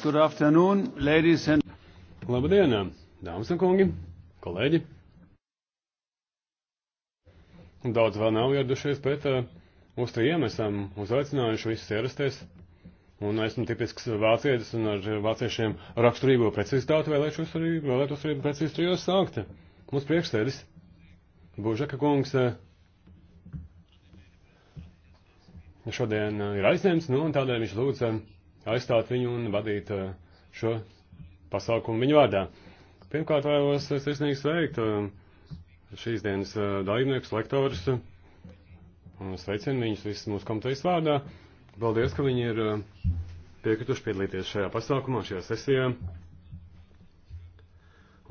Good afternoon, ladies and... Labdien, dāmas un kungi, kolēģi. Daudz vēl nav ieradušies, bet uh, uz tiem esam uzaicinājuši visus ierasties. Un esmu tipisks vācietis un ar vāciešiem raksturīgo precizitāti vēlētos arī, vēlētos arī precīzi trijos sākt. Mums priekšsēdis Bužaka kungs eh, šodien eh, ir aizņemts, nu, un tādēļ viņš lūdza aizstāt viņu un vadīt eh, šo pasākumu viņu vārdā. Pirmkārt, vēlos sirsnīgi sveikt eh, šīs dienas eh, dalībniekus, lektorus, un sveicinu viņus visus mūsu komitejas vārdā. Paldies, ka viņi ir piekrituši piedalīties šajā pasākumā, šajā sesijā,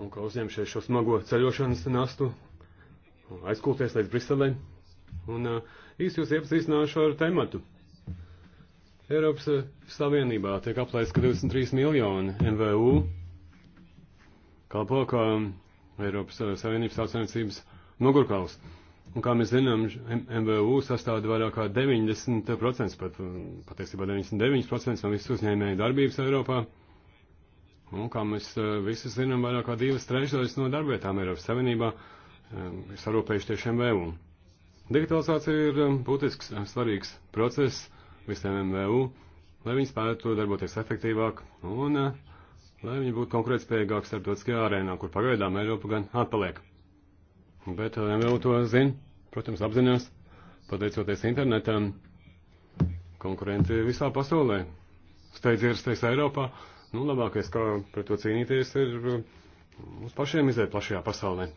un ka uzņemšies šo smago ceļošanas nastu, aizkulties līdz Briselē, un īsti jūs iepazīstināšu ar tematu. Eiropas eh, Savienībā tiek aplēsts, ka 23 miljoni NVU kalpo kā Eiropas eh, Savienības tautsainicības nogurkaus. Un kā mēs zinām, MVU sastāv vairāk kā 90%, pat eh, patiesībā 99% no visas uzņēmēju darbības Eiropā. Un kā mēs visi zinām, vairāk kā divas trešdaļas no darbietām Eiropas Savienībā ir sarūpējuši tieši MVU. Digitalizācija ir būtisks, svarīgs process visiem MVU, lai viņi spētu darboties efektīvāk un eh, lai viņi būtu konkurētspējīgāki starptautiskajā arēnā, kur pagaidām Eiropa gan atpaliek. Bet eh, MVU to zina, protams, apzinās, pateicoties internetam, konkurenti visā pasaulē. Steidz ierasties Eiropā, nu labākais, kā pret to cīnīties, ir mums eh, pašiem iziet plašajā pasaulē.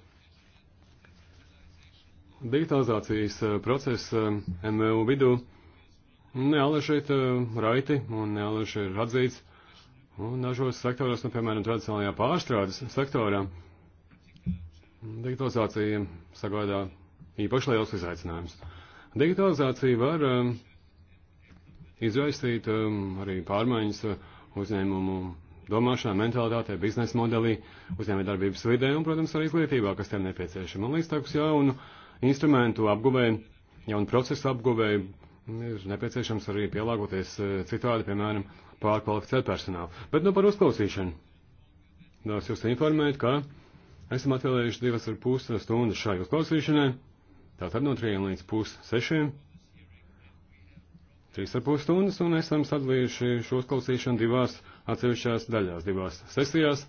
Digitalizācijas process MVU vidū Neāli šeit eh, raiti un neāli šeit ir atzīts. Un dažos sektoros, nu, piemēram, tradicionālajā pārstrādes sektorā, digitalizācija sagādā īpaši liels izaicinājums. Digitalizācija var um, izraisīt um, arī pārmaiņas uzņēmumu domāšanā, mentalitātē, biznesa modelī, uzņēmē darbības vidē un, protams, arī izglītībā, kas tiem nepieciešama. Man līdz tākus jaunu instrumentu apguvēju, jaunu procesu apguvēju, ir nepieciešams arī pielāgoties e, citādi, piemēram, pārkvalificēt personālu. Bet nu par uzklausīšanu. Dās jūs informēt, ka esam atvēlējuši divas ar pus stundas šai uzklausīšanai. Tātad no trījiem līdz pus sešiem. Trīs ar pus stundas un esam sadalījuši šo uzklausīšanu divās atsevišķās daļās, divās sesijās.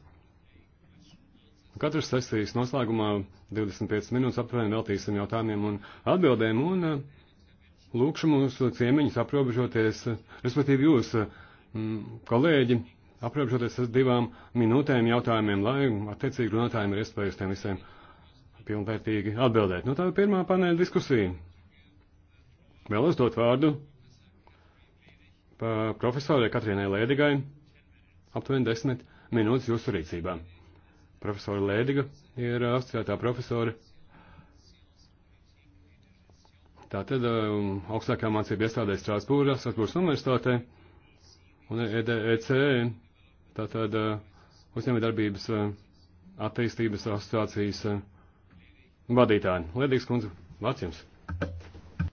Katras sesijas noslēgumā 25 minūtes aptuveni veltīsim jautājumiem un atbildēm un uh, lūkšu mūsu ciemiņus aprobežoties, respektīvi jūs, mm, kolēģi, aprobežoties ar divām minūtēm jautājumiem, lai attiecīgi runātājiem ir iespējas tiem visiem pilnvērtīgi atbildēt. Nu, tā ir pirmā paneļa diskusija. Vēlos dot vārdu profesorai Katrīnai Lēdigai, aptuveni desmit minūtes jūsu rīcībā. Profesora Lēdiga ir asociētā profesora Tātad um, augstākā mācība iestādē Strāsbūrā, Strasbūras universitātē un EDEC, tātad uh, uzņēmējdarbības uh, attīstības asociācijas uh, vadītāji. Ledīgs kundze, vārds jums.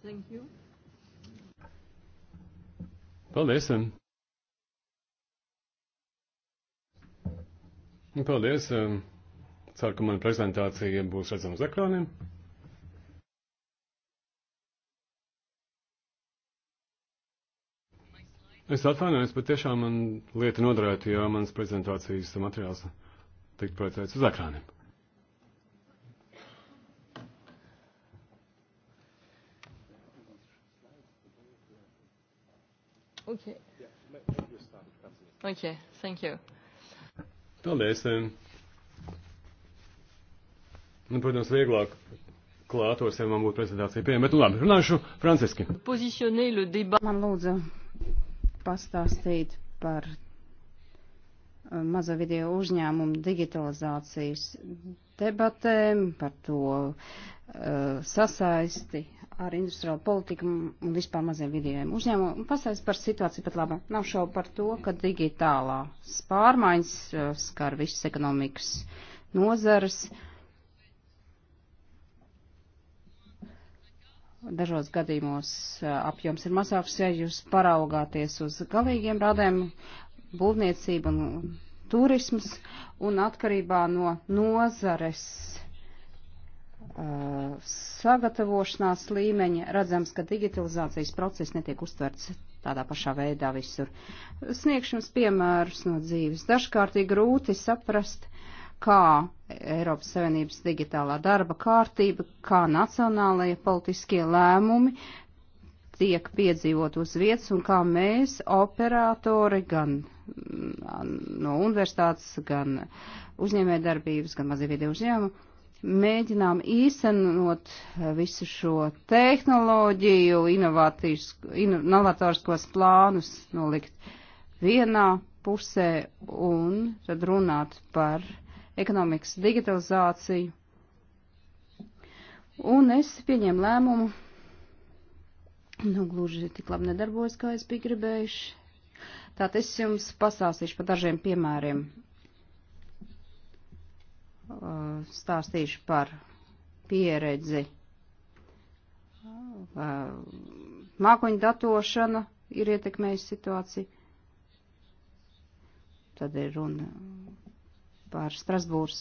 Thank you. Paldies. Um. Paldies. Um. Ceru, ka mana prezentācija būs redzama uz ekrāniem. Es atvainojos, bet tiešām man lieta nodarētu, ja manas prezentācijas materiāls tiktu projicēts uz ekrāniem. Okay. Okay, thank you. Paldies. Eh. Nu, protams, vieglāk klātos, ja man būtu prezentācija pieejama, bet nu labi, runāšu franciski. Man lūdzu pastāstīt par uh, maza video uzņēmumu digitalizācijas debatēm, par to uh, sasaisti ar industriālo politiku un vispār maziem vidējiem uzņēmumiem. Pastāst par situāciju pat labi. Nav šaubu par to, ka digitālās pārmaiņas uh, skar visas ekonomikas nozares dažos gadījumos apjoms ir mazāks, ja jūs paraugāties uz galīgiem rādēm, būvniecību un turismas, un atkarībā no nozares uh, sagatavošanās līmeņa redzams, ka digitalizācijas process netiek uztverts tādā pašā veidā visur. Sniegšu jums piemērus no dzīves. Dažkārt ir grūti saprast, kā Eiropas Savienības digitālā darba kārtība, kā nacionālajie politiskie lēmumi tiek piedzīvot uz vietas un kā mēs, operatori, gan mm, no universitātes, gan uzņēmē darbības, gan mazīvīdi uzņēmumu, mēģinām īstenot visu šo tehnoloģiju, inovatorskos plānus nolikt vienā pusē un tad runāt par ekonomikas digitalizāciju. Un es pieņēmu lēmumu, nu, gluži tik labi nedarbojas, kā es biju gribējuši. Tātad es jums pastāstīšu par dažiem piemēriem. Uh, stāstīšu par pieredzi. Uh, mākoņu datošana ir ietekmējusi situāciju. Tad ir runa par Strasbūras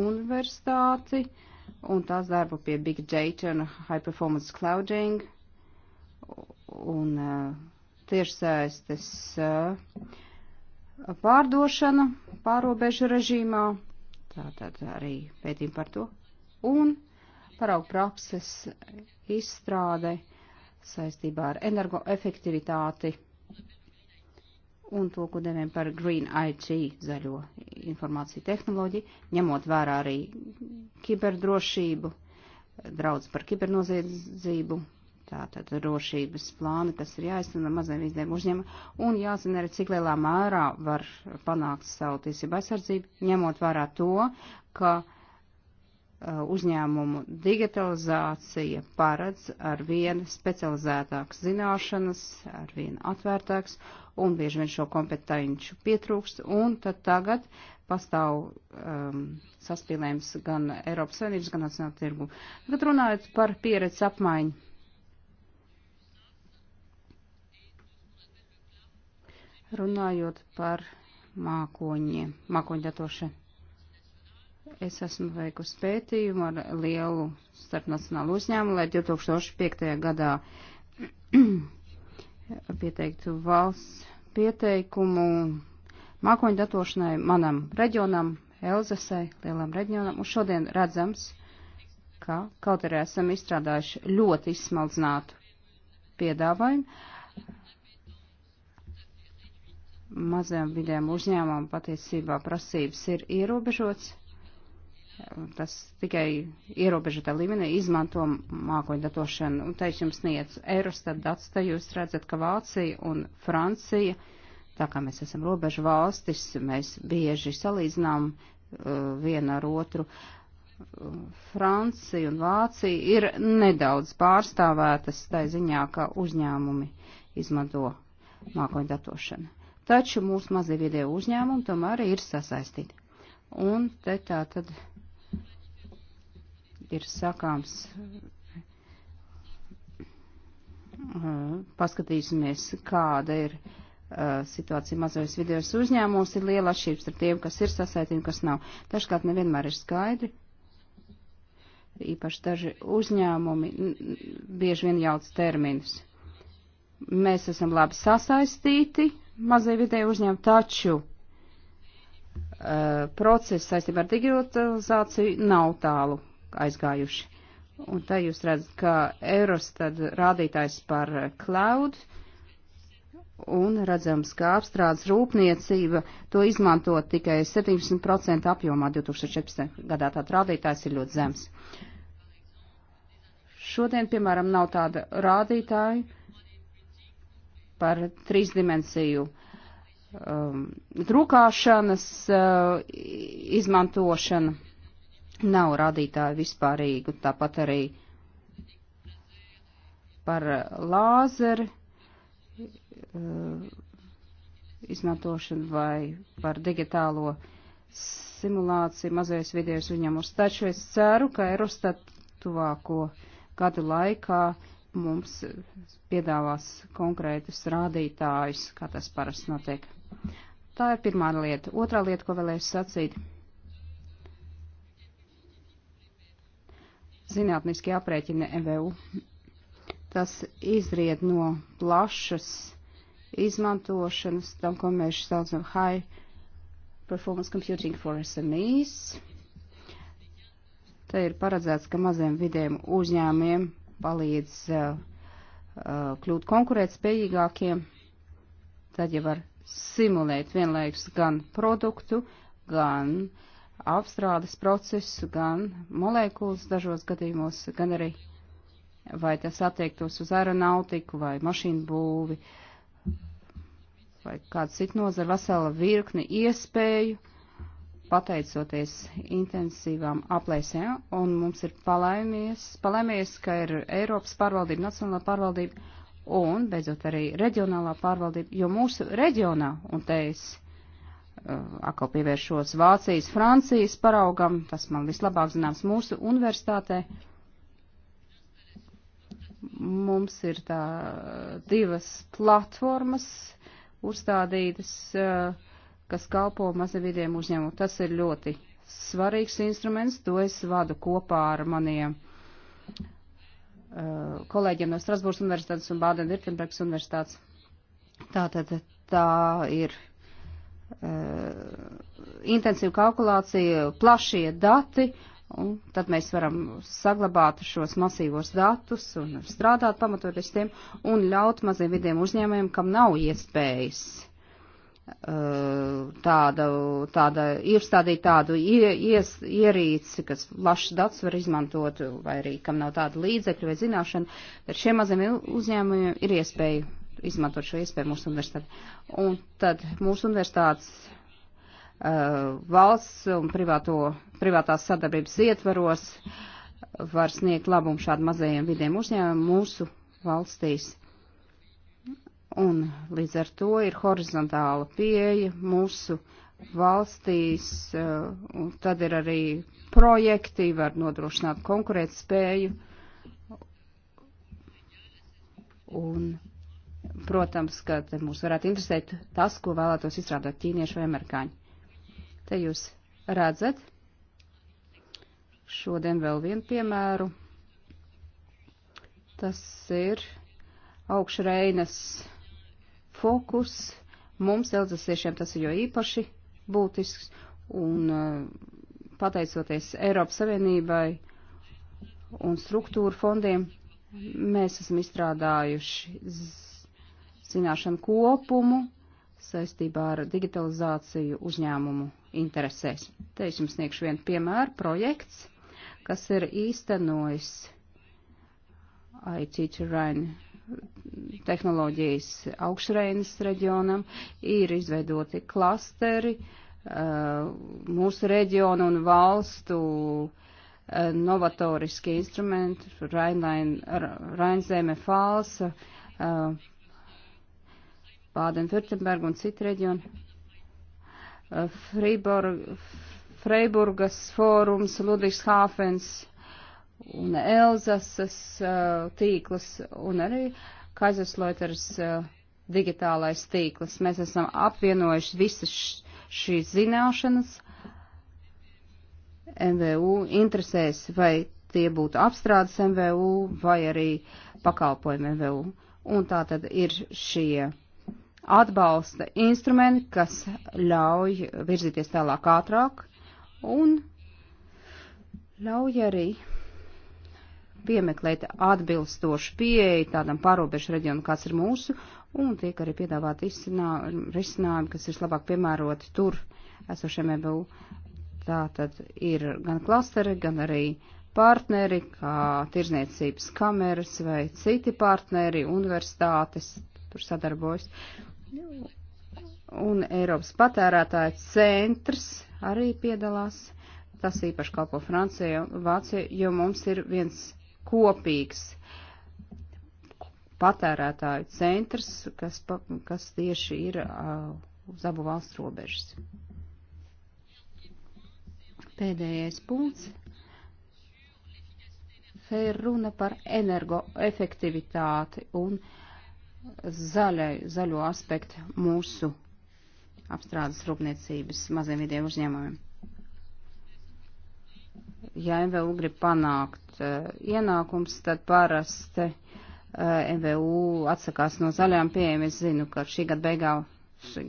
universitāti un tās darbu pie Big Data un High Performance Clouding un uh, tiešsaistes uh, pārdošana pārobežu režīmā, tātad arī pētījumi par to, un paraugu prakses izstrāde saistībā ar energoefektivitāti un to, ko deviem par Green IT zaļo informāciju tehnoloģiju, ņemot vērā arī kiberdrošību, draudz par kibernoziedzību, tātad drošības plāni, kas ir jāiztena maziem izdevuma uzņēmumiem, un jāzina arī, cik lielā mērā var panākt savu tiesību aizsardzību, ņemot vērā to, ka uh, uzņēmumu digitalizācija paredz ar vien specializētāks zināšanas, ar vien atvērtāks, un bieži vien šo kompetenču pietrūkst, un tad tagad pastāv um, saspīlējums gan Eiropas Savienības, gan Nacionāla tirgu. Tagad runājot par pieredzi apmaiņu. Runājot par mākoņiem, mākoņdatošanu. Es esmu veikusi pētījumu ar lielu starpnacionālu uzņēmumu, lai 2005. gadā pieteiktu valsts pieteikumu mākoņu datošanai manam reģionam, Elzasai, lielam reģionam, un šodien redzams, ka kaut arī esam izstrādājuši ļoti izsmaldzinātu piedāvājumu, mazajam vidējam uzņēmumam patiesībā prasības ir ierobežots, tas tikai ierobežotā līmenī izmanto mākoņu datošanu. Un te es jums sniedzu Eurostat dats, te jūs redzat, ka Vācija un Francija, tā kā mēs esam robežu valstis, mēs bieži salīdzinām uh, vienu ar otru. Francija un Vācija ir nedaudz pārstāvētas tā ziņā, ka uzņēmumi izmanto mākoņu datošanu. Taču mūsu mazie video uzņēmumi tomēr ir sasaistīti. Un te tā tad ir sakāms. Uh, paskatīsimies, kāda ir uh, situācija mazajos vidējos uzņēmumos. Ir liela atšķirības starp tiem, kas ir sasaistīti un kas nav. Dažkārt nevienmēr ir skaidri. Īpaši daži uzņēmumi bieži vien jauc terminus. Mēs esam labi sasaistīti, mazie vidēji uzņēmumi, taču uh, process saistībā ar digitalizāciju nav tālu aizgājuši. Un te jūs redzat, ka Eurostad rādītājs par cloud un redzams, ka apstrādes rūpniecība to izmanto tikai 70% apjomā 2014. gadā. Tātad rādītājs ir ļoti zems. Šodien, piemēram, nav tāda rādītāja par trīsdimensiju um, drukāšanas uh, izmantošanu nav rādītāju vispārīgu, tāpat arī par lāzeri eh, izmantošanu vai par digitālo simulāciju mazajos vidējos uzņēmumos. Taču es ceru, ka Eurostat tuvāko gadu laikā mums piedāvās konkrētus rādītājus, kā tas parasti notiek. Tā ir pirmā lieta. Otrā lieta, ko vēlēšu sacīt. zinātniskie aprēķini MVU. Tas izried no plašas izmantošanas, tam, ko mēs saucam high performance computing for SMEs. Te ir paredzēts, ka maziem vidiem uzņēmiem palīdz uh, uh, kļūt konkurētspējīgākiem, tad jau var simulēt vienlaikus gan produktu, gan uh, apstrādes procesu, gan molekulas dažos gadījumos, gan arī vai tas attiektos uz aeronautiku vai mašīnu būvi vai kāds citu nozara vesela virkni iespēju, pateicoties intensīvām aplēsēm, un mums ir palaimies, palaimies, ka ir Eiropas pārvaldība, nacionālā pārvaldība un, beidzot, arī reģionālā pārvaldība, jo mūsu reģionā, un te es Eh, atkal pievēršos Vācijas, Francijas paraugam, tas man vislabāk zināms mūsu universitātē. Mums ir tā divas platformas uzstādītas, eh, kas kalpo mazavidiem uzņēmumu. Tas ir ļoti svarīgs instruments, to es vadu kopā ar maniem eh, kolēģiem no Strasbūras universitātes un Bādena-Virtenbergs universitātes. Tātad tā ir Eh, intensīva kalkulācija, plašie dati, un tad mēs varam saglabāt šos masīvos datus un strādāt pamatoties tiem un ļaut maziem vidiem uzņēmējiem, kam nav iespējas eh, tāda, tāda ir stādīt tādu ies, ierīci, kas plašs dats var izmantot, vai arī kam nav tāda līdzekļa vai zināšana, bet šiem maziem uzņēmumiem ir iespēja izmantot šo iespēju mūsu universitāti. Un tad mūsu universitātes uh, valsts un privāto, privātās sadarbības ietvaros var sniegt labumu šādiem mazajiem vidiem uzņēmumiem mūsu valstīs. Un līdz ar to ir horizontāla pieeja mūsu valstīs, uh, un tad ir arī projekti, var nodrošināt konkurētspēju. Un protams, ka mūs varētu interesēt tas, ko vēlētos izstrādāt ķīnieši vai amerikāņi. Te jūs redzat šodien vēl vienu piemēru. Tas ir augšreinas fokus. Mums, elzasiešiem, tas ir jo īpaši būtisks, un eh, pateicoties Eiropas Savienībai un struktūru fondiem, mēs esam izstrādājuši zināšanu kopumu saistībā ar digitalizāciju uzņēmumu interesēs. Te es jums sniegšu vienu piemēru projekts, kas ir īstenojis iTeacherine tehnoloģijas augšreinas reģionam, ir izveidoti klasteri uh, mūsu reģionu un valstu uh, novatoriski instrumenti, Rainzeme Falsa, uh, Bādena-Württemberga un citi reģioni. Friborg, Freiburgas fórums, Ludvigshāfens un Elzasas tīkls un arī Kaiserslauters digitālais tīkls. Mēs esam apvienojuši visas šīs zināšanas. MVU interesēs, vai tie būtu apstrādes MVU vai arī pakalpojumi MVU. Un tā tad ir šie atbalsta instrumenti, kas ļauj virzīties tālāk ātrāk un ļauj arī piemeklēt atbilstošu pieeju tādam pārobežu reģionu, kāds ir mūsu, un tiek arī piedāvāti risinājumi, kas ir labāk piemēroti tur esošiem EBU. Tā tad ir gan klasteri, gan arī partneri, kā tirzniecības kameras vai citi partneri, universitātes tur sadarbojas. Un Eiropas patērētāja centrs arī piedalās. Tas īpaši kalpo Francija un Vācija, jo mums ir viens kopīgs patērētāju centrs, kas, kas tieši ir uh, uz abu valstu robežas. Pēdējais punkts. Te ir runa par energoefektivitāti un uh, zaļai, zaļo aspektu mūsu apstrādes rūpniecības maziem vidiem uzņēmumiem. Ja MVU grib panākt uh, ienākums, tad parasti uh, eh, MVU atsakās no zaļām pieejām. Es zinu, ka šī gada beigā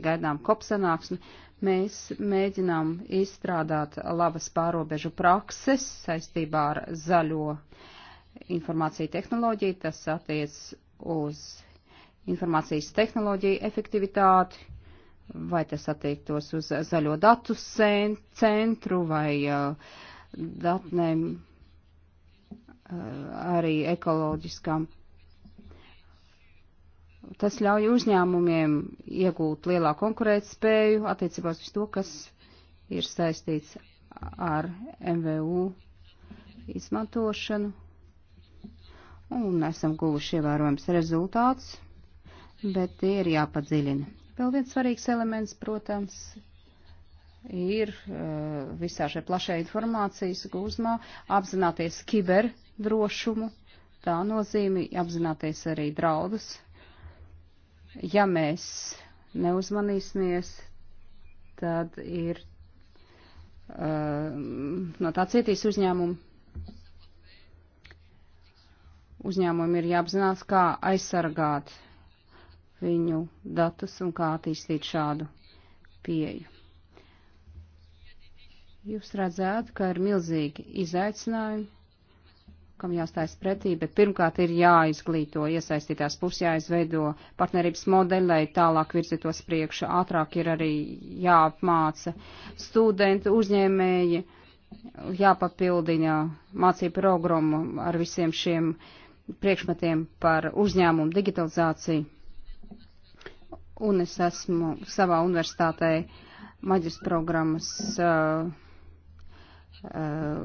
gaidām kopsanāksmi. Mēs mēģinām izstrādāt labas pārobežu prakses saistībā ar zaļo informāciju tehnoloģiju. Tas attiec uz informācijas tehnoloģiju efektivitāti, vai tas attiektos uz zaļo datu centru vai uh, datnēm uh, arī ekoloģiskām. Tas ļauj uzņēmumiem iegūt lielāku konkurētspēju attiecībās uz to, kas ir saistīts ar MVU izmantošanu. Un esam guvuši ievērojams rezultāts bet tie ir jāpadziļina. Vēl viens svarīgs elements, protams, ir eh, visā šajā plašajā informācijas gūzmā apzināties kiberdrošumu. Tā nozīme apzināties arī draudus. Ja mēs neuzmanīsimies, tad ir uh, no tā cietīs uzņēmumu. Uzņēmumi ir jāapzinās, kā aizsargāt viņu datus un kā attīstīt šādu pieju. Jūs redzētu, ka ir milzīgi izaicinājumi, kam jāstājas pretī, bet pirmkārt ir jāizglīto iesaistītās puses, jāizveido partnerības modeļi, lai tālāk virzītos priekšu. Ātrāk ir arī jāapmāca studenti, uzņēmēji, jāpapildina mācību programmu ar visiem šiem priekšmetiem par uzņēmumu digitalizāciju un es esmu savā universitātē maģis programmas uh, uh,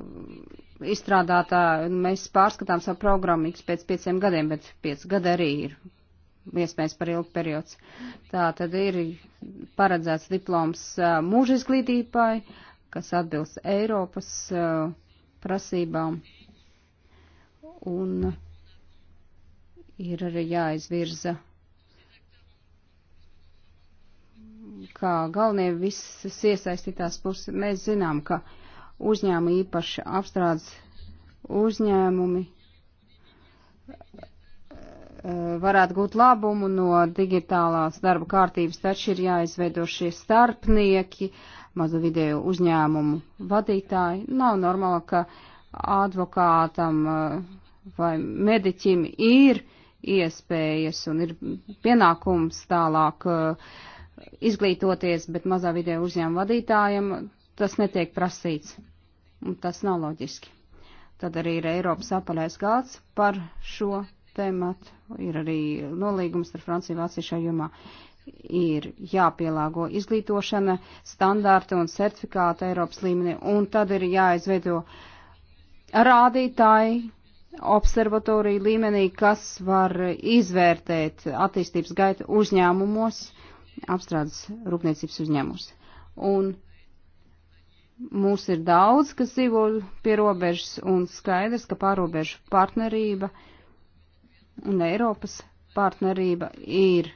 izstrādātā, mēs pārskatām savu programmu ik pēc pieciem gadiem, bet pieci gadi arī ir iespējams par ilgu periods. Tā tad ir paredzēts diploms uh, mūža izglītībai, kas atbilst Eiropas uh, prasībām. Un ir arī jāizvirza kā galvenie visas iesaistītās puses. Mēs zinām, ka uzņēmumi īpaši apstrādes uzņēmumi eh, varētu gūt labumu no digitālās darba kārtības, taču ir jāizveido šie starpnieki, mazu vidēju uzņēmumu vadītāji. Nav normāli, ka advokātam eh, vai mediķim ir iespējas un ir pienākums tālāk uh, izglītoties, bet mazā vidē uzņēmuma vadītājiem tas netiek prasīts. Un tas nav loģiski. Tad arī ir Eiropas apaļais gāds par šo tēmatu. Ir arī nolīgums ar Franciju Vāciju šajā jomā. Ir jāpielāgo izglītošana, standārti un certifikāti Eiropas līmenī. Un tad ir jāizveido rādītāji, observatoriju līmenī, kas var izvērtēt attīstības gaitu uzņēmumos apstrādes rūpniecības uzņēmums. Un mūs ir daudz, kas dzīvo pie robežas, un skaidrs, ka pārobežu partnerība un Eiropas partnerība ir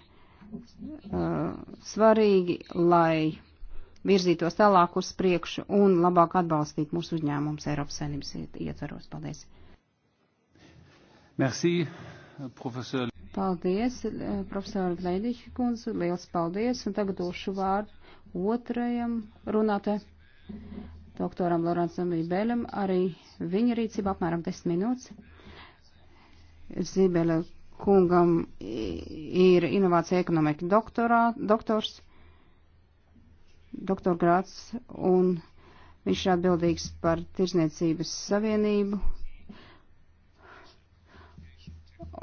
uh, svarīgi, lai virzītos tālāk uz priekšu un labāk atbalstītu mūsu uzņēmumus Eiropas saimnības ietvaros. Paldies! Merci, profesor. Paldies, eh, profesori Gleidiķi kundze, liels paldies, un tagad došu vārdu otrajam runātē, doktoram Lorentzam Ibeļam, arī viņa rīcība apmēram 10 minūtes. Zibele kungam ir inovācija ekonomika doktorā, doktors, doktor grāts, un viņš ir atbildīgs par tirzniecības savienību.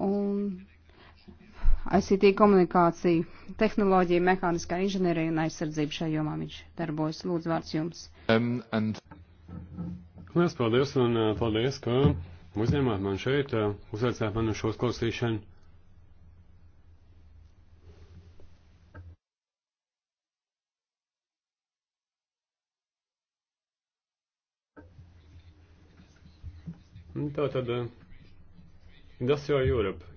Un ICT komunikāciju, tehnoloģiju, mehāniskā inženierija un aizsardzību šajā jomā viņš darbojas. Lūdzu, vārds jums. Um, and... Lielas paldies un uh, paldies, ka uzņēmāt man šeit, uh, uzveicāt man uz šo klausīšanu. Tā tad, uh, tas jau Eiropa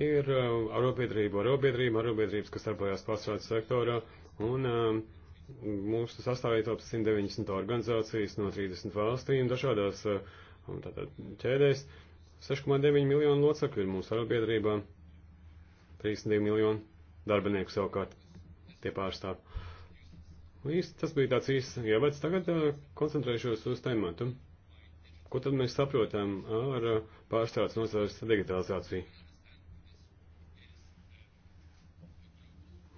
ir eh, arobiedrība, arobiedrība, arobiedrības, kas darbojas pasaules sektorā, un um, mūsu sastāvīja top 190 organizācijas no 30 valstīm dažādās um, tātad, ķēdēs. 6,9 miljonu locekļu ir mūsu arobiedrībā, 32 miljonu darbinieku savukārt tie pārstāv. Īsti tas bija tāds īsts ievads. Tagad uh, koncentrēšos uz tematu. Ko tad mēs saprotam ar uh, pārstrādes nozares digitalizāciju?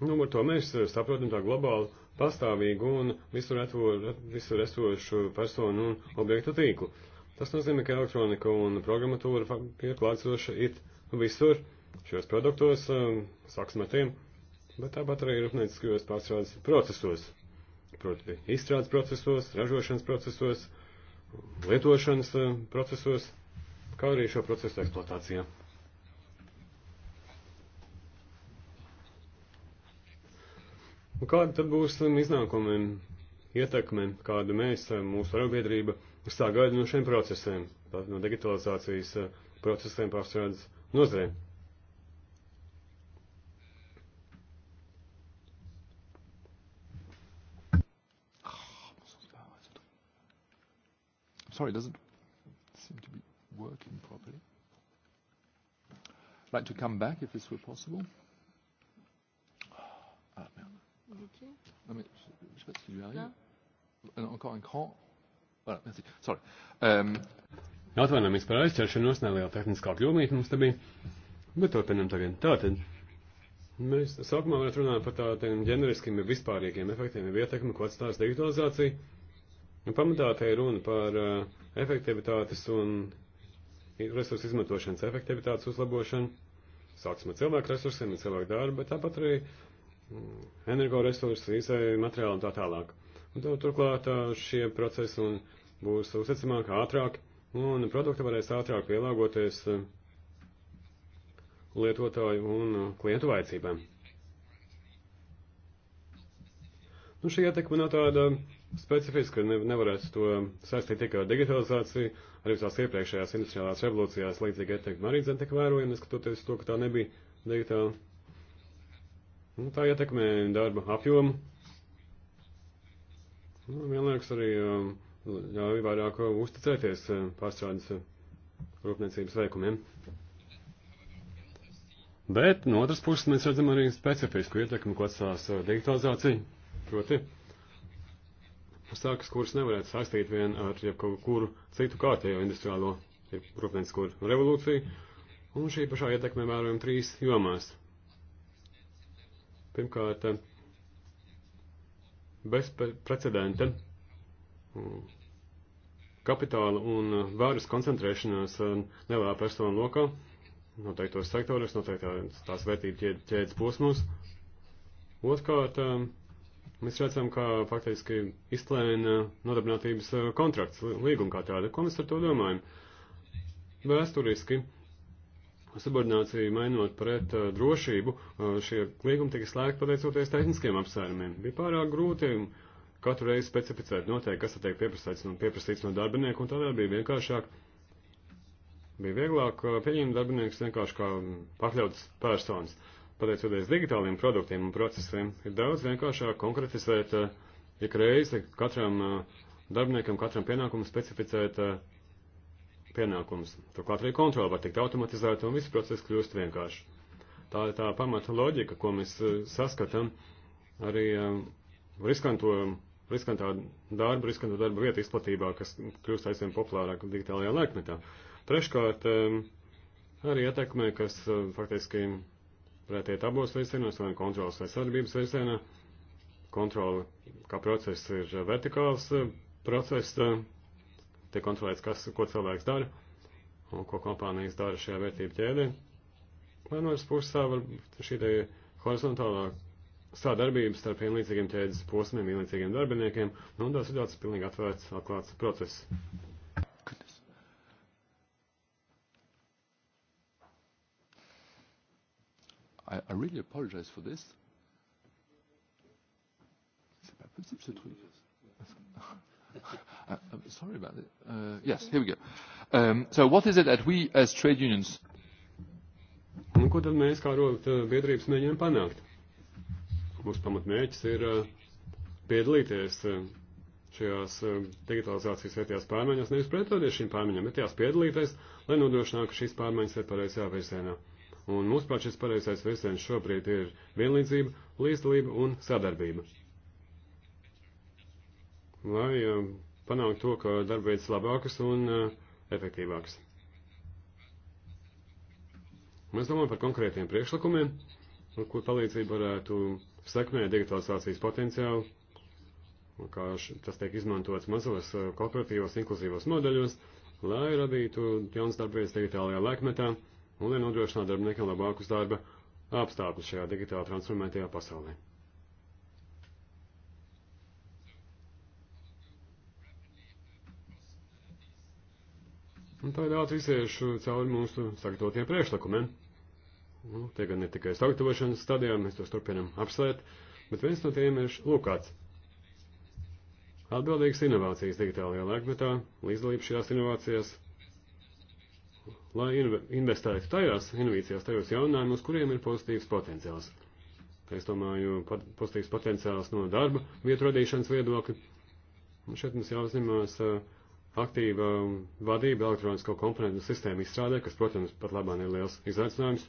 Nu, ar to mēs eh, saprotam tā globālu pastāvīgu un visur, atvo, visur esošu personu un objektu tīklu. Tas nozīmē, ka elektronika un programmatūra ir klātsoša it visur šajos produktos, eh, saksmetiem, bet tāpat arī rūpnieciskajos pārstrādes procesos, proti izstrādes procesos, ražošanas procesos, lietošanas eh, procesos, kā arī šo procesu eksploatācijā. Un kāda tad būs iznākumiem, ietekmēm, kādu mēs, eh, mūsu arotbiedrība, sagaida no šiem procesiem, no digitalizācijas eh, procesiem pārstrādes nozarēm? Sorry, it doesn't seem to be working properly. I'd like to come back if this were possible compliqué. Non, mais je ne sais pas ce qui lui arrive. Là. Euh, encore un cran. Voilà, merci. Sorry. Um, euh, Atvainojamies par aizķeršanos, neliela tehniskā kļūmīte mums te bija, bet turpinam nu tagad. Tātad, mēs sākumā varētu runāt par tādiem ģeneriskiem, vispārīgiem efektiem, ja ietekmi, ko atstās digitalizācija. Un pamatā te ir runa par uh, efektivitātes un resursu izmantošanas efektivitātes uzlabošanu. Sāksim ar cilvēku resursiem, ar cilvēku darbu, bet tāpat arī Mm. energoresursi, izēju materiāli un tā tālāk. Un tad, turklāt šie procesi un būs uzticamāk, ātrāk, un produkti varēs ātrāk pielāgoties lietotāju un klientu vajadzībām. Nu, šī ietekme nav tāda specifiska, ne, nevarētu to saistīt tikai ar digitalizāciju, arī tās iepriekšējās industriālās revolūcijās līdzīga ietekme arī dzene tiek vērojama, neskatoties to, ka tā nebija digitāla. Nu, tā ietekmē darba apjomu. Nu, vienlaikus arī um, ļauj vairāk uh, uzticēties uh, pārstrādes uh, rūpniecības veikumiem. Bet no otras puses mēs redzam arī specifisku ietekmi, ko atstās digitalizācija. Proti, sākas, kuras nevarētu saistīt vien ar jebkuru citu kārtējo industriālo rūpniecisko revolūciju, un šī pašā ietekme vērojam trīs jomās. Pirmkārt, bez precedenta mm, kapitāla un vāras koncentrēšanās nelielā persona lokā, noteiktos sektoros, noteiktās tās vērtību ķēdes posmos. Otkārt, mēs redzam, ka faktiski izslēna nodarbinātības kontrakts, līguma kā tāda. Ko mēs ar to domājam? Vēsturiski subordināciju mainot pret uh, drošību, uh, šie līgumi tika slēgti pateicoties tehniskiem apsvērumiem. Bija pārāk grūti katru reizi specificēt noteikti, kas tiek pieprasīts no, pieprasīts no darbinieku, un tādēļ bija vienkāršāk, bija vieglāk uh, pieņemt darbiniekus vienkārši kā mm, pakļautas personas. Pateicoties digitāliem produktiem un procesiem, ir daudz vienkāršāk konkretizēt uh, ik reizi katram uh, darbiniekam, katram pienākumu specificēt uh, pienākumus. Turklāt arī kontrola var tikt automatizēta un viss process kļūst vienkārši. Tā ir tā pamata loģika, ko mēs eh, saskatām arī eh, riskanto, riskantā darba, riskanto darba vietu izplatībā, kas kļūst aizvien populārāk digitālajā laikmetā. Treškārt, eh, arī ietekmē, kas faktiski varētu iet abos virzienos, vai kontrolas vai sadarbības virzienā. Kontrola kā process ir vertikāls process, tiek kontrolēts, kas, ko cilvēks dara un ko kompānijas dara šajā vērtību ķēdē. Vai no otras puses tā var šī te horizontālā sadarbība starp vienlīdzīgiem ķēdes posmiem, vienlīdzīgiem darbiniekiem, nu, un tās ir tāds pilnīgi atvērts, atklāts process. I, I really apologize for this. C'est pas possible ce truc. Uh, uh, sorry about it. Uh, yes, here we go. Um, so what is it that we as trade unions... Un ko tad mēs kā rokt biedrības mēģinām panākt? Mūsu pamatmērķis ir uh, piedalīties uh, šajās uh, digitalizācijas vietējās pārmaiņās, nevis pretoties šīm pārmaiņām, bet tās piedalīties, lai nodrošinātu, ka šīs pārmaiņas ir pareizajā virzienā. Un mūsuprāt, šis pareizais virziens šobrīd ir vienlīdzība, līdzdalība un sadarbība lai panāktu to, ka darbveids labākas un efektīvākas. Mēs domājam par konkrētiem priekšlikumiem, ar kur palīdzību varētu sekmēt digitalizācijas potenciālu, kā tas tiek izmantots mazos kooperatīvos inkluzīvos modeļos, lai radītu jaunas darbvietas digitālajā laikmetā un lai nodrošinātu darbiniekam labākus darba apstākļus šajā digitāli transformētajā pasaulē. Un tādēļ iziešu cauri mūsu sagatavotiem priekšlikumiem. Nu, tie gan ir tikai sagatavošanas stadijā, mēs tos turpinam apslēt, bet viens no tiem ir lūkāts. Atbildīgas inovācijas digitālajā laikmetā, līdzdalība šajās inovācijās, lai investētu tajās inovācijās, tajos jaunājumos, kuriem ir pozitīvs potenciāls. Es domāju, pozitīvs potenciāls no darba vietu radīšanas viedokļa. Un šeit mums jāuzņemās uh, aktīva um, vadība elektronisko komponentu sistēmu izstrādē, kas, protams, pat labāk ir liels izaicinājums.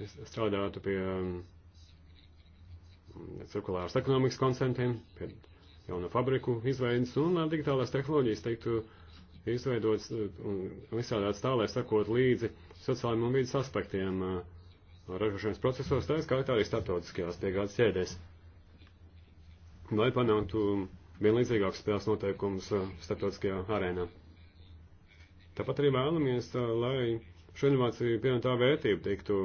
Es strādātu pie um, cirkulāras ekonomikas konceptiem, pie jaunu fabriku izveidas un uh, digitālās tehnoloģijas teiktu izveidots uh, un izstrādāts tā, lai sakot līdzi sociālajiem un vidas aspektiem uh, ražošanas procesos, tā skaitā arī starptautiskajās piegādes ķēdēs. Lai panāktu um, vienlīdzīgākus spēles noteikumus uh, starptautiskajā arēnā. Tāpat arī vēlamies, uh, lai šo inovāciju pievienotā vērtība tiktu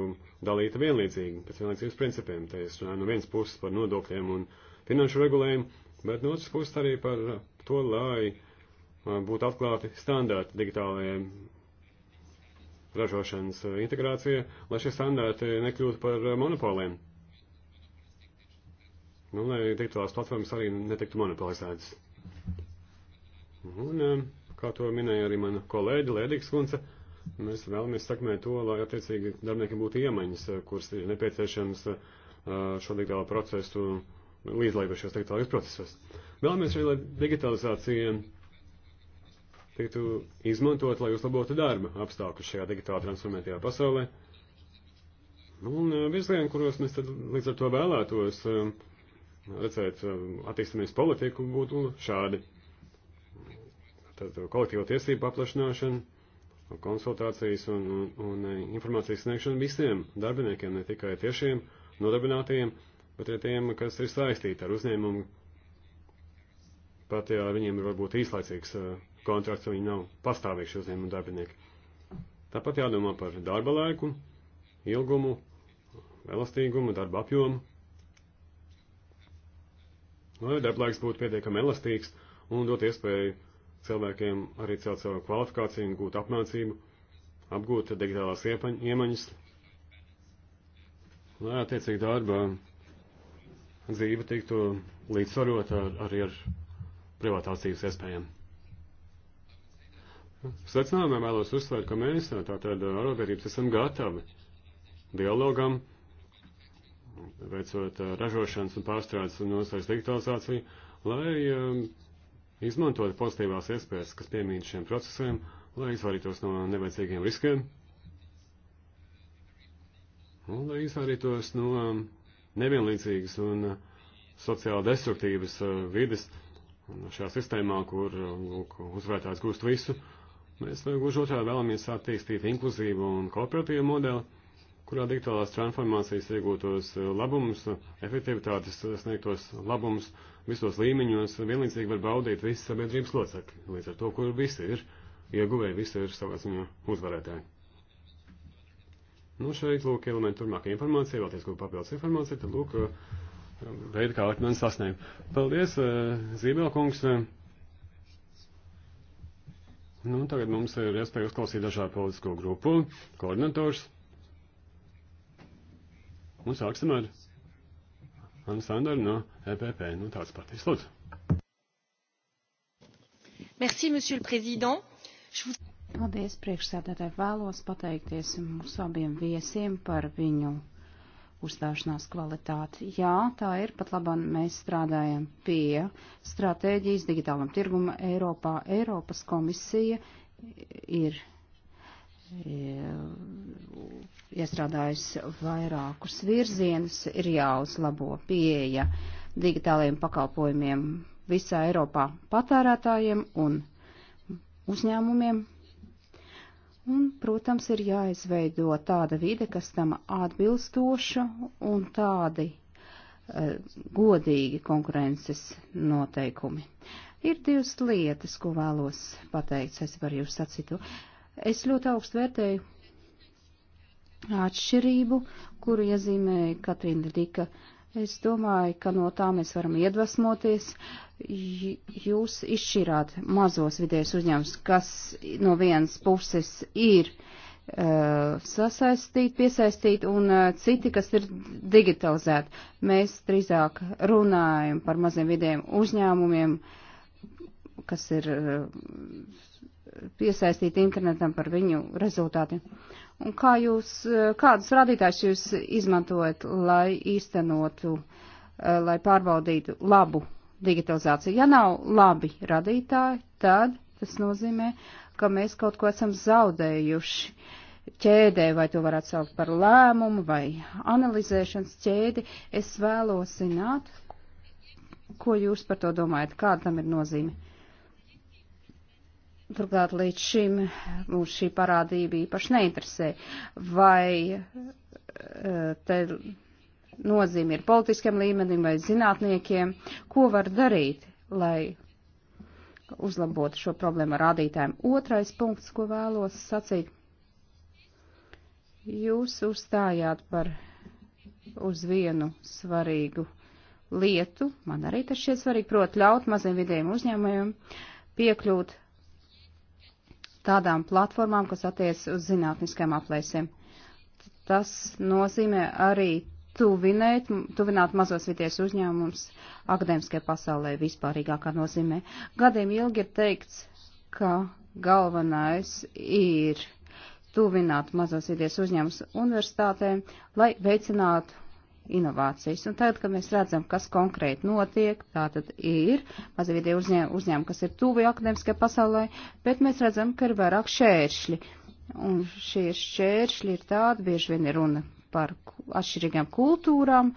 dalīta vienlīdzīgi, pēc vienlīdzības principiem. Te es runāju no vienas puses par nodokļiem un finanšu regulējumu, bet no otras puses arī par to, lai uh, būtu atklāti standarti digitālajiem ražošanas integrācija, lai šie standarti nekļūtu par monopoliem. Nu, lai digitālās platformas arī netiktu monopolizētas. Un, eh, kā to minēja arī mana kolēģa Lēdīgas kundze, mēs vēlamies sakmēt to, lai attiecīgi darbiniekiem būtu iemaņas, eh, kuras ir nepieciešams eh, šo digitālo procesu līdzlaibašos digitālajos procesos. Vēlamies arī, lai digitalizācija tiktu izmantot, lai uzlabotu darba apstākļus šajā digitāli transformētajā pasaulē. Un virzieni, kuros mēs tad līdz ar to vēlētos, uh, redzēt, um, attīstamies politiku būtu šādi. Tad uh, kolektīvo tiesību aplašanāšana, konsultācijas un, un, un uh, informācijas sniegšana visiem darbiniekiem, ne tikai tiešiem nodarbinātiem, bet arī tiem, kas ir saistīti ar uzņēmumu. Pat ja viņiem ir varbūt īslaicīgs uh, kontrakts, viņi nav pastāvīgi uzņēmumu darbinieki. Tāpat jādomā par darba laiku, ilgumu, elastīgumu, darba apjomu lai nu, darblaiks būtu pietiekami elastīgs un dot iespēju cilvēkiem arī celt savu kvalifikāciju un gūt apmācību, apgūt digitālās iemaņas, lai nu, attiecīgi darba dzīve tiktu līdzsvarot ar, arī ar privātās dzīves iespējām. Secinājumā vēlos uzsvērt, ka mēs tātad arotbiedrības esam gatavi dialogam veicot ražošanas un pārstrādes un noslēgas digitalizāciju, lai izmantotu pozitīvās iespējas, kas piemīt šiem procesiem, lai izvairītos no nevajadzīgiem riskiem un lai izvairītos no nevienlīdzīgas un sociāli destruktīvas vides šajā sistēmā, kur lūk, uzvērtājs gūst visu. Mēs gluži otrādi vēlamies attīstīt inkluzīvu un kooperatīvu modeli, kurā digitālās transformācijas iegūtos eh, labumus, efektivitātes sniegtos labumus visos līmeņos vienlīdzīgi var baudīt visi sabiedrības locekļi. Līdz ar to, kur visi ir ieguvēji, visi ir savā ziņā uzvarētāji. Nu, šeit, lūk, elementi turmākā informācija, vēlties, ko papildus informācija, tad, lūk, eh, veidi, kā ar mani sasniegt. Paldies, eh, Zībelkungs. Nu, tagad mums ir iespēja uzklausīt dažādu politisko grupu koordinatorus. Un sāksim ar Anna Sandara no EPP, no nu, tāds partijas. Lūdzu. Merci, monsieur le président. Je vous... Paldies, priekšsēdētāji. Vēlos pateikties mūsu abiem viesiem par viņu uzstāšanās kvalitāti. Jā, tā ir, pat labāk mēs strādājam pie stratēģijas digitālam tirguma Eiropā. Eiropas komisija ir iestrādājusi vairākus virzienus, ir jāuzlabo pieeja digitālajiem pakalpojumiem visā Eiropā patērētājiem un uzņēmumiem. Un, protams, ir jāizveido tāda vide, kas tam atbilstoša un tādi uh, godīgi konkurences noteikumi. Ir divas lietas, ko vēlos pateikt, es varu jūs sacīt. Uh, Es ļoti augstu vērtēju atšķirību, kuru iezīmēja Katrīna Dika. Es domāju, ka no tā mēs varam iedvesmoties. Jūs izšķirāt mazos vidējos uzņēmums, kas no vienas puses ir uh, sasaistīti, piesaistīti, un uh, citi, kas ir digitalizēti. Mēs drīzāk runājam par maziem vidējiem uzņēmumiem, kas ir uh, piesaistīt internetam par viņu rezultātiem. Un kā jūs, kādus rādītājus jūs izmantojat, lai īstenotu, eh, lai pārbaudītu labu digitalizāciju? Ja nav labi radītāji, tad tas nozīmē, ka mēs kaut ko esam zaudējuši ķēdē, vai to varētu saukt par lēmumu vai analizēšanas ķēdi. Es vēlos zināt, ko jūs par to domājat, kāda tam ir nozīme. Turklāt līdz šim mūs šī parādība īpaši neinteresē. Vai eh, te nozīme ir politiskiem līmenim vai zinātniekiem, ko var darīt, lai uzlabotu šo problēmu ar rādītājiem. Otrais punkts, ko vēlos sacīt. Jūs uzstājāt par uz vienu svarīgu lietu, man arī tas šķiet svarīgi, proti ļaut maziem vidējiem uzņēmējiem piekļūt tādām platformām, kas attiec uz zinātniskajām aplēsēm. Tas nozīmē arī tuvinēt, tuvināt mazos vieties uzņēmums akadēmiskajā pasaulē vispārīgākā nozīmē. Gadiem ilgi ir teikts, ka galvenais ir tuvināt mazos vieties uzņēmums universitātēm, lai veicinātu inovācijas. Un tad, kad mēs redzam, kas konkrēti notiek, tā tad ir mazavidie uzņēmumi, uzņēm, kas ir tuvi akadēmiskai pasaulē, bet mēs redzam, ka ir vairāk šēršļi. Un šie šķēršļi ir tādi, bieži vien ir runa par atšķirīgām kultūrām,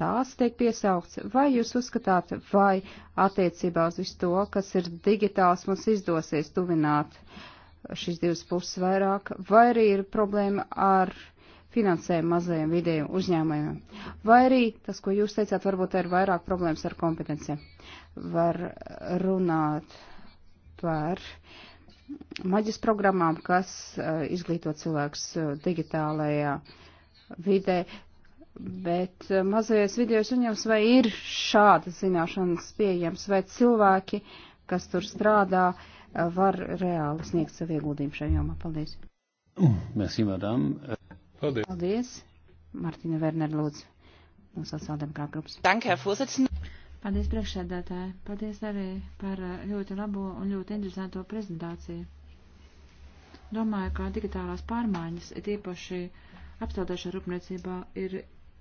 tās tiek piesaukts. Vai jūs uzskatāt, vai attiecībā uz visu to, kas ir digitāls, mums izdosies tuvināt šīs divas puses vairāk, vai arī ir problēma ar finansējumu mazajiem vidējiem uzņēmumiem. Vai arī tas, ko jūs teicāt, varbūt ir vairāk problēmas ar kompetencijām. Var runāt par maģis programmām, kas uh, izglīto cilvēks uh, digitālajā vidē, bet uh, eh, mazajos vidējos uzņēmums vai ir šāda zināšanas pieejams, vai cilvēki, kas tur strādā, var reāli sniegt savu ieguldījumu šajā jomā. Paldies! Merci, madame. Paldies. Paldies. Martina Werner, lūdzu, no sociāldemokrāta grupas. Danke, Herr Vorsitzende. Paldies priekšsēdētāji. Paldies arī par eh, ļoti labo un ļoti interesanto prezentāciju. Domāju, ka digitālās pārmaiņas, it īpaši apstādēšana rūpniecībā, ir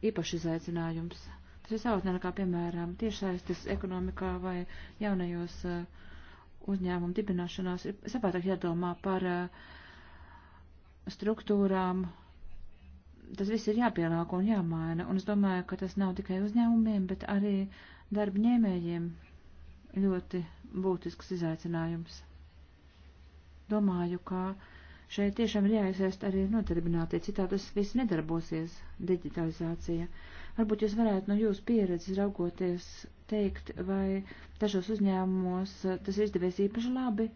īpaši izaicinājums. Tas ir savotnē nekā, piemēram, tiešsaistes ekonomikā vai jaunajos eh, uzņēmumu dibināšanās. Ir savādāk jādomā par eh, struktūrām, tas viss ir jāpielāgo un jāmaina, un es domāju, ka tas nav tikai uzņēmumiem, bet arī darbņēmējiem ļoti būtisks izaicinājums. Domāju, ka šeit tiešām ir jāiesaist arī nodarbinātie, citādi tas viss nedarbosies - digitalizācija. Varbūt jūs varētu no jūsu pieredzes raugoties teikt, vai dažos uzņēmumos tas izdevies īpaši labi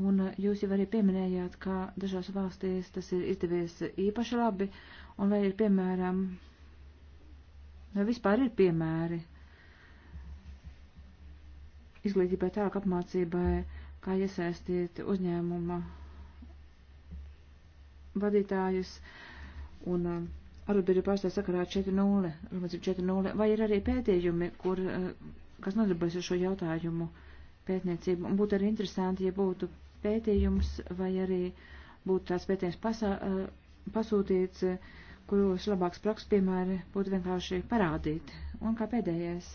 Un eh, jūs jau arī pieminējāt, ka dažās valstīs tas ir izdevies īpaši labi, un vai ir piemēram, vai vispār ir piemēri izglītībai tālāk apmācībai, kā iesaistīt uzņēmuma vadītājus un eh, arotbiedrību pārstāvju sakarā 4.0, 4.0, vai ir arī pētījumi, kur, eh, kas nodarbojas ar šo jautājumu pētniecību, un būtu arī interesanti, ja būtu pētījumus vai arī būtu tāds pētījums pasā, eh, pasūtīts, eh, kuros labāks praks, piemēri, būtu vienkārši parādīt. Un kā pēdējais,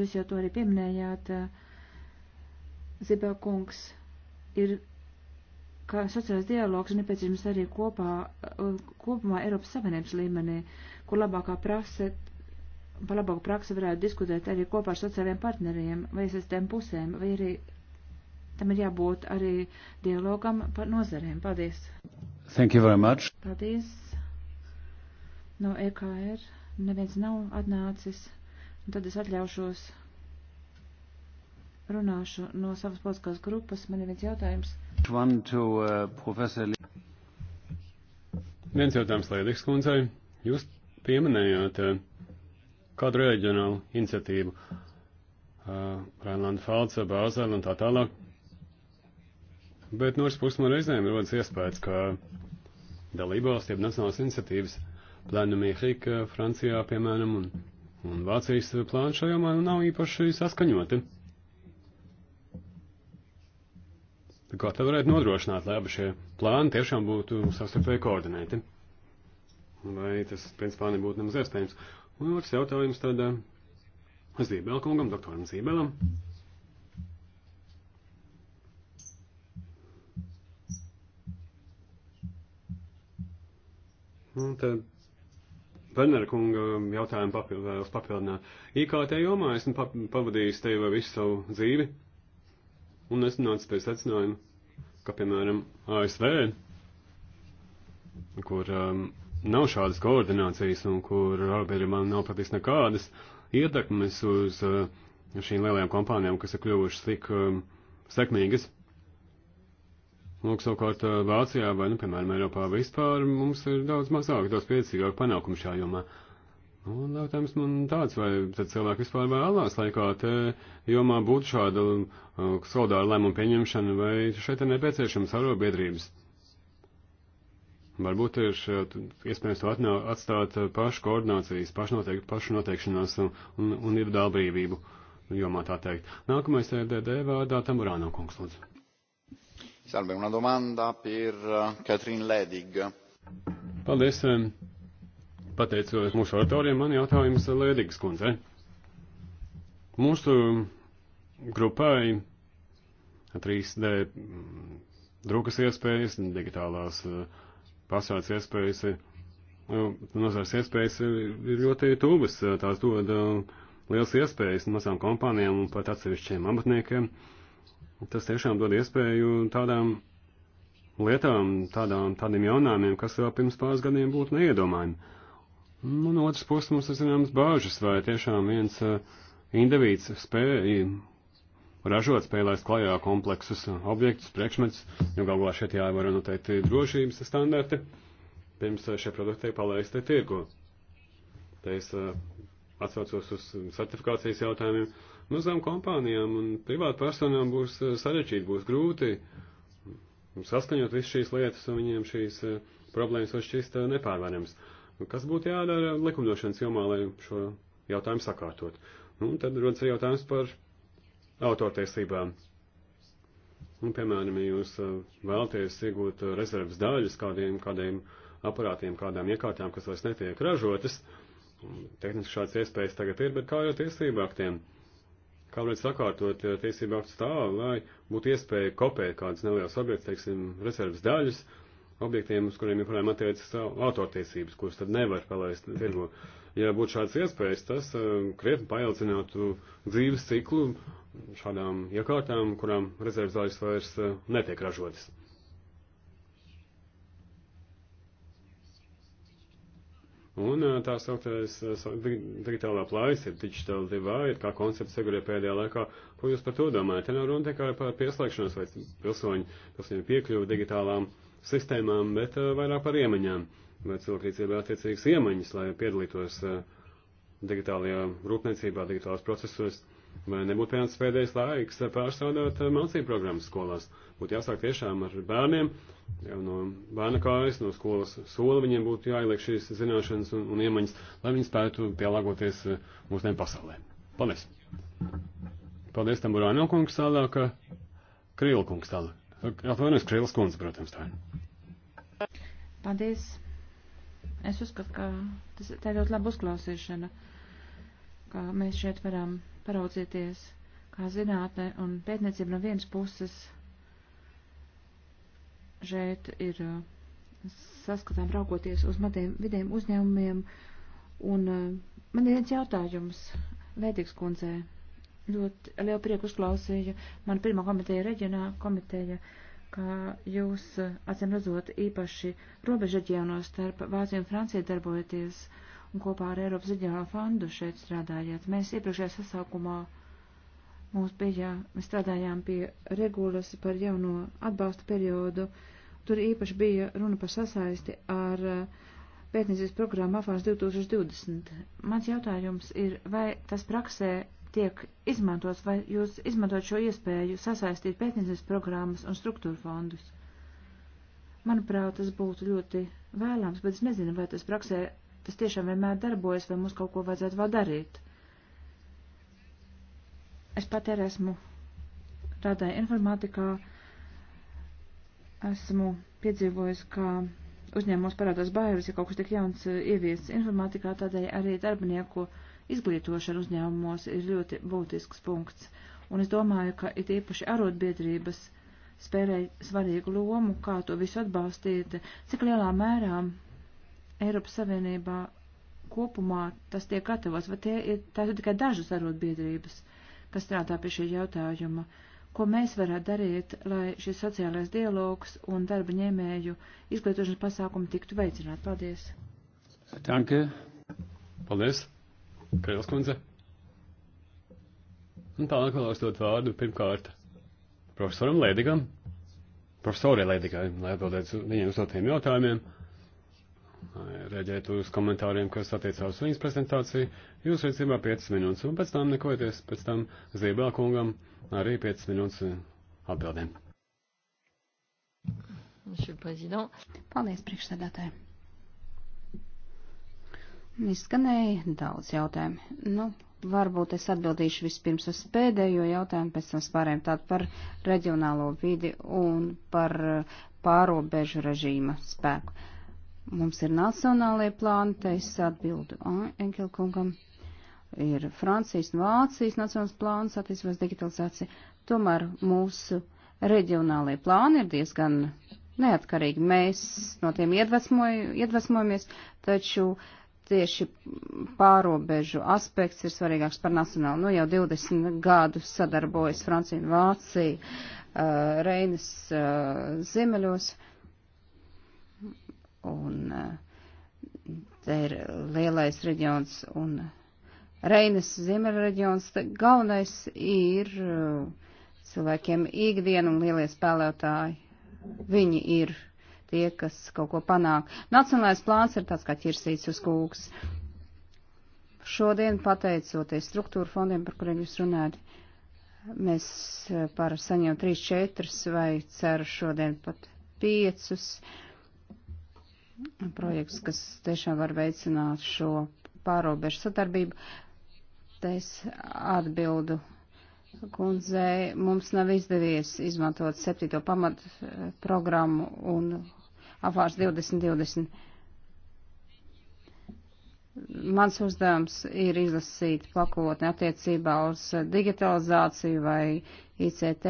jūs jau to arī pieminējāt, eh, Zibelkungs ir ka sociālais dialogs ir nepieciešams arī kopā, kopumā Eiropas Savienības līmenī, kur labākā prakse, par labāku praksi varētu diskutēt arī kopā ar sociālajiem partneriem vai iesaistēm pusēm, vai arī tam ir jābūt arī dialogam par nozarēm. Paldies! Thank you very much! Paldies! No EKR neviens nav atnācis, un tad es atļaušos runāšu no savas politiskās grupas. Man ir viens jautājums. To, uh, professor... Viens jautājums Liediks kundzei. Jūs pieminējāt uh, kādu reģionālu iniciatīvu. Uh, Rēnlanda Falca, Bāzela un tā tālāk bet no otras puses man reizēm rodas iespējas, ka dalībvalsts, jeb nacionālas iniciatīvas, plēna Mihika Francijā, piemēram, un, un Vācijas plāni šajā jomā nu, nav īpaši saskaņoti. Tā kā te varētu nodrošināt, lai abi šie plāni tiešām būtu savstarpēji koordinēti. Vai tas, principā, nebūtu nemaz iespējams. Un otrs jautājums tad eh, Zībelkungam, doktoram Zībelam. Uh, Un nu, tad Vernera kunga jautājumu papil, papildināt. IKT jomā esmu pa, pavadījis te jau visu savu dzīvi, un esmu nācis pie secinājuma, ka, piemēram, ASV, kur um, nav šādas koordinācijas un kur arotbiedrībām nav patiesi nekādas ietekmes uz uh, šīm lielajām kompānijām, kas ir kļuvušas tik um, sekmīgas, Nu, lūk, savukārt Vācijā vai, nu, piemēram, Eiropā vispār mums ir daudz mazāk, daudz piecīgāk panākumu šā jomā. Nu, un jautājums man tāds, vai tad cilvēki vispār vēlās laikā te jomā būtu šāda uh, solidāra lēmuma pieņemšana, vai šeit ir nepieciešams arobiedrības? Varbūt ir šeit, iespējams to atnā, atstāt pašu koordinācijas, pašu, noteik, pašu noteikšanās un, un, un individuālu brīvību jomā tā teikt. Nākamais ir e DD vārdā Tamurāno kungs, lūdzu. Salve, una domanda per Katrin eh, Ledig. Paldies. Pateicos mūsu autoriem, man jautājums Lēdīgas kundzei. Mūsu grupai 3D mm, drukas iespējas, digitālās eh, pasaules iespējas, eh, nu, nozars iespējas ir ļoti tūvas. Tās dod liels iespējas mazām kompānijām un pat atsevišķiem amatniekiem. Uh, Tas tiešām dod iespēju tādām lietām, tādām, tādiem jaunājumiem, kas vēl pirms pāris gadiem būtu neiedomājami. Un nu, no otras puses mums ir zināmas bāžas, vai tiešām viens eh, indivīds spēja ražot, spēja laist klajā kompleksus eh, objektus, priekšmetus, jo galvā šeit jāievaro noteikti drošības standarti, pirms eh, šie produkti palaisti tirgu. Te es atsaucos uz certifikācijas jautājumiem. Mazām kompānijām un privātpersonām būs eh, sarežģīti, būs grūti saskaņot visas šīs lietas, un viņiem šīs eh, problēmas var šķist eh, nepārvarams. Nu, kas būtu jādara likumdošanas jomā, lai šo jautājumu sakārtot? Nu, un tad rodas arī jautājums par autortiesībām. Un, piemēram, ja jūs vēlaties iegūt rezerves daļas kādiem, kādiem aparātiem, kādām iekārtām, kas vairs netiek ražotas, tehniski šāds iespējas tagad ir, bet kā jau tiesību aktiem? kādreiz sakārtot tiesību aktu tā, lai būtu iespēja kopēt kādas nelielas objekts, teiksim, rezerves daļas objektiem, uz kuriem joprojām attiecas autortiesības, kuras tad nevar palaist tirgo. Ja būtu šāds iespējas, tas eh, krietni paildzinātu dzīves ciklu šādām iekārtām, kurām rezerves daļas vairs eh, netiek ražotas. Un tā sauktais digitālā plājas, ir digital divide, kā koncepts figurē pēdējā laikā. Ko jūs par to domājat? Te nav runa tikai par pieslēgšanos vai pilsoņu, pilsoņu piekļuvu digitālām sistēmām, bet vairāk par iemaņām. Vai cilvēkrīcībā attiecīgas iemaņas, lai piedalītos digitālajā rūpniecībā, digitālās procesos. Vai nebūtu pienācis pēdējais laiks pārstrādāt eh, mācību programmas skolās? Būtu jāsāk tiešām ar bērniem, jau no bērna kājas, no skolas sola viņiem būtu jāieliek šīs zināšanas un, un iemaņas, lai viņi spētu pielāgoties eh, mūsdienu pasaulē. Paldies! Paldies tam Burāno kungs tālāk, eh, Krīla kungs tālāk. Atvainojos, Krīlas kundze, protams, tā ir. Paldies! Es uzskatu, ka tas, tā ir ļoti laba uzklausīšana, ka mēs šeit varam paraudzieties, kā zinātne un pētniecība no vienas puses šeit ir uh, saskatām raugoties uz matiem vidiem uzņēmumiem. Un uh, man ir viens jautājums Lētīgas kundzē. Ļoti lielu prieku uzklausīju man pirmā komiteja reģionā komiteja, kā jūs, uh, acīm redzot, īpaši robežaģionos starp Vāciju un Franciju darbojaties. Uh, un kopā ar Eiropas reģionālo fondu šeit strādājāt. Mēs iepriekšējā sasaukumā mums bija, mēs strādājām pie regulas par jauno atbalsta periodu. Tur īpaši bija runa par sasaisti ar eh, pētniecības programmu Afārs 2020. Mans jautājums ir, vai tas praksē tiek izmantots, vai jūs izmantot šo iespēju sasaistīt pētniecības programmas un struktūra fondus? Manuprāt, tas būtu ļoti vēlams, bet es nezinu, vai tas praksē tas tiešām vienmēr darbojas, vai mums kaut ko vajadzētu vēl darīt. Es pat arī esmu tādā informātikā, esmu piedzīvojis, ka uzņēmumos parādās bailes, ja kaut kas tik jauns eh, ieviests informātikā, tādēļ arī darbinieku izglītošana uzņēmumos ir ļoti būtisks punkts. Un es domāju, ka it īpaši arotbiedrības spēlēja svarīgu lomu, kā to visu atbalstīt, cik lielā mērā Eiropas Savienībā kopumā tas tiek gatavots, vai tie ir, tās ir tikai dažas arotbiedrības, kas strādā pie šī jautājuma. Ko mēs varētu darīt, lai šis sociālais dialogs un darba ņēmēju izglītošanas pasākumi tiktu veicināti? Paldies! Danke! Paldies! Kajals kundze! Un tālāk vēlos dot vārdu pirmkārt profesoram Lēdigam, profesorai Lēdigai, lai atbildētu viņiem uzdotiem jautājumiem reaģēt uz komentāriem, kas attiecās uz viņas prezentāciju. Jūs rīcībā 5 minūtes, un pēc tam nekoties, pēc tam Ziebā kungam arī 5 minūtes atbildēm. Paldies, priekšsēdētāji. Izskanēja daudz jautājumu. Nu, varbūt es atbildīšu vispirms uz pēdējo jautājumu, pēc tam spārējiem tādu par reģionālo vidi un par pārobežu režīma spēku. Mums ir nacionālajie plāni, te es atbildu Enkelkungam. Ir Francijas un Vācijas nacionāls plāns attīstības digitalizācija. Tomēr mūsu reģionālajie plāni ir diezgan neatkarīgi. Mēs no tiem iedvesmojamies, taču tieši pārobežu aspekts ir svarīgāks par nacionālu. Nu, jau 20 gadus sadarbojas Francija un Vācija, uh, Reinas uh, Zimeļos. Uh, un eh, te ir lielais reģions un Reinas ziemeļa reģions. Galvenais ir eh, cilvēkiem ikdiena un lielie spēlētāji. Viņi ir tie, kas kaut ko panāk. Nacionālais plāns ir tāds kā ķirsīts uz kūks. Šodien, pateicoties struktūra fondiem, par kuriem jūs runājat, mēs eh, par saņem 3, 4 vai ceru šodien pat 5 projekts, kas tiešām var veicināt šo pārobežu sadarbību. Te es atbildu kundzei, mums nav izdevies izmantot septīto pamatu eh, programmu un apvārs 2020. Mans uzdevums ir izlasīt pakotni attiecībā uz digitalizāciju vai ICT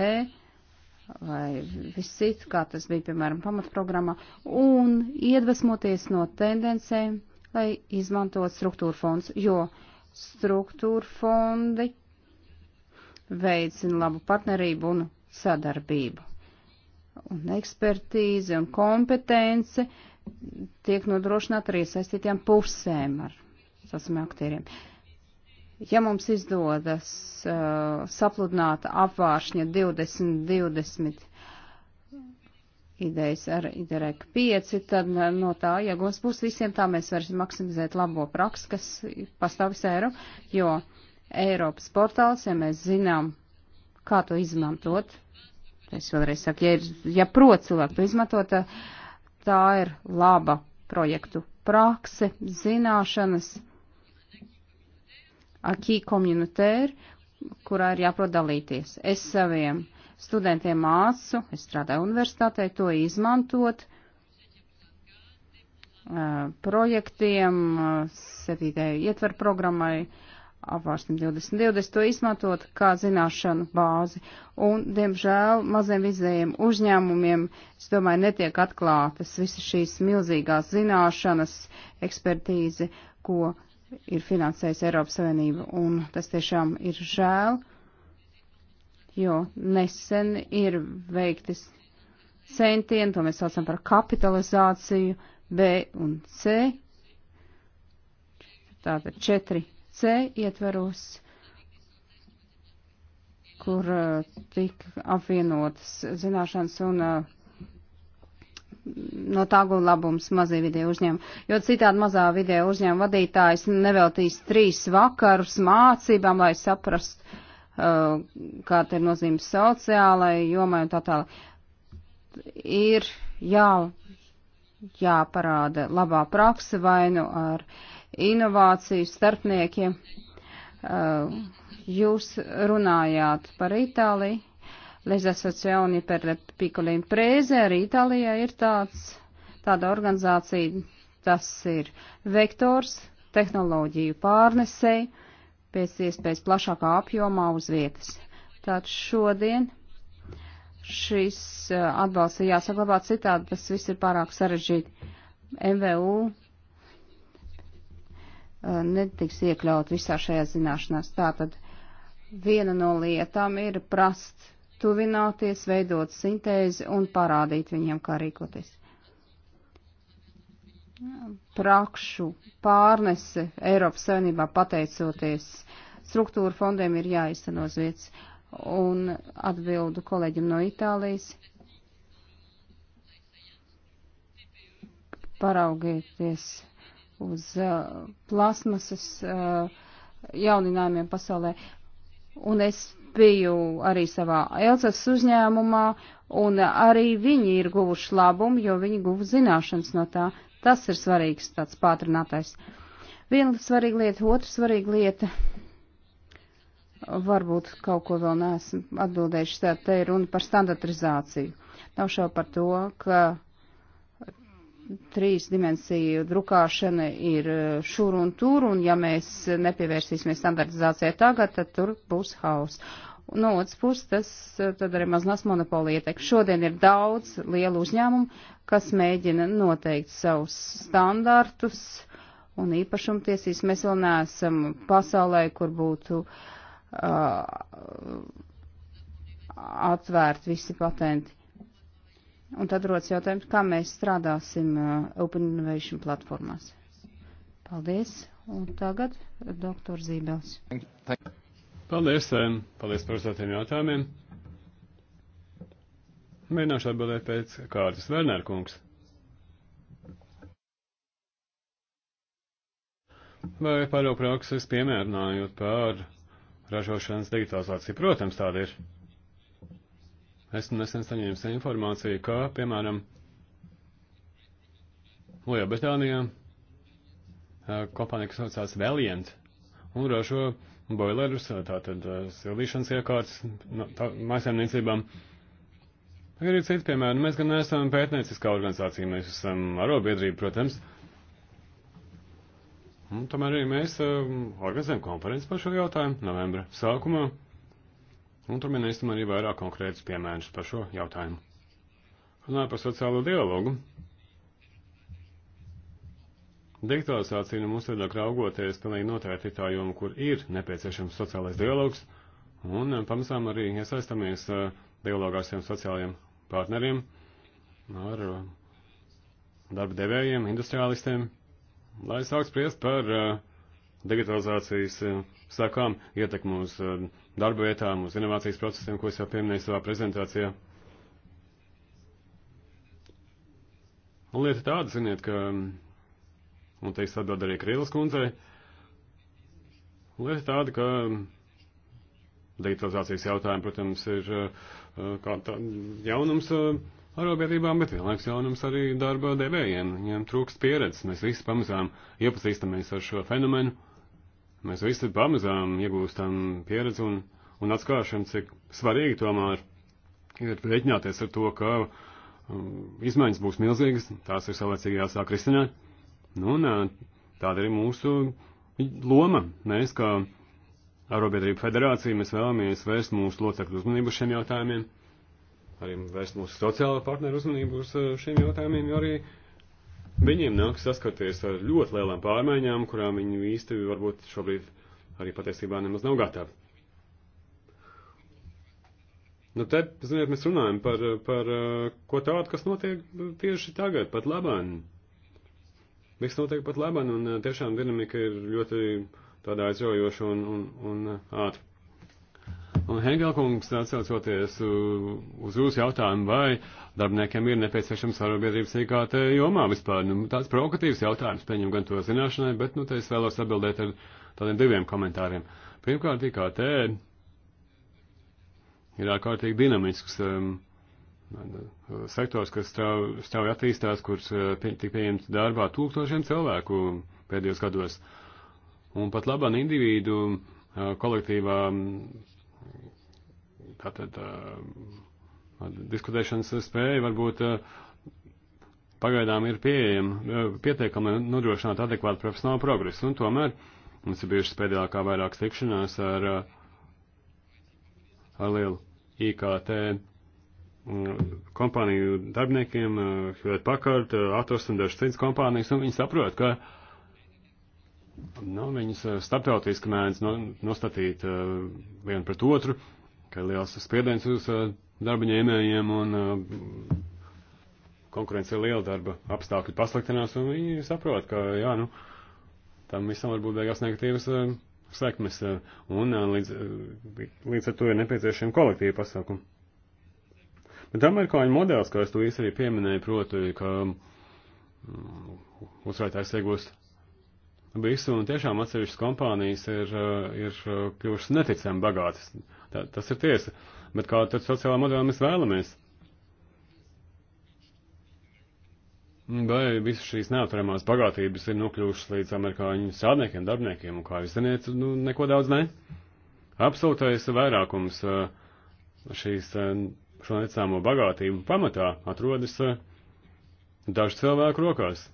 vai viss cits, kā tas bija, piemēram, pamatprogrammā, un iedvesmoties no tendencēm, lai izmantot struktūra fonds, jo struktūra fondi veicina labu partnerību un sadarbību. Un ekspertīze un kompetence tiek nodrošināta arī saistītiem pusēm ar sasmē aktieriem. Uh, ja mums izdodas uh, sapludināt apvāršņa 2020 idejas ar IDREK 5, tad uh, no tā iegūs ja būs visiem, tā mēs varam maksimizēt labo praksu, kas pastāv visā Eiropā, jo Eiropas portāls, ja mēs zinām, kā to izmantot, es vēlreiz saku, ja, ir, ja prot cilvēku to izmantot, uh, tā ir laba projektu prakse, zināšanas akī komunitēri, kurā ir jāprot dalīties. Es saviem studentiem mācu, es strādāju universitātē, to izmantot uh, projektiem, uh, septītēju ietver programmai, apvārsim 2020, to izmantot kā zināšanu bāzi. Un, diemžēl, maziem vizējiem uzņēmumiem, es domāju, netiek atklātas visas šīs milzīgās zināšanas, ekspertīze, ko ir finansējusi Eiropas Savienība, un tas tiešām ir žēl, jo nesen ir veiktis centieni, to mēs saucam par kapitalizāciju B un C, tātad 4C ietveros, kur uh, tika apvienotas zināšanas un uh, no tā gūtu labums mazie vidē uzņēmumi. Jo citādi mazā vidē uzņēmuma vadītājs neveltīs trīs vakarus mācībām, lai saprastu, uh, kā te ir nozīme sociālai jomai un tā tālāk. Ir jā, jāparāda labā praksa vainu ar inovāciju starpniekiem. Uh, jūs runājāt par Itāliju Lezasacioni per le piccole imprese, arī Itālijā ir tāds, tāda organizācija, tas ir vektors tehnoloģiju pārnesēji pēc iespējas plašākā apjomā uz vietas. Tātad šodien šis uh, atbalsts ir jāsaglabā citādi, tas viss ir pārāk sarežģīti. MVU uh, netiks iekļaut visā šajā zināšanās. Tātad viena no lietām ir prast tuvināties, veidot sintēzi un parādīt viņiem, kā rīkoties. Prakšu pārnese Eiropas Savienībā pateicoties struktūra fondiem ir jāizteno vietas. Un atbildu kolēģim no Itālijas. Paraugieties uz uh, plasmasas uh, jauninājumiem pasaulē. Un es biju arī savā Elsas uzņēmumā, un arī viņi ir guvuši labumu, jo viņi guva zināšanas no tā. Tas ir svarīgs tāds pātrinātais. Viena svarīga lieta, otra svarīga lieta. Varbūt kaut ko vēl neesmu atbildējuši, tā te ir runa par standartizāciju. Nav šau par to, ka trīs dimensiju drukāšana ir e, šur un tur, un ja mēs nepievērsīsimies standartizācijai tagad, tad tur būs haus. No otras puses, tas e, tad arī maznās monopoli ietekmi. Šodien ir daudz lielu uzņēmumu, kas mēģina noteikt savus standartus un īpašumtiesīs. Mēs vēl neesam pasaulē, kur būtu uh, atvērti visi patenti Un tad rodas jautājums, kā mēs strādāsim uh, Open Innovation platformās. Paldies. Un tagad doktor Zībels. Paldies. Paldies par uzdotiem jautājumiem. Mēģināšu atbildēt pēc kārtas Vernēra kungs. Vai pāroprakses piemērnājot par ražošanas digitalizāciju? Protams, tāda ir. Esmu nesen saņēmis informāciju, ka, piemēram, Lielbritānijā kompānija, kas saucās Valiant, un ražo boilerus, tātad sildīšanas iekārtas no, tā, maisaimniecībām. Ir arī citi piemēri. Mēs gan neesam pētnieciskā organizācija, mēs esam arobiedrība, protams. Un tomēr arī mēs uh, organizējam konferenci par šo jautājumu novembra sākumā. Un tur minēsim arī vairāk konkrētus piemērus par šo jautājumu. Runājot par sociālo dialogu. Digitalizācija nu mums viedāk raugoties pilnīgi noteikti tā joma, kur ir nepieciešams sociālais dialogs, un eh, pamazām arī iesaistamies eh, dialogā ar saviem sociālajiem partneriem, ar eh, darba devējiem, industriālistiem, lai sāk spriest par digitalizācijas sakām ietekmu uz darba vietām, uz inovācijas procesiem, ko es jau pieminēju savā prezentācijā. Un lieta tāda, ziniet, ka, un te es atbildu arī Krīlas kundzei, lieta tāda, ka digitalizācijas jautājumi, protams, ir eh, kā tā jaunums eh, arobiedrībām, bet vienlaiks jaunums arī darba devējiem. Viņiem trūkst pieredzes, mēs visi pamazām iepazīstamies ar šo fenomenu. Mēs visi pamazām iegūstam pieredzi un, un atskāršam, cik svarīgi tomēr ir rēķināties ar to, ka um, izmaiņas būs milzīgas, tās ir saulēcīgi jāsāk risināt. Nu, un tāda ir mūsu loma. Mēs, kā Arobiedrība federācija, mēs vēlamies vērst mūsu locekļu uzmanību šiem jautājumiem, arī vērst mūsu sociālo partneru uzmanību uz šiem jautājumiem, jo arī viņiem nāk saskarties ar ļoti lielām pārmaiņām, kurām viņi īsti varbūt šobrīd arī patiesībā nemaz nav gatavi. Nu, te, ziniet, mēs runājam par, par ko tādu, kas notiek tieši tagad, pat labāk. Viss notiek pat labāk, un tiešām dinamika ir ļoti tādā aizraujoša un, un, un ātra. Un Hengelkungs atsaucoties uz jūsu jautājumu, vai darbiniekiem ir nepieciešams sarobiedrības IKT jomā vispār. Nu, tāds provokatīvs jautājums, pieņem gan to zināšanai, bet, nu, te es vēlos atbildēt ar tādiem diviem komentāriem. Pirmkārt, IKT ir ārkārtīgi dinamisks um, sektors, kas strauji strau attīstās, kurš uh, pie, tik pieņemts darbā tūkstošiem cilvēku pēdējos gados. Un pat labāk individu uh, kolektīvā tātad diskutēšanas spēja varbūt pagaidām ir pieejama, pietiekama nodrošināt adekvātu profesionālu progresu. Un tomēr mums ir bijušas pēdējā kā vairākas tikšanās ar, ar lielu IKT kompāniju darbiniekiem, Hewlett Packard, Atos un dažas citas kompānijas, un viņi saprot, ka nu, viņas starptautiski mēdz nostatīt vienu pret otru, ka ir liels spiediens uz uh, darba ņēmējiem un uh, konkurence ir liela darba apstākļi pasliktinās, un viņi saprot, ka, jā, nu, tam visam var būt beigās negatīvas uh, sekmes, un līdz, līdz ar to ir nepieciešama kolektīva pasākuma. Bet amerikāņu modelis, kā es to īsti arī pieminēju, proti, ka mm, uzvarētājs iegūst visu, un tiešām atsevišķas kompānijas ir, eh, ir eh, kļuvušas neticami bagātas. Tā, tas ir tiesa. Bet kā tad sociālā modelā mēs vēlamies? Vai visas šīs neaturamās bagātības ir nokļuvušas līdz amerikāņu strādniekiem, darbiniekiem, un kā jūs zināt, nu, neko daudz ne? Absolūtais vairākums eh, šīs, šo necāmo bagātību pamatā atrodas dažu cilvēku rokās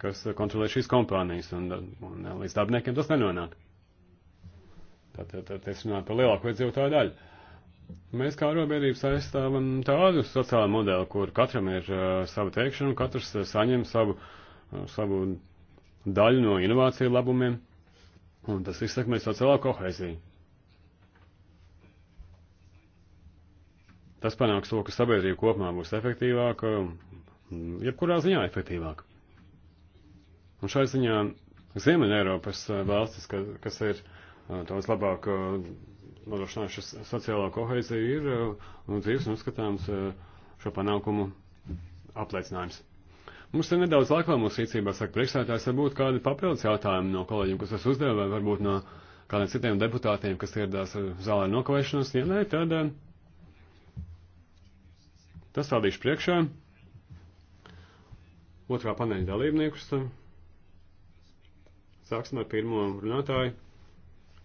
kas kontrolē šīs kompānijas, un, un līdz darbniekiem tas nenonāk. Tātad, tā, tā, es runāju par lielāko iedzīvotāju daļu. Mēs kā arotbiedrības aizstāvam tādu sociālu modeli, kur katram ir uh, sava teikšana, katrs uh, saņem savu, uh, savu daļu no inovāciju labumiem, un tas izsakmē sociālā kohēzija. Tas panāks to, ka sabiedrība kopumā būs efektīvāka, jebkurā ziņā efektīvāka. Un šai ziņā Ziemeļa Eiropas eh, valstis, ka, kas ir daudz eh, labāk eh, nodrošinājušas sociālo kohēziju, ir un dzīves un uzskatāms šo panākumu apliecinājums. Mums ir nedaudz laika mūsu rīcībā, saka priekšsētājs, varbūt kādi papildus jautājumi no kolēģiem, kas es uzdevu, vai varbūt no kādiem citiem deputātiem, kas ieradās zālē nokavēšanos. Ja nē, tad tas stādīšu priekšā. Otrā paneļa dalībniekus. Tad. Sāksim ar pirmo runātāju.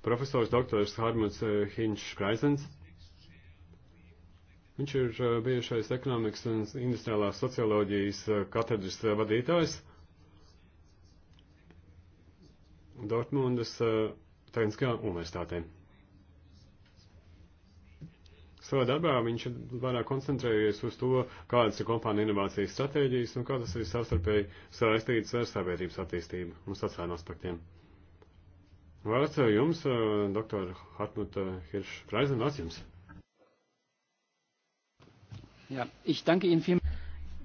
Profesors doktors Harmats eh, Hinčs Kreisens. Viņš ir eh, bijušais ekonomikas un industriālās socioloģijas eh, katedras vadītājs Dortmundas Tehniskajā universitātē savā darbā viņš vairāk koncentrējies uz to, kādas ir kompānija inovācijas stratēģijas un kā tas ir savstarpēji saistīts ar sabiedrības attīstību un sociālajiem aspektiem. Vārds eh, jums, eh, doktor Hartmut eh, Hirš, Freisen, vārds jums. Jā, ich danke Ihnen viel.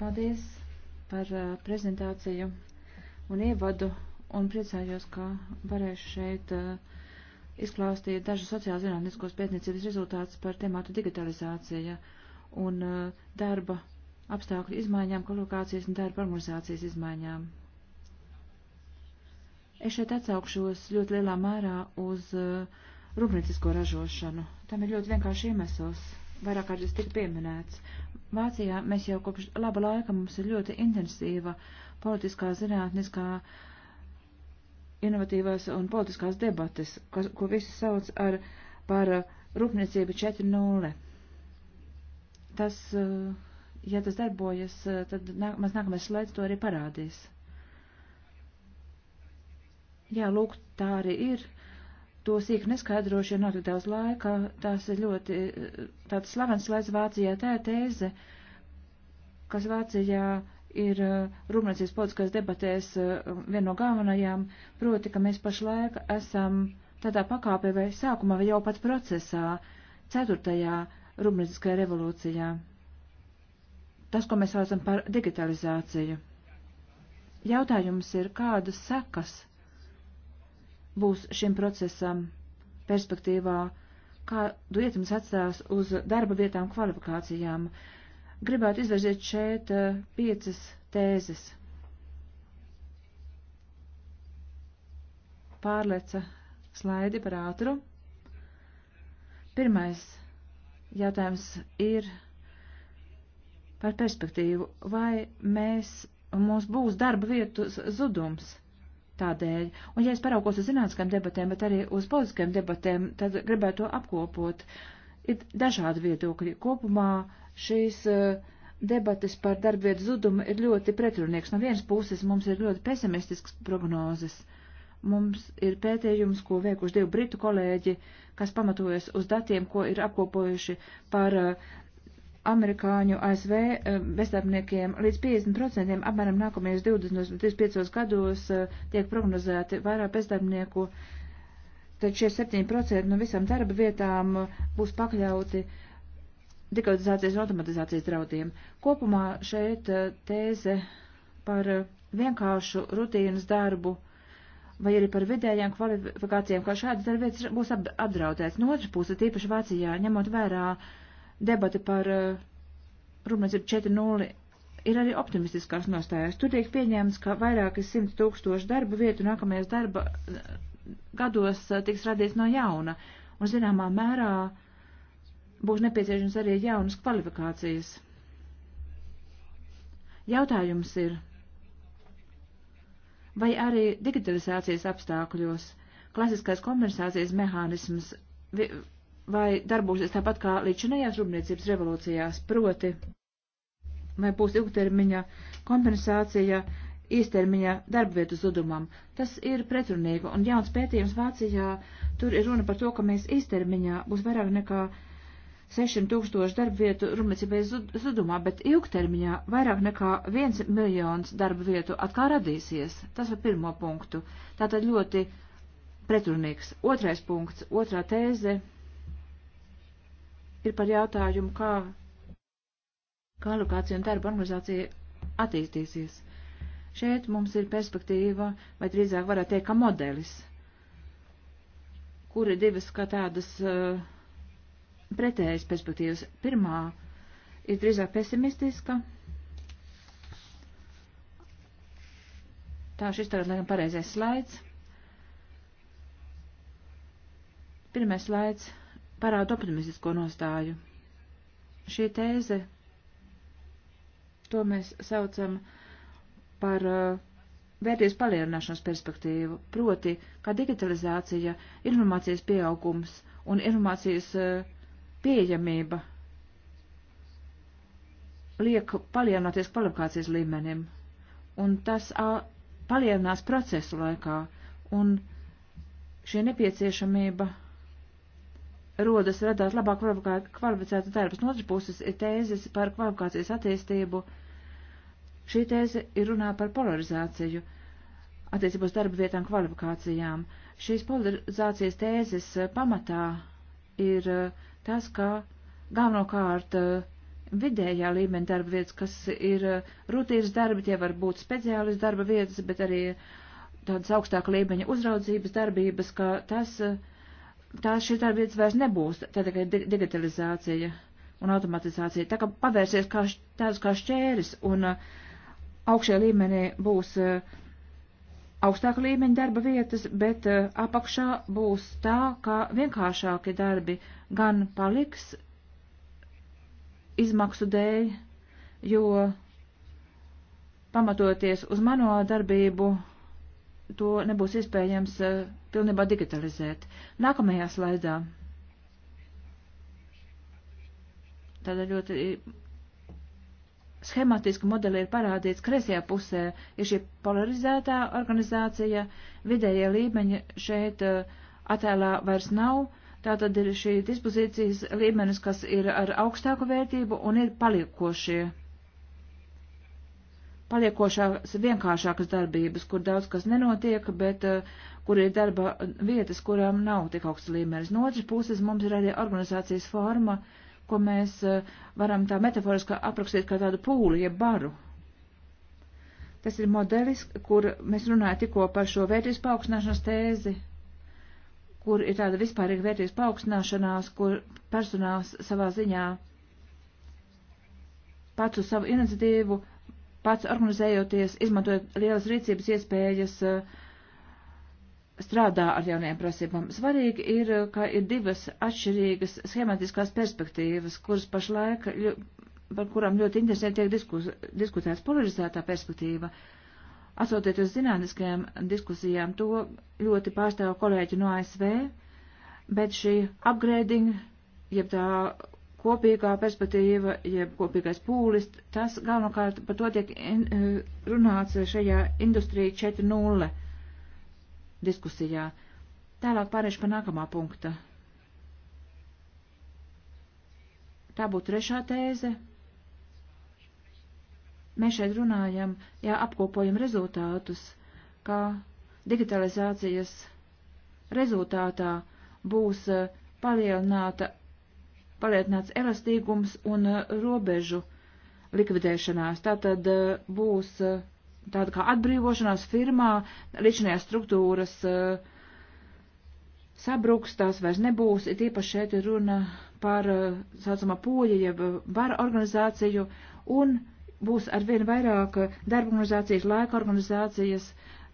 Paldies par prezentāciju un ievadu un priecājos, ka varēšu šeit uh, izklāstīja dažu sociāla zinātniskos pētniecības rezultātus par tematu digitalizācija un uh, darba apstākļu izmaiņām, kolokācijas un darba harmonizācijas izmaiņām. Es šeit atsaukšos ļoti lielā mērā uz uh, rūpniecisko ražošanu. Tam ir ļoti vienkārši iemesls. Vairāk kā tas tika pieminēts. Vācijā mēs jau kopš laba laika mums ir ļoti intensīva politiskā zinātniskā uh, inovatīvās un politiskās debates, kas, ko visi sauc ar, par uh, rūpniecību 4.0. Tas, uh, ja tas darbojas, uh, tad nākamais, nākamais slaids to arī parādīs. Jā, lūk, tā arī ir. To sīk neskaidrošu, jo nav tik daudz laika. Tās ir ļoti tāds slavens slaids Vācijā. Tā ir tēze, kas Vācijā ir eh, Rūpniecības politiskās debatēs eh, viena no galvenajām, proti, ka mēs pašlaik esam tādā pakāpē vai sākumā vai jau pat procesā, ceturtajā Rūpnieciskajā revolūcijā. Tas, ko mēs saucam par digitalizāciju. Jautājums ir, kādas sekas būs šim procesam perspektīvā, kādu ietekmes atstās uz darba vietām kvalifikācijām, uh, gribētu izvirzīt šeit eh, piecas tēzes. Pārleca slaidi par ātru. Pirmais jautājums ir par perspektīvu. Vai mēs, mums būs darba vietu zudums? Tādēļ, un ja es paraugos uz zinātniskām debatēm, bet arī uz politiskām debatēm, tad gribētu to apkopot. Ir dažādi viedokļi. Kopumā šīs eh, debates par darbvietu zudumu ir ļoti pretrunīgs. No vienas puses mums ir ļoti pesimistisks prognozes. Mums ir pētījums, ko veikuši divi britu kolēģi, kas pamatojas uz datiem, ko ir apkopojuši par eh, amerikāņu ASV eh, bezdarbniekiem līdz 50% apmēram nākamajos 20-25 gados tiek prognozēti vairāk bezdarbnieku, tad šie 7% no visām darba vietām būs pakļauti uh, digitalizācijas un automatizācijas draudiem. Kopumā šeit eh, tēze par eh, vienkāršu rutīnas darbu vai arī par vidējām kvalifikācijām, kā šādas darbvietas būs apdraudēts. No otras puses, tīpaši Vācijā, ņemot vērā debati par eh, rūpniecību 4.0, ir arī optimistiskās nostājās. Tur tiek pieņēmts, ka vairākas simt tūkstoši darba vietu nākamajās darba gados tiks radīts no jauna. Un zināmā mērā uh, būs nepieciešams arī jaunas kvalifikācijas. Jautājums ir, vai arī digitalizācijas apstākļos klasiskais kompensācijas mehānisms vai darbosies tāpat kā līdzinājās rūpniecības revolūcijās, proti, vai būs ilgtermiņa kompensācija īstermiņa darbvietu zudumam. Tas ir pretrunīgi, un jauns pētījums Vācijā tur ir runa par to, ka mēs īstermiņā būs vairāk nekā 1,5 600 tūkstoši darba vietu rūpniecībai zudumā, bet ilgtermiņā vairāk nekā 1 miljons darba vietu atkal radīsies. Tas ir pirmo punktu. Tātad ļoti pretrunīgs. Otrais punkts, otrā tēze ir par jautājumu, kā, kā lokācija un darba organizācija attīstīsies. Šeit mums ir perspektīva, vai drīzāk varētu teikt, ka modelis, kuri divas kā tādas uh, pretējas perspektīvas. Pirmā ir drīzāk pesimistiska. Tā šis tagad laikam pareizais slaids. Pirmais slaids parāda optimistisko nostāju. Šī tēze, to mēs saucam par uh, vērties palielināšanas perspektīvu, proti, kā digitalizācija, informācijas pieaugums un informācijas uh, pieejamība liek palielināties kvalifikācijas līmenim, un tas palielinās procesu laikā, un šī nepieciešamība rodas radās labāk kvalificēta darbas. No otras puses ir tēzes par kvalifikācijas attīstību. Šī tēze ir runā par polarizāciju attiecībā uz darba vietām kvalifikācijām. Šīs polarizācijas tēzes pamatā ir uh, tas, ka galvenokārt eh, vidējā līmeņa darba vietas, kas ir eh, rutīnas darbi, tie var būt speciālistu darba vietas, bet arī tādas augstāka līmeņa uzraudzības darbības, ka tas, eh, tās šīs darba vietas vairs nebūs, tā tikai digitalizācija un automatizācija. Tā kā pavērsies kā, tāds kā šķēris un augšējā līmenī būs uh, augstāka līmeņa darba vietas, bet eh, apakšā būs tā, ka vienkāršāki darbi gan paliks izmaksu dēļ, jo pamatoties uz manuālu darbību, to nebūs iespējams eh, pilnībā digitalizēt. Nākamajā slaidā. Tāda ļoti schematiski modeli ir parādīts kreisajā pusē, ir šī polarizētā organizācija, vidējie līmeņi šeit uh, attēlā vairs nav, tā tad ir šī dispozīcijas līmenis, kas ir ar augstāku vērtību un ir paliekošie. Paliekošākas, vienkāršākas darbības, kur daudz kas nenotiek, bet uh, kur ir darba vietas, kurām nav tik augsts līmenis. No otras puses mums ir arī organizācijas forma, uh, ko mēs eh, varam tā metaforiski aprakstīt kā tādu pūli, jeb ja baru. Tas ir modelis, kur mēs runājam tikko par šo vērtības paaugstināšanas tēzi, kur ir tāda vispārīga vērtības paaugstināšanās, kur personāls savā ziņā pats uz savu iniciatīvu, pats organizējoties, izmantojot lielas rīcības iespējas, uh, strādā ar jaunajām prasībām. Svarīgi ir, ka ir divas atšķirīgas schematiskās perspektīvas, kuras pašlaik, par kurām ļoti interesanti tiek diskus, diskutēts polarizētā perspektīva. Atsoties uz zinātniskajām diskusijām, to ļoti pārstāv kolēģi no ASV, bet šī upgrading, jeb tā kopīgā perspektīva, jeb kopīgais pūlis, tas galvenokārt par to tiek in, eh, runāts šajā industrija 4.0 diskusijā. Tālāk pārēšu pa nākamā punkta. Tā būtu trešā tēze. Mēs šeit runājam, jā, apkopojam rezultātus, kā digitalizācijas rezultātā būs eh, palielināta, palielināts elastīgums un eh, robežu likvidēšanās. Tātad eh, būs tāda kā atbrīvošanās firmā, līdzinājās struktūras uh, sabruks, tās vairs nebūs, ir īpaši šeit runa par, uh, saucamā, poļa, jeb vara organizāciju, un būs arvien vairāk eh, darba organizācijas, laika organizācijas,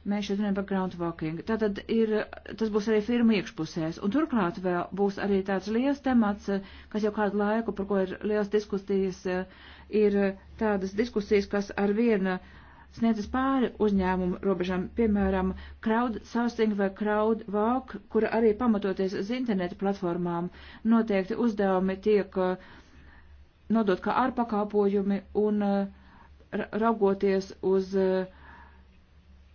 mēs šeit runājam par groundwalking. Tātad ir, tas būs arī firma iekšpusēs, un turklāt vēl būs arī tāds liels temats, kas jau kādu laiku, par ko ir liels diskusijas, ir tādas diskusijas, kas arvien uh, sniedzas pāri uzņēmumu robežām, piemēram, crowd sourcing vai crowd walk, kura arī pamatoties uz internetu platformām, noteikti uzdevumi tiek eh, nodot kā ārpakāpojumi un eh, raugoties uz eh,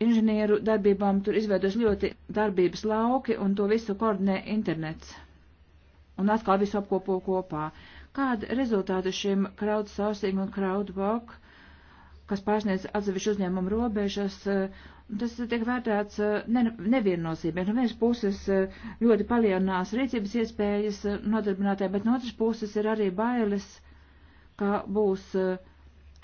inženieru darbībām, tur izveidos ļoti darbības lauki un to visu koordinē internets. Un atkal visu apkopo kopā. Kādi rezultāti šim crowd sourcing un crowd walk? Uh, kas pārsniedz atsevišķu uzņēmumu robežas. Eh, tas tiek vērtēts eh, ne, neviennozīmē. No vienas puses eh, ļoti palielinās rīcības iespējas nodarbinātē, bet no otras puses ir arī bailes, ka būs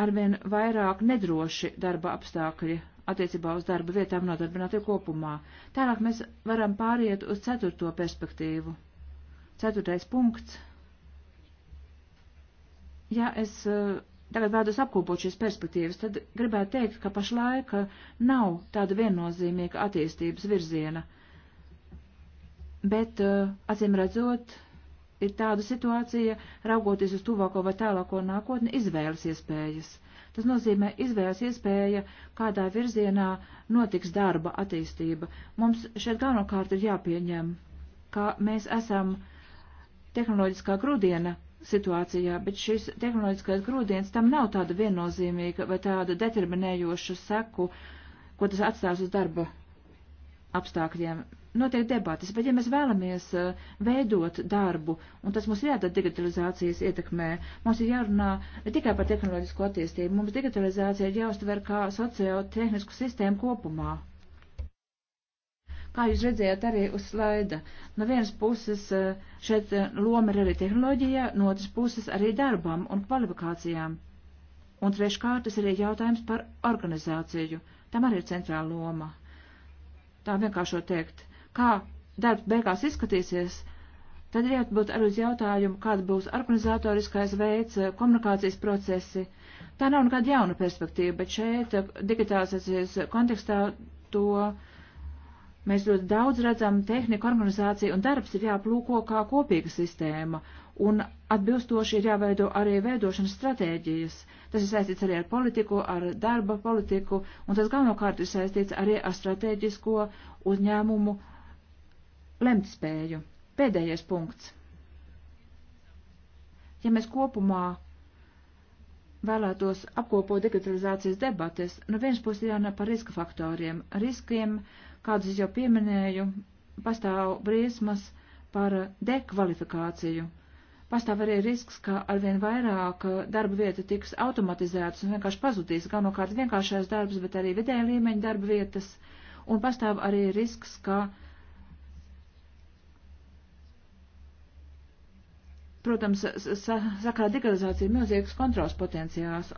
arvien vairāk nedroši darba apstākļi attiecībā uz darba vietām nodarbinātie kopumā. Tālāk mēs varam pāriet uz ceturto perspektīvu. Ceturtais punkts. Ja es uh, tagad vēdos apkopot šīs perspektīvas, tad gribētu teikt, ka pašlaika nav tāda viennozīmīga attīstības virziena. Bet, eh, acīm redzot, ir tāda situācija, raugoties uz tuvāko vai tālāko nākotni, izvēles iespējas. Tas nozīmē izvēles iespēja, kādā virzienā notiks darba attīstība. Mums šeit galvenokārt ir jāpieņem, ka mēs esam tehnoloģiskā grudiena situācijā, bet šis tehnoloģiskais grūdienis tam nav tāda viennozīmīga vai tāda determinējoša seku, ko tas atstās uz darba apstākļiem. Notiek debatas, bet ja mēs vēlamies eh, veidot darbu, un tas mums jādara digitalizācijas ietekmē, mums ir jārunā ne tikai par tehnoloģisko attīstību, mums digitalizācija ir jāuztver kā sociālo tehnisku sistēmu kopumā. Kā jūs redzējāt arī uz slaida, no vienas puses eh, šeit eh, loma ir arī tehnoloģija, no otras puses arī darbam un kvalifikācijām. Un treškārt tas arī jautājums par organizāciju. Tam arī ir centrāla loma. Tā vienkāršo teikt, kā darbs beigās izskatīsies, tad ir jābūt arī uz jautājumu, kāds būs organizatoriskais veids, eh, komunikācijas procesi. Tā nav nekāda jauna perspektīva, bet šeit digitālās kontekstā to Mēs ļoti daudz redzam tehniku organizāciju un darbs ir jāplūko kā kopīga sistēma un atbilstoši ir jāveido arī veidošanas stratēģijas. Tas ir saistīts arī ar politiku, ar darba politiku un tas galvenokārt ir saistīts arī ar stratēģisko uzņēmumu lemtspēju. Pēdējais punkts. Ja mēs kopumā vēlētos apkopot digitalizācijas debates, no nu viens puses jāna par riska faktoriem, riskiem, uh, kādas es jau pieminēju, pastāv briesmas par dekvalifikāciju. Pastāv arī risks, ka arvien vairāk darba vieta tiks automatizētas un vienkārši pazudīs galvenokārt vienkāršais darbs, bet arī vidēja līmeņa darba vietas. Un pastāv arī risks, ka, protams, sa sakrā digitalizācija ir milzīgs kontrols potenciāls.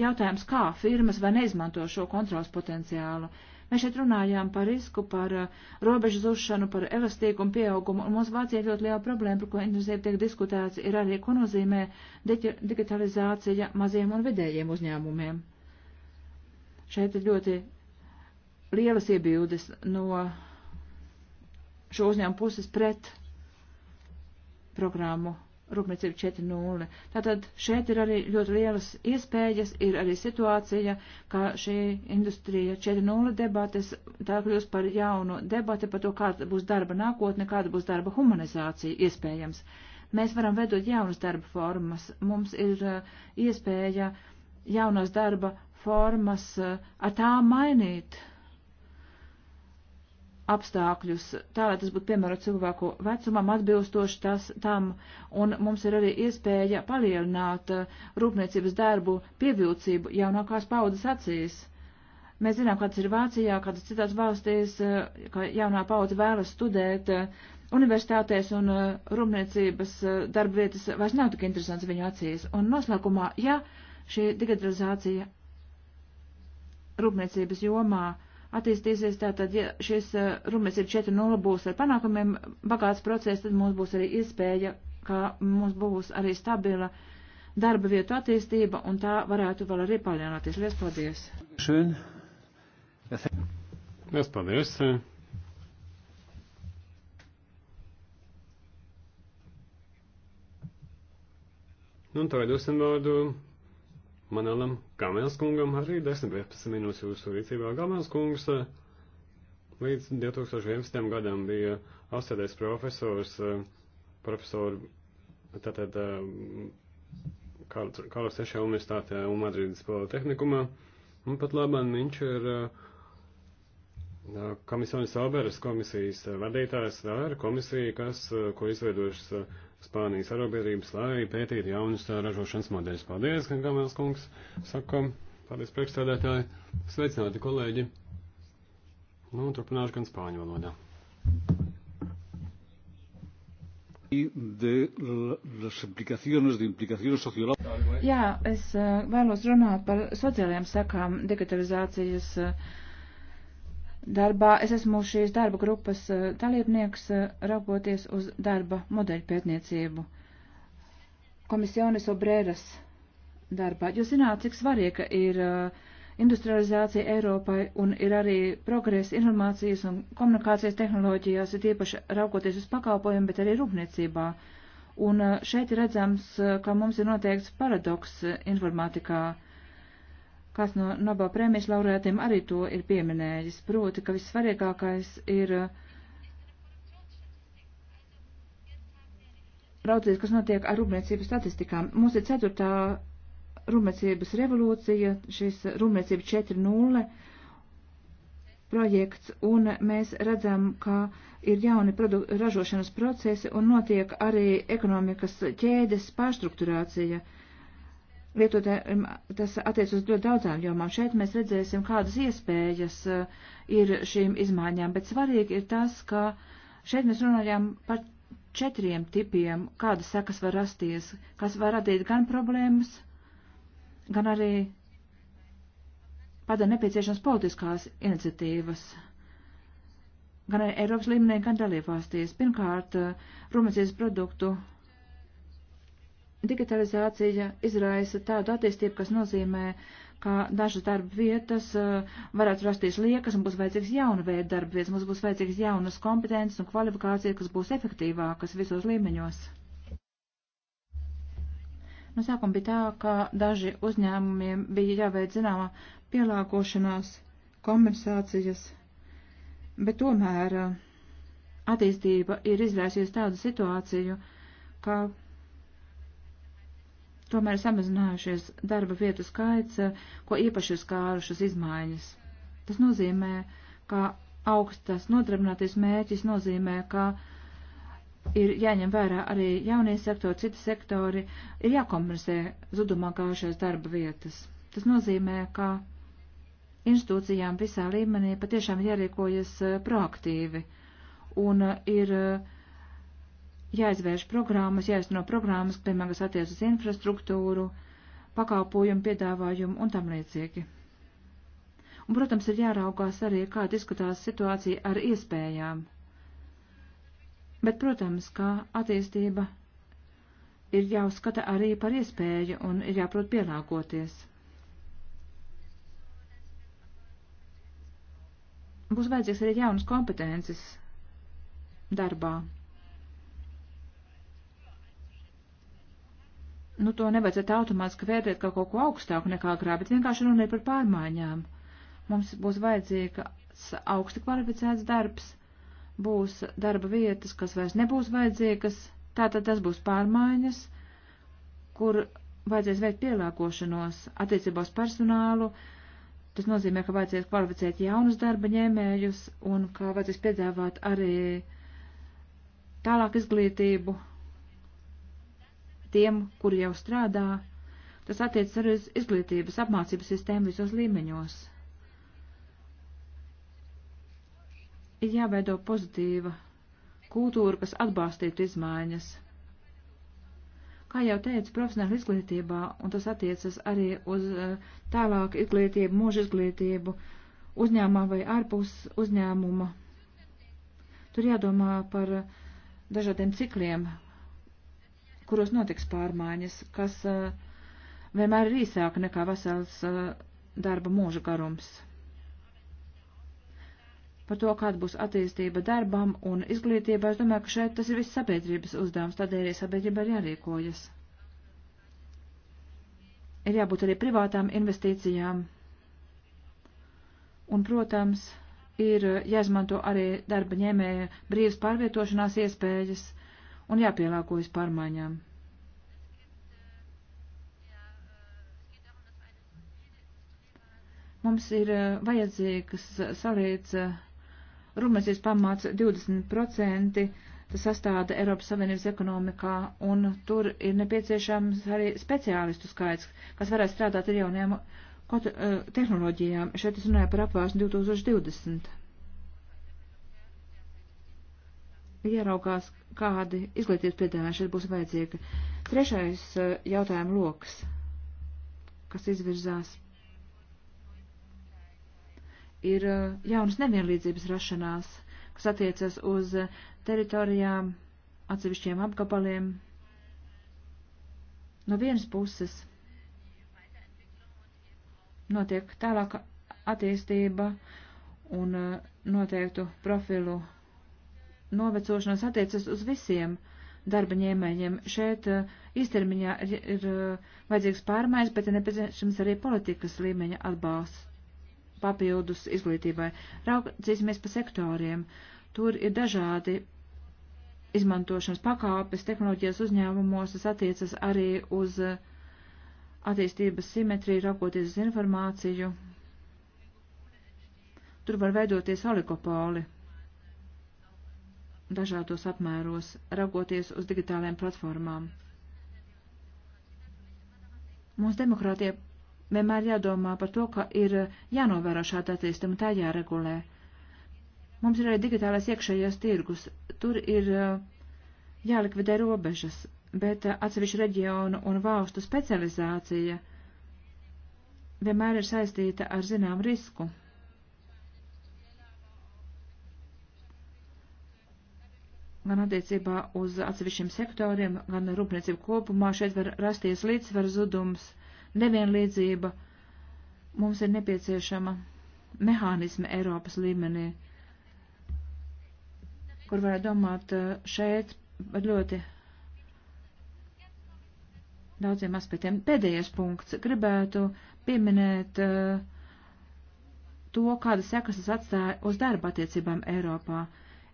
Jautājums, kā firmas vai neizmanto šo kontrols potenciālu. Uh, Mēs šeit runājām par risku, par uh, robežu zušanu, par elastīgumu pieaugumu, un mums Vācijā ļoti liela problēma, par ko intensīvi tiek diskutēts, ir arī, ko nozīmē digitalizācija maziem un vidējiem uzņēmumiem. Šeit ir ļoti lielas iebildes no šo uzņēmumu puses pret programmu Rūpniecība 4.0. Tātad šeit ir arī ļoti lielas iespējas, ir arī situācija, ka šī industrija 4.0 debates, tā kļūst par jaunu debati par to, kāda būs darba nākotne, kāda būs darba humanizācija iespējams. Mēs varam veidot jaunas darba formas, mums ir eh, iespēja jaunas darba formas eh, ar tām mainīt apstākļus, tā lai tas būtu piemērot cilvēku vecumam atbilstoši tas tam, un mums ir arī iespēja palielināt uh, rūpniecības darbu pievilcību jaunākās paudzes acīs. Mēs zinām, kāds ir Vācijā, kādas citās valstīs, uh, ka jaunā paudze vēlas studēt uh, universitātēs un rūpniecības darba vietas vairs nav tik interesants viņu acīs. Un noslēgumā, ja šī digitalizācija rūpniecības jomā attīstīsies. Tātad, ja šis eh, rumes ir 4.0 būs ar panākumiem bagāts process, tad mums būs arī iespēja, ka mums būs arī stabila darba vietu attīstība, un tā varētu vēl arī palielināties. Lies paldies! Šön. Lies paldies! Nu, un tagad dosim vārdu Manelam Gamels kungam arī 10-15 minūtes jūsu rīcībā. Gamels kungs eh, līdz 2011. gadam bija asociētais profesors, eh, profesoru, tātad eh, Karla Sešā universitātē un Madrīdas politehnikumā, un pat labāk viņš ir komisijas Alberas komisijas vadītājs, tā ir komisija, kas, ko izveidošas Spānijas arobiedrības, lai pētītu jaunus ražošanas modeļus. Paldies, Gamels kungs, sakam, paldies priekšstādētāji, sveicināti kolēģi. Nu, turpināšu gan spāņu valodā. de las implicaciones, de implicaciones sociológicas. Jā, es vēlos runāt par sociālajām sekām digitalizācijas uh, darbā. Es esmu šīs darba grupas eh, dalībnieks, eh, raugoties uz darba modeļu pētniecību. Komisionis Obrēras darbā. Jūs zināt, cik svarīga ir eh, industrializācija Eiropai un ir arī progresa informācijas un komunikācijas tehnoloģijās, ir tiepaši raugoties uz pakalpojumu, bet arī rūpniecībā. Un šeit ir redzams, ka mums ir noteikts paradoks informātikā. Uh, kāds no Nobel prēmijas laureātiem arī to ir pieminējis, proti, ka vissvarīgākais ir uh, raudzīties, kas notiek ar rūpniecības statistikām. Mums ir ceturtā rūpniecības revolūcija, šis rūpniecība 4.0 projekts, un mēs redzam, ka ir jauni ražošanas procesi un notiek arī ekonomikas ķēdes pārstrukturācija. Uh, Vietot, tas attiec uz ļoti daudzām jomām. Šeit mēs redzēsim, kādas iespējas eh, ir šīm izmaiņām, bet svarīgi ir tas, ka šeit mēs runājām par četriem tipiem, kādas sekas var rasties, kas var radīt gan problēmas, gan arī padara nepieciešams politiskās iniciatīvas, gan arī Eiropas līmenī, gan dalībvalstīs. Pirmkārt, eh, rūpniecības produktu Digitalizācija izraisa tādu attīstību, kas nozīmē, ka dažas darba vietas uh, varētu rasties liekas un būs vajadzīgs jauna veida darba vietas, mums būs vajadzīgs jaunas kompetences un kvalifikācija, kas būs efektīvākas visos līmeņos. No nu, sākuma bija tā, ka daži uzņēmumiem bija jāveic zināma pielāgošanās, kompensācijas, bet tomēr uh, attīstība ir izraisījusi tādu situāciju, ka Tomēr samazinājušies darba vietu skaits, ko īpaši ir skārušas izmaiņas. Tas nozīmē, ka augstas nodarbinātīs mērķis nozīmē, ka ir jāņem vērā arī jaunie sektori, citi sektori, ir jākompensē zudumā gājušās darba vietas. Tas nozīmē, ka institūcijām visā līmenī patiešām jārīkojas eh, proaktīvi un eh, ir uh, jāizvērš programmas, jāizno programmas, piemēram, kas attiec uz infrastruktūru, pakalpojumu piedāvājumu un tam līdzīgi. Un, protams, ir jāraugās arī, kā izskatās situācija ar iespējām. Bet, protams, kā attīstība ir jāuzskata arī par iespēju un ir jāprot pielāgoties. Būs vajadzīgs arī jaunas kompetences darbā. nu, to nevajadzētu automātiski vērtēt kā kaut ko augstāku nekā agrāk, bet vienkārši runāja par pārmaiņām. Mums būs vajadzīgs augsti kvalificēts darbs, būs darba vietas, kas vairs nebūs vajadzīgas, tātad tas būs pārmaiņas, kur vajadzēs veikt pielāgošanos attiecībos personālu, tas nozīmē, ka vajadzēs kvalificēt jaunus darba ņēmējus un ka vajadzēs piedāvāt arī tālāk izglītību tiem, kuri jau strādā. Tas attiecas arī uz izglītības apmācības sistēmu visos līmeņos. Ir jāveido pozitīva kultūra, kas atbalstītu izmaiņas. Kā jau teicu, profesionāla izglītībā, un tas attiecas arī uz eh, tālāku izglītību, mūža izglītību, uzņēmumā vai ārpus uzņēmuma. Tur jādomā par eh, dažādiem cikliem, kuros notiks pārmaiņas, kas eh, vienmēr ir īsāka nekā vesels eh, darba mūža garums. Par to, kāda būs attīstība darbam un izglītībai, es domāju, ka šeit tas ir viss sabiedrības uzdevums, tādēļ sabiedrība ir jārīkojas. Ir jābūt arī privātām investīcijām. Un, protams, ir eh, jāizmanto arī darba ņēmēja brīvas pārvietošanās iespējas un jāpielāgojas pārmaiņām. Mums ir eh, vajadzīgs eh, salīdz Rumēzijas pamāts 20%, tas sastāda Eiropas Savienības ekonomikā, un tur ir nepieciešams arī speciālistu skaits, kas varētu strādāt ar jaunajām eh, tehnoloģijām. Šeit es runāju par apvārsni 2020. jāraugās, kādi izglītības piedāvājumi šeit būs vajadzīgi. Trešais eh, jautājuma lokus, kas izvirzās, ir eh, jaunas nevienlīdzības rašanās, kas attiecas uz eh, teritorijām, atsevišķiem apgabaliem. No vienas puses notiek tālāka attīstība un noteiktu profilu novecošanās attiecas uz visiem darba ņēmējiem. Šeit uh, īstermiņā ir, ir uh, vajadzīgs pārmaiņas, bet ir nepieciešams arī politikas līmeņa atbalsts papildus izglītībai. Raudzīsimies pa sektoriem. Tur ir dažādi izmantošanas pakāpes tehnoloģijas uzņēmumos, tas attiecas arī uz uh, attīstības simetriju, raugoties uz informāciju. Tur var veidoties oligopoli dažādos apmēros, raugoties uz digitālajām platformām. Mūsu demokrātie vienmēr jādomā par to, ka ir jānovēro šāda attīstuma, tā jāregulē. Mums ir arī digitālais iekšējais tirgus. Tur ir eh, jālikvidē robežas, bet eh, atsevišķu reģionu un valstu specializācija vienmēr ir saistīta ar zinām risku. gan attiecībā uz atsevišķiem sektoriem, gan rūpniecību kopumā. Šeit var rasties līdzsver zudums, nevienlīdzība. Mums ir nepieciešama mehānismi Eiropas līmenī, kur varētu domāt eh, šeit par ļoti daudziem aspektiem. Pēdējais punkts. Gribētu pieminēt eh, to, kādas sekas tas atstāja uz darba attiecībām Eiropā.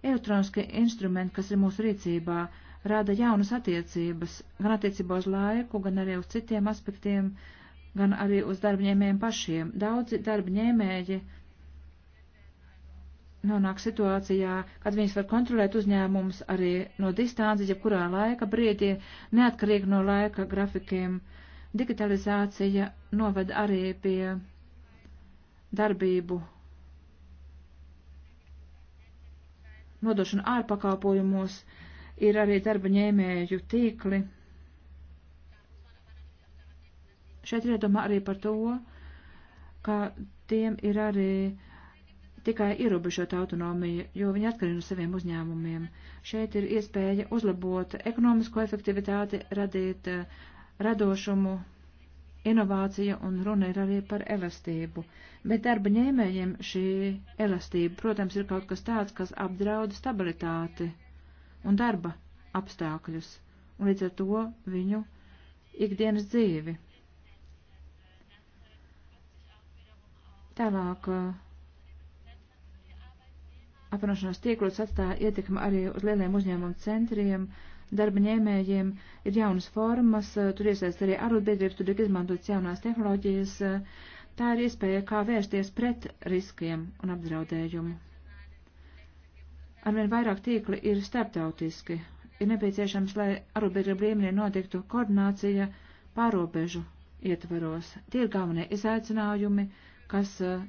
Elektroniskie instrumenti, kas ir mūsu rīcībā, rada jaunas attiecības, gan attiecībā uz laiku, gan arī uz citiem aspektiem, gan arī uz darbņēmējiem pašiem. Daudzi darbņēmēji nonāk situācijā, kad viņas var kontrolēt uzņēmumus arī no distances, jebkurā laika brīdī, neatkarīgi no laika grafikiem. Digitalizācija noved arī pie darbību nodošana ārpakalpojumos, ir arī darba ņēmēju tīkli. Šeit ir jādomā arī par to, ka tiem ir arī tikai ierobežota autonomija, jo viņi atkarīgi no saviem uzņēmumiem. Šeit ir iespēja uzlabot ekonomisko efektivitāti, radīt eh, radošumu inovācija un runa ir arī par elastību, bet darba ņēmējiem šī elastība, protams, ir kaut kas tāds, kas apdraud stabilitāti un darba apstākļus, un līdz ar to viņu ikdienas dzīvi. Tālāk uh, apvienošanās tīklos atstāja ietekmi arī uz lieliem uzņēmumu centriem, uh, darba ņēmējiem ir jaunas formas, eh, tur iesaist arī arotbiedrības, tur tiek izmantotas jaunās tehnoloģijas. Eh, Tā ir iespēja, kā vērsties pret riskiem un apdraudējumu. Arvien vairāk tīkli ir starptautiski. Ir nepieciešams, lai arotbiedrību līmenī notiktu koordinācija pārobežu ietvaros. Tie ir galvenie izaicinājumi, kas eh,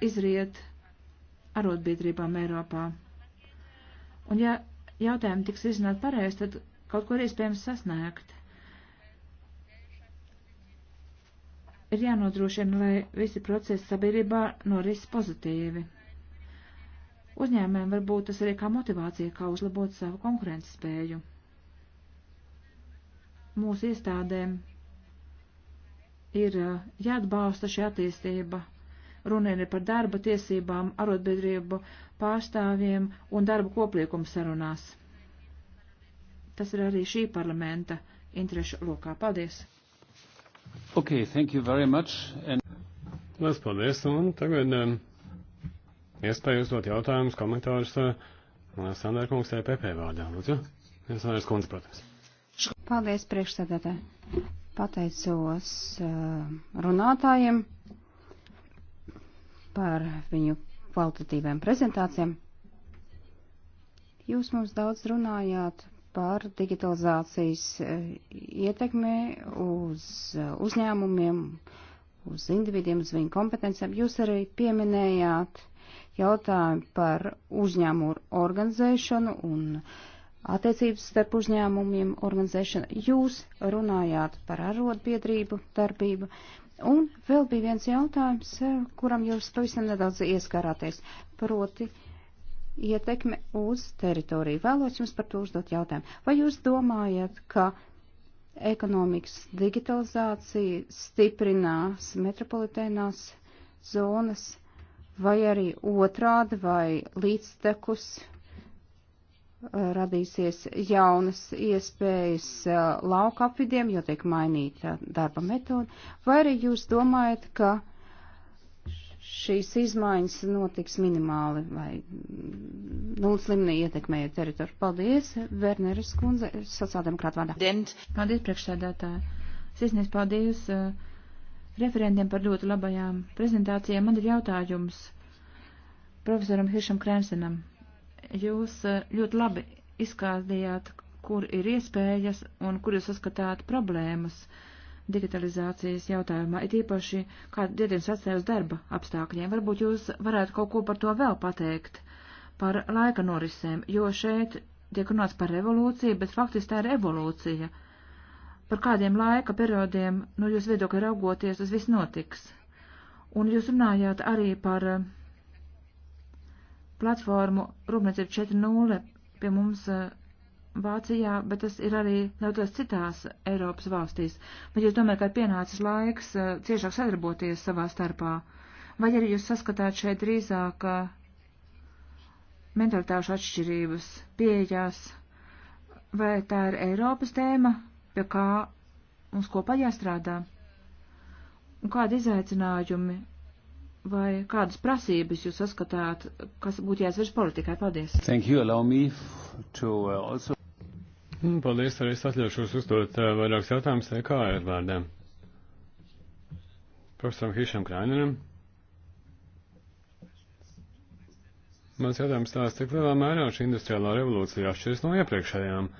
izriet arotbiedrībām Eiropā. Un ja jautājumi tiks izzināt pareizi, tad kaut kur iespējams sasniegt. Ir jānodrošina, lai visi procesi sabiedrībā noris pozitīvi. Uzņēmējiem varbūt tas arī kā motivācija, kā uzlabot savu konkurences spēju. Mūsu iestādēm ir uh, jāatbalsta šī attīstība Runa ir par darba tiesībām, arotbiedrību pārstāvjiem un darba kopliekumu sarunās. Tas ir arī šī parlamenta interešu lokā. Paldies! Okay, thank you very much. And... Mēs paldies, un tagad um, iespēju uzdot jautājumus, komentārus uh, Sandēra kungs EPP vārdā. Lūdzu, es vairs kundze, protams. Paldies, priekšsēdētāji. Pateicos uh, runātājiem par viņu kvalitatīviem prezentācijām. Jūs mums daudz runājāt par digitalizācijas eh, ietekmi uz eh, uzņēmumiem, uz individiem, uz viņu kompetencijām. Jūs arī pieminējāt jautājumu par uzņēmumu organizēšanu un attiecības starp uzņēmumiem organizēšanu. Jūs runājāt par arotbiedrību darbību. Un vēl bija viens jautājums, eh, kuram jūs pavisam nedaudz ieskārāties, proti ietekme uz teritoriju. Vēlos jums par to uzdot jautājumu. Vai jūs domājat, ka ekonomikas digitalizācija stiprinās metropolitēnās zonas vai arī otrādi vai līdztekus radīsies jaunas iespējas uh, lauka apvidiem, jo tiek mainīta darba metoda, vai arī jūs domājat, ka šīs izmaiņas notiks minimāli vai nulles līmenī ietekmēja teritoriju. Paldies, Werneris kundze, sociāldemokrāta vārdā. Dent. Paldies, priekšsēdētāji. Sisnieks, paldies uh, referentiem par ļoti labajām prezentācijām. Man ir jautājums profesoram Hiršam Krēnsenam. Jūs eh, ļoti labi izkārdījāt, kur ir iespējas un kur jūs saskatāt problēmas digitalizācijas jautājumā, ir īpaši kāda diezgan sacēja uz darba apstākļiem. Varbūt jūs varētu kaut ko par to vēl pateikt, par laika norisēm, jo šeit tiek runāts par revolūciju, bet faktiski tā ir evolūcija. Par kādiem laika periodiem, nu, jūs viedokļi raugoties, tas viss notiks. Un jūs runājāt arī par uh, platformu Rūpniecība 4.0 pie mums eh, Vācijā, bet tas ir arī daudzās citās Eiropas valstīs. Bet jūs domājat, ka ir pienācis laiks eh, ciešāk sadarboties savā starpā? Vai arī jūs saskatāt šeit drīzāk eh, mentalitāšu atšķirības, pieejās, vai tā ir Eiropas tēma, pie kā mums kopā jāstrādā? Un kādi izaicinājumi vai kādas prasības jūs saskatāt, kas būtu jāizvirz politikai? Paldies. Thank you, allow me to uh, also. Mm, paldies, arī es atļaušos uzdot uh, vairākus jautājumus EKR vārdiem. Profesoram Hišam Kraineram. Mans jautājums tās, cik lielā mērā šī industriālā revolūcija atšķiras no iepriekšējām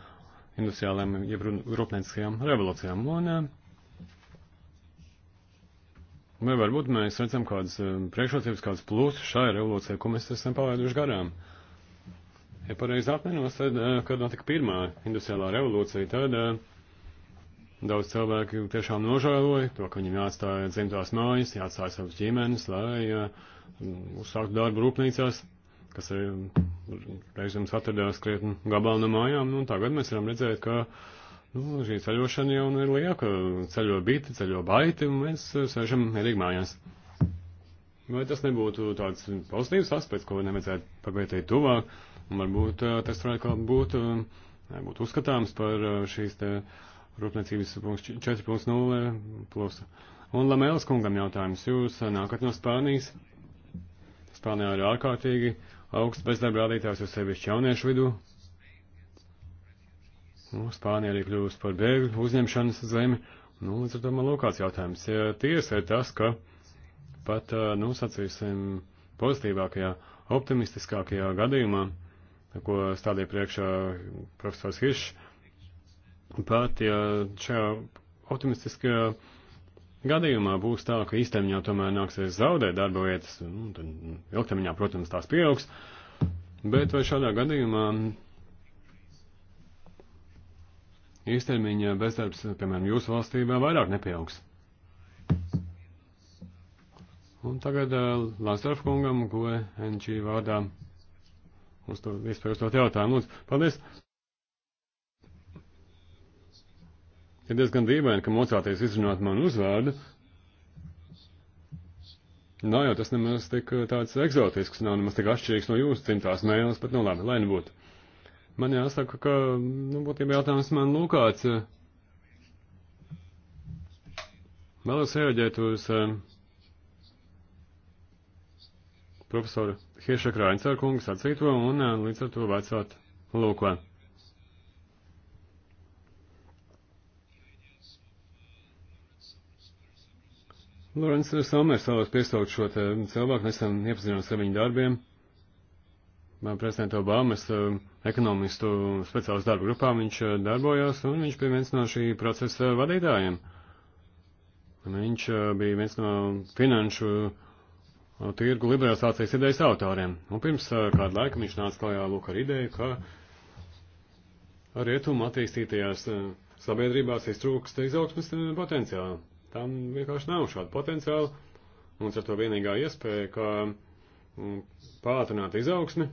industriālajām, jeb rūpnieciskajām revolūcijām. Un, uh, Vai varbūt mēs redzam kādas eh, priekšrocības, kādas plūsmas šai revolūcijai, ko mēs esam palaiduši garām? Ja pareizi atminos, tad, eh, kad notika pirmā industriālā revolūcija, tad eh, daudz cilvēku tiešām nožēloja to, ka viņiem jāatstāja dzimtās mājas, jāatstāja savas ģimenes, lai uzsāktu darbu rūpnīcās, kas arī reizēm atradās krietni gabalā no mājām. Un nu, tagad mēs varam redzēt, ka Nu, šī ceļošana jau nu ir lieka, ceļo biti, ceļo baiti, un mēs eh, sēžam mierīgi mājās. Vai tas nebūtu tāds pozitīvs aspekts, ko nevajadzētu pagaitai tuvāk, un varbūt eh, tas varētu būt, eh, būt uzskatāms par šīs te rūpniecības 4.0 plusu. Un Lamēlas kungam jautājums. Jūs nākat no Spānijas. Spānijā ir ārkārtīgi augsts bezdarba rādītājs, jo sevišķi jauniešu vidū. Nu, Spānija arī kļūst par bēgļu uzņemšanas zemi. Nu, līdz ar to man lūkāts jautājums. Ja tiesa ir tas, ka pat, nu, sacīsim, pozitīvākajā, optimistiskākajā gadījumā, ko stādīja priekšā profesors Hiršs, pat, ja šajā optimistiskajā gadījumā būs tā, ka īstermiņā tomēr nāksies zaudēt darba vietas, nu, tad ilgtermiņā, protams, tās pieaugs, bet vai šādā gadījumā īstermiņa bezdarbs, piemēram, jūsu valstī vēl vairāk nepieaugs. Un tagad eh, Lansdorf kungam, ko NG vārdā uz to iespēju uzdot jautājumu. Lūdzu, paldies! Ir diezgan dīvaini, ka mocāties izrunāt manu uzvārdu. Nav jau tas nemaz tik eh, tāds eksotisks, nav nemaz tik atšķirīgs no jūsu cimtās mēles, bet nu no labi, lai nebūtu. Nu Man jāsaka, ka, nu, būtībā jautājums man lūkāts. Nu, eh, vēlos reaģēt uz um, eh, profesora Hieša Kraincer kungas atcīto un um, līdz ar to vecāt lūkā. Lorenz Somers vēlos piesaukt šo cilvēku, nesam iepazinos ar viņu darbiem prezidenta Obamas ekonomistu speciālas darba grupā viņš darbojās, un viņš bija viens no šī procesa vadītājiem. Viņš bija viens no finanšu tirgu liberalizācijas idejas autoriem. Un pirms kādu laiku viņš nāca klajā lūk ar ideju, ka rietumu attīstītajās sabiedrībās iztrūkst izaugsmes potenciāla. Tam vienkārši nav šāda potenciāla. Mums ar to vienīgā iespēja, ka pātrināt izaugsmi,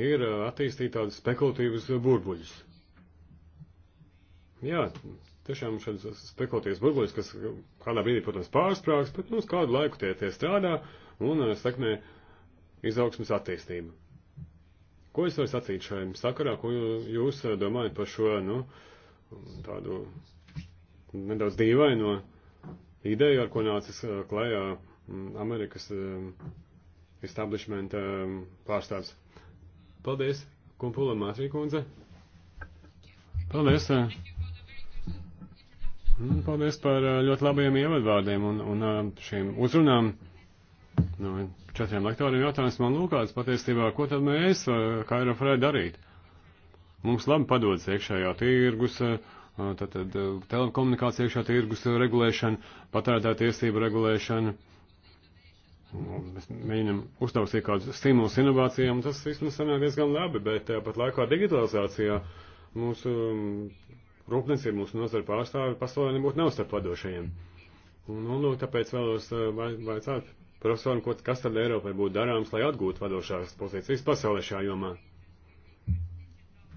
ir attīstīt tādus spekulatīvus burbuļus. Jā, tiešām šādas spekulatīvas burbuļus, kas kādā brīdī, protams, pārsprāgs, bet, nu, uz kādu laiku tie, tie strādā un sekmē izaugsmas attīstību. Ko es varu sacīt šajam sakarā, ko jūs domājat par šo, nu, tādu nedaudz dīvaino ideju, ar ko nācis klajā Amerikas establishment pārstāvs? Paldies, Kumpula Mātrī kundze. Paldies. Eh, mm, paldies par eh, ļoti labajiem ievadvārdiem un, un eh, šīm uzrunām. No nu, četriem lektoriem jautājums man lūkāts patiesībā, ko tad mēs, kā ir varētu darīt? Mums labi padodas iekšējā tirgus, tātad telekomunikācija iekšā tirgus regulēšana, patērētā tiesība regulēšana Nu, mēs mēģinam uztaustīt kādus stimulus inovācijām, tas vismaz sanāk diezgan labi, bet tāpat eh, laikā digitalizācijā mūsu mm, rūpniecība, mūsu nozara pārstāvi pasaulē nebūtu nav starp vadošajiem. Un, un, nu, nu, un tāpēc vēlos eh, vai, vaicāt profesoram, ko, kas tad Eiropai būtu darāms, lai atgūtu vadošās pozīcijas pasaulē šajā jomā.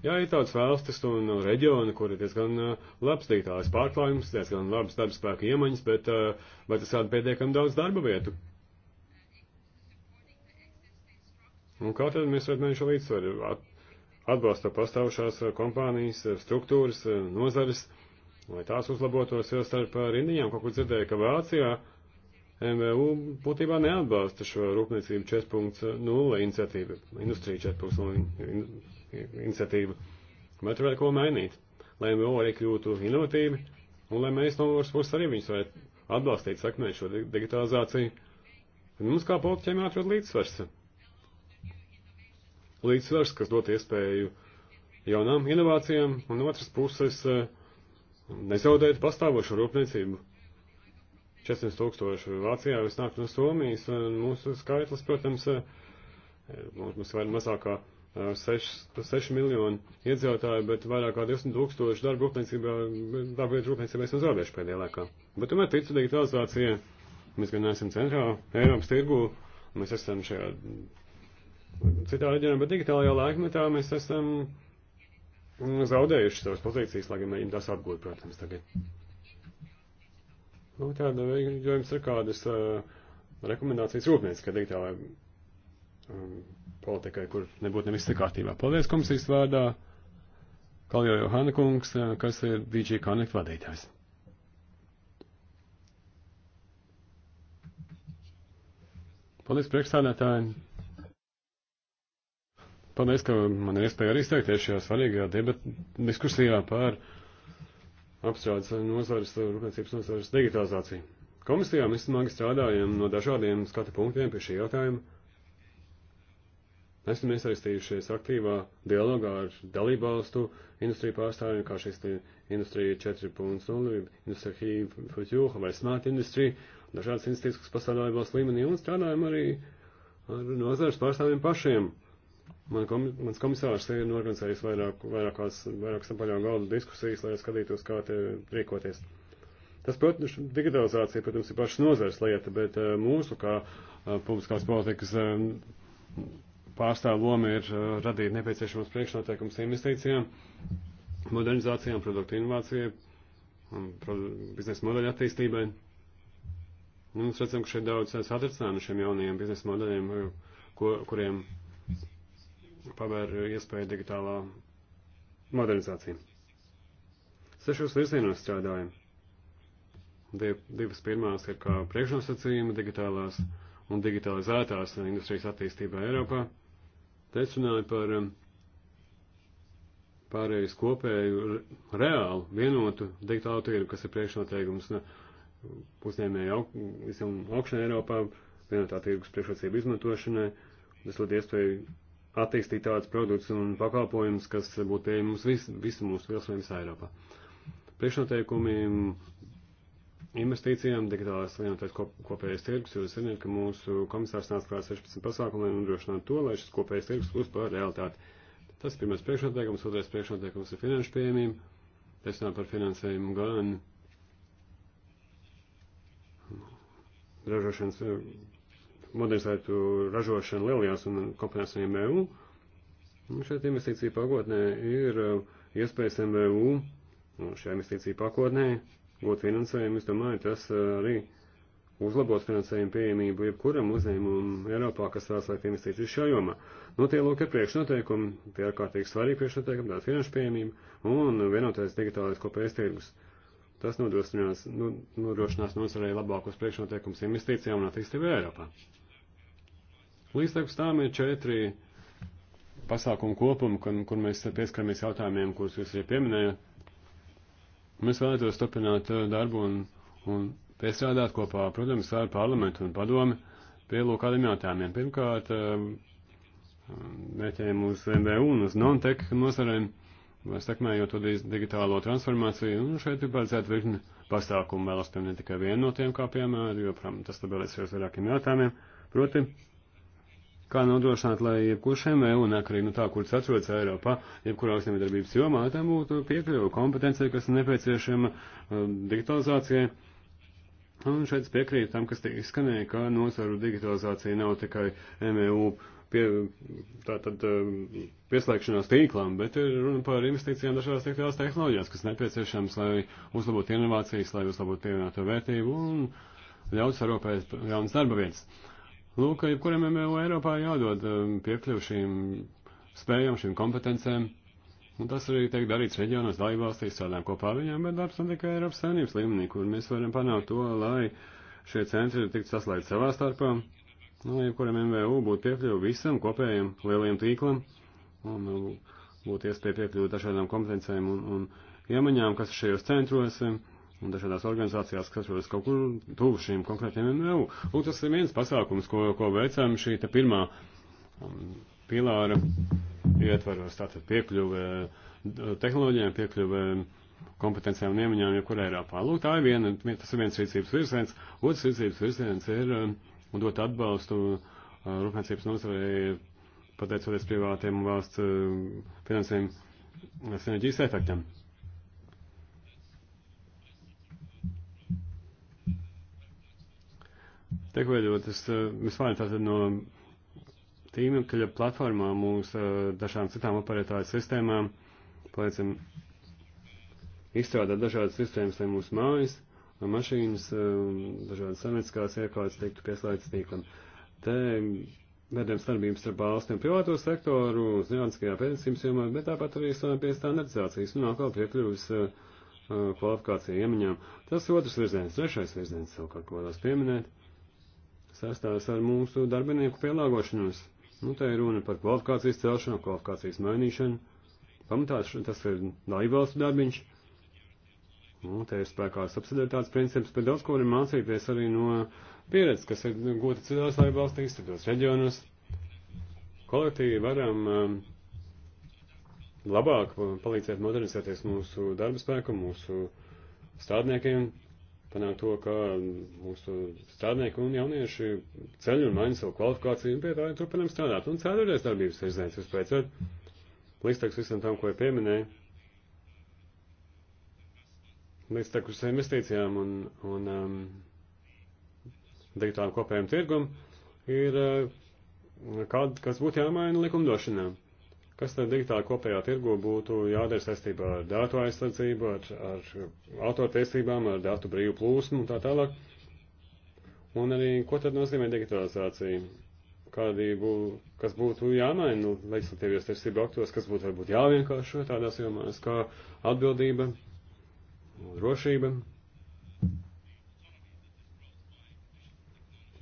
Jā, ir tādas valstis un reģioni, kur ir diezgan eh, labs digitālais pārklājums, diezgan labs darbspēka iemaņas, bet vai tas rada pietiekami daudz darba vietu? Un nu, kā tad mēs varam šo līdzsvaru atbalsta pastāvušās eh, kompānijas, eh, struktūras, eh, nozares, lai tās uzlabotos, jo starp rindiņām kaut kur dzirdēju, ka Vācijā MVU būtībā neatbalsta šo rūpniecību 4.0 iniciatīvu, industrija 4.0 iniciatīvu. Bet var ko mainīt, lai MVU arī kļūtu inovatīvi un lai mēs no otras puses arī viņus varētu atbalstīt sakmē šo digitalizāciju. Un mums kā politiķiem jāatrod līdzsvars līdzsvars, kas dot iespēju jaunām inovācijām, un otras puses eh, nezaudēt pastāvošu rūpniecību. 400 tūkstoši Vācijā jau nāk no Somijas, un mūsu skaitlis, protams, eh, mums ir mazāk kā 6, 6 miljoni iedzīvotāji, bet vairāk kā 20 tūkstoši darba rūpniecībā, darba vietu rūpniecībā esam zaudējuši pēdējā laikā. Bet tomēr ticu digitalizācija, mēs gan neesam centrā Eiropas tirgū, mēs esam šajā Citā reģionā, bet digitālajā laikmetā mēs esam mm, zaudējuši savas pozīcijas, lai gan mēģinām tās apgūt, protams, tagad. Nu, tāda, jo jums ir kādas uh, rekomendācijas rūpnieciskai digitālajai um, politikai, kur nebūtu nevis sakārtībā. Paldies komisijas vārdā, Kaljo Johana kungs, uh, kas ir DG Connect vadītājs. Paldies priekšsādātājiem! Paldies, ka man ir iespēja arī izteikties šajā svarīgajā debat diskusijā par apstrādes nozares, rūpniecības nozares digitalizāciju. Komisijā mēs smagi strādājam no dažādiem skatu punktiem pie šī jautājuma. Esam iesaistījušies aktīvā dialogā ar dalībvalstu industriju pārstāvjiem, kā šis industrija 4.0, industrija Future vai Smart Industry, dažādas institūcijas, kas pasādā valsts līmenī, un strādājam arī ar nozares pārstāvjiem pašiem Man komi, mans komisārs ir norganizējis vairāk, vairākās, vairākas apaļā galda diskusijas, lai skatītos, kā te rīkoties. Tas, protams, digitalizācija, protams, ir pašas nozares lieta, bet eh, mūsu, kā eh, publiskās politikas eh, pārstāv loma ir radīt nepieciešamos priekšnoteikumus investīcijām, modernizācijām, produktu inovācijai, um, biznesa modeļa attīstībai. Un mēs redzam, ka šeit daudz satricinājumu šiem jaunajiem biznesa modeļiem, ko, kuriem pavēr iespēju digitālā modernizācija. Sešos virzienos strādājam. Divas pirmās ir kā priekšnosacījumi digitālās un digitalizētās industrijas attīstībā Eiropā. Te es runāju par um, pārējais kopēju reālu vienotu digitālu tirgu, kas ir priekšnoteikums uzņēmēju aug, visam augšanai Eiropā, vienotā tirgus priekšrocību izmantošanai, visot iespēju attīstīt tādus produktus un pakalpojumus, kas būtu pieejami mums vis, visu mūsu pilsoņiem visā Eiropā. Priekšnoteikumi investīcijām, digitālās vienotais kop, kopējais tirgus, jūs zināt, ka mūsu komisārs nāca klāt 16 pasākumiem un nodrošināt to, lai šis kopējais tirgus kļūst par realitāti. Tas pirmais priekšnoteikums, otrais priekšnoteikums ir finanšu pieejamība, es runāju par finansējumu gan ražošanas modernizētu ražošanu lielajās un kopanās MVU. Un šeit investīcija pakotnē ir uh, iespējas MVU un šajā investīcija pakotnē gūt finansējumu. Es domāju, tas uh, arī uzlabos finansējumu pieejamību jebkuram uzņēmumam Eiropā, kas vēlas veikt investīcijas šajā jomā. Nu, tie lūk ir priekšnoteikumi, tie ir kārtīgi svarīgi priekšnoteikumi, tāda finanšu pieejamība un vienotais digitālais kopējais tirgus. Tas nodrošinās, nu, nodrošinās nozarei labākos priekšnoteikumus investīcijām un attīstībai Eiropā. Līdztekus tām ir četri pasākumu kopumu, kur, kur mēs pieskaramies jautājumiem, kurus jūs arī pieminējat. Mēs vēlētos turpināt uh, darbu un, un piestrādāt kopā, protams, ar parlamentu un padomi pie lūk kādiem jautājumiem. Pirmkārt, um, mēķējiem uz MBU un uz non-tech nozarēm, sekmējot to digitālo transformāciju, un šeit ir paredzēta virkni pasākumu, vēlos pieminēt tikai vienu no tiem, kā piemēru, jo, protams, tas tabelēs jau uz vairākiem jautājumiem. Proti, kā nodrošināt, lai jebkurš MVU, e neatkarīgi no nu, tā, kur tas atrodas Eiropā, jebkurā uzņēmējdarbības jomā, tam būtu piekļuva kompetencija, kas nepieciešama um, digitalizācijai. Un šeit piekrītu tam, kas tiek izskanēja, ka nozaru digitalizācija nav tikai MVU e pie, tātad, um, pieslēgšanās tīklām, bet ir runa par investīcijām dažādās tehnoloģijās, tehnoloģijās, kas nepieciešams, lai uzlabotu inovācijas, lai uzlabotu pievienoto vērtību un ļautu saropēt jaunas darba vietas. Lūk, jebkuram MVU e Eiropā jādod um, piekļuvu šīm spējām, šīm kompetencēm. Un tas arī tiek darīts reģionos, dalībvalstīs, strādājam kopā ar viņiem, bet darbs notiek Eiropas saimnības līmenī, kur mēs varam panākt to, lai šie centri tiktu saslēgti savā starpā, nu, lai kuram MVU būtu piekļuva visam kopējam lielajam tīklam, un uh, būtu iespēja piekļūt dažādām kompetencēm un, un iemaņām, kas šajos centros ir um, un dažādās organizācijās, kas atrodas kaut kur tuvu šīm konkrētiem MVU. Lūk, tas ir viens pasākums, ko, ko veicam šī te pirmā um, pilāra ietvaros, tātad piekļuve tehnoloģijām, piekļuve kompetencijām un iemaņām, jebkur Eiropā. Lūk, tā ir viena, tas ir viens rīcības virziens. Otrs rīcības virziens ir um, dot atbalstu uh, rūpniecības nozarei, pateicoties privātiem valsts uh, finansējumu sinerģijas efektam. Uh, Tiek veidotas eh, vispār tātad no tīmekļa platformām uz eh, dažām citām operētāju sistēmām, palīdzam izstrādāt dažādas sistēmas, lai mūsu mājas, mašīnas, eh, dažādas sanetiskās iekārtas tiktu pieslēgtas tīklam. Te veidojam starpības starp valsti un privāto sektoru, zinātniskajā pētniecības jomā, bet tāpat arī strādājam pie standartizācijas un atkal piekļuvis kvalifikācija iemaņām. Tas otrs virziens, trešais virziens savukārt, ko vēlos pieminēt saistās ar mūsu darbinieku pielāgošanos. Nu, te ir runa par kvalifikācijas celšanu, kvalifikācijas mainīšanu. Pamatā tas ir laivvalstu darbiņš. Nu, te ir spēkā subsidētāts princips, bet daudz ko ir mācīties arī no pieredzes, kas ir gūta citās laivvalstīs, citos reģionos. Kolektīvi varam um, labāk palīdzēt modernizēties mūsu darba spēku, mūsu strādniekiem, panākt to, ka mūsu strādnieki un jaunieši ceļ un maina savu kvalifikāciju un pie tā turpinām strādāt. Un ceturtais darbības virziens vispēc ar līdztekus visam tam, ko jau pieminēju. Līdztekus investīcijām un, un um, digitālam kopējam tirgum ir uh, kād, kas būtu jāmaina likumdošanām kas tad digitāla kopējā tirgu būtu jādara saistībā ar datu aizsardzību, ar, ar autortiesībām, ar datu brīvu plūsmu un tā tālāk. Un arī, ko tad nozīmē digitalizācija? Kādi būtu, kas būtu jāmaina nu, legislatīvies tiesību aktos, kas būtu varbūt jāvienkāršo tādās jomās kā atbildība, drošība.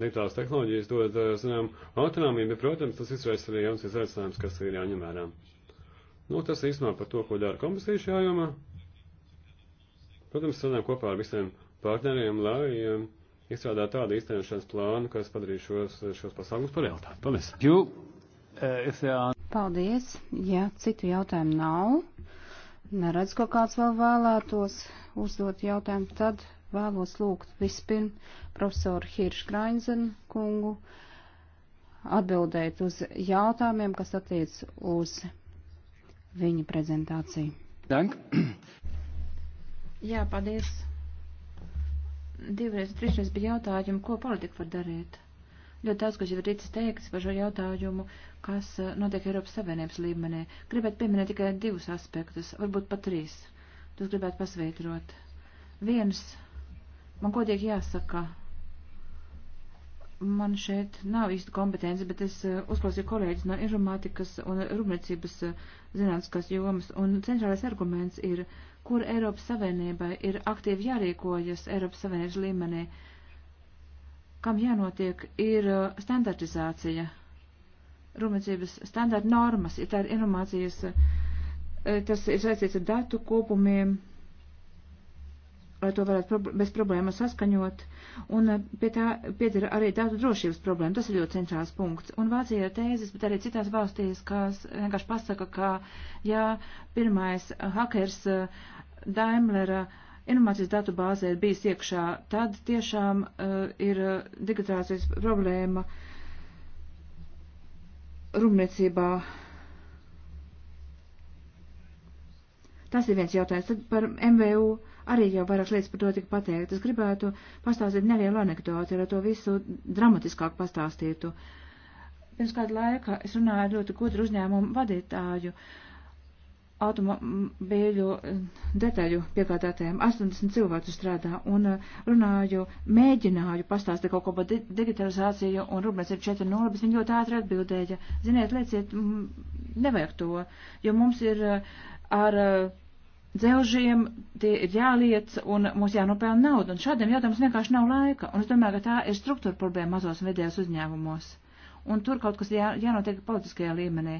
digitālās tehnoloģijas dod, eh, zinām, autonomiju, bet, protams, tas izraisa arī jauns izaicinājums, kas ir jāņem vērā. Nu, tas īstenībā par to, ko dara komisija šajā jomā. Protams, strādājam kopā ar visiem partneriem, lai eh, izstrādātu tādu īstenošanas plānu, kas padarīs šos, šos pasākumus par realitāti. Paldies! You, uh, eh, Paldies! Ja citu jautājumu nav, neredz, ko kāds vēl vēlētos uzdot jautājumu, tad vēlos lūgt vispirm profesoru Hiršu Grainzenu kungu atbildēt uz jautājumiem, kas attiec uz viņa prezentāciju. Dank. Jā, paldies. Divreiz, trīsreiz bija jautājumi, ko politika var darīt. Ļoti daudz, kas jau ir ticis teikts par šo jautājumu, kas eh, notiek Eiropas Savienības līmenī. Gribētu pieminēt tikai divus aspektus, varbūt pat trīs. Tos gribētu pasveitrot. Viens Man godīgi jāsaka, man šeit nav īsti kompetence, bet es eh, uzklausīju kolēģis no informātikas un rūpniecības eh, zinātniskās jomas, un centrālais arguments ir, kur Eiropas Savienībai ir aktīvi jārīkojas Eiropas Savienības līmenī, kam jānotiek, ir eh, standartizācija, rūpniecības standarta normas, ir tā ir informācijas, tas ir saistīts ar datu kopumiem lai to varētu prob bez problēmas saskaņot, un eh, pie tā piedara arī datu drošības problēma. Tas ir ļoti centrāls punkts. Un Vācijā ir tēzes, bet arī citās valstīs, kas vienkārši pasaka, ka, ja pirmais eh, hakers eh, Daimlera informācijas datu bāzē ir bijis iekšā, tad tiešām uh, ir digitalizācijas problēma rūpniecībā. Tas ir viens jautājums. Tad par MVU. Uh, Arī jau vairākas lietas par to tika pateikt. Es gribētu pastāstīt nevienu anekdoti, lai to visu dramatiskāk pastāstītu. Pirms kāda laika es runāju ar ļoti gudru uzņēmumu vadītāju automobīļu eh, detaļu piegādātājiem. 80 cilvēku strādā un eh, runāju, mēģināju pastāstīt kaut ko par digitalizāciju un rūpniec ir 4.0, bet viņi ļoti ātri atbildēja. Ziniet, lieciet, mm, nevajag to, jo mums ir eh, ar. Uh, dzelžiem tie ir jāliec un mums jānopelna nauda. Un šādiem jautājumiem vienkārši nav laika. Un es domāju, ka tā ir struktūra problēma mazos un vidējos uzņēmumos. Un tur kaut kas jā, jānotiek politiskajā līmenī.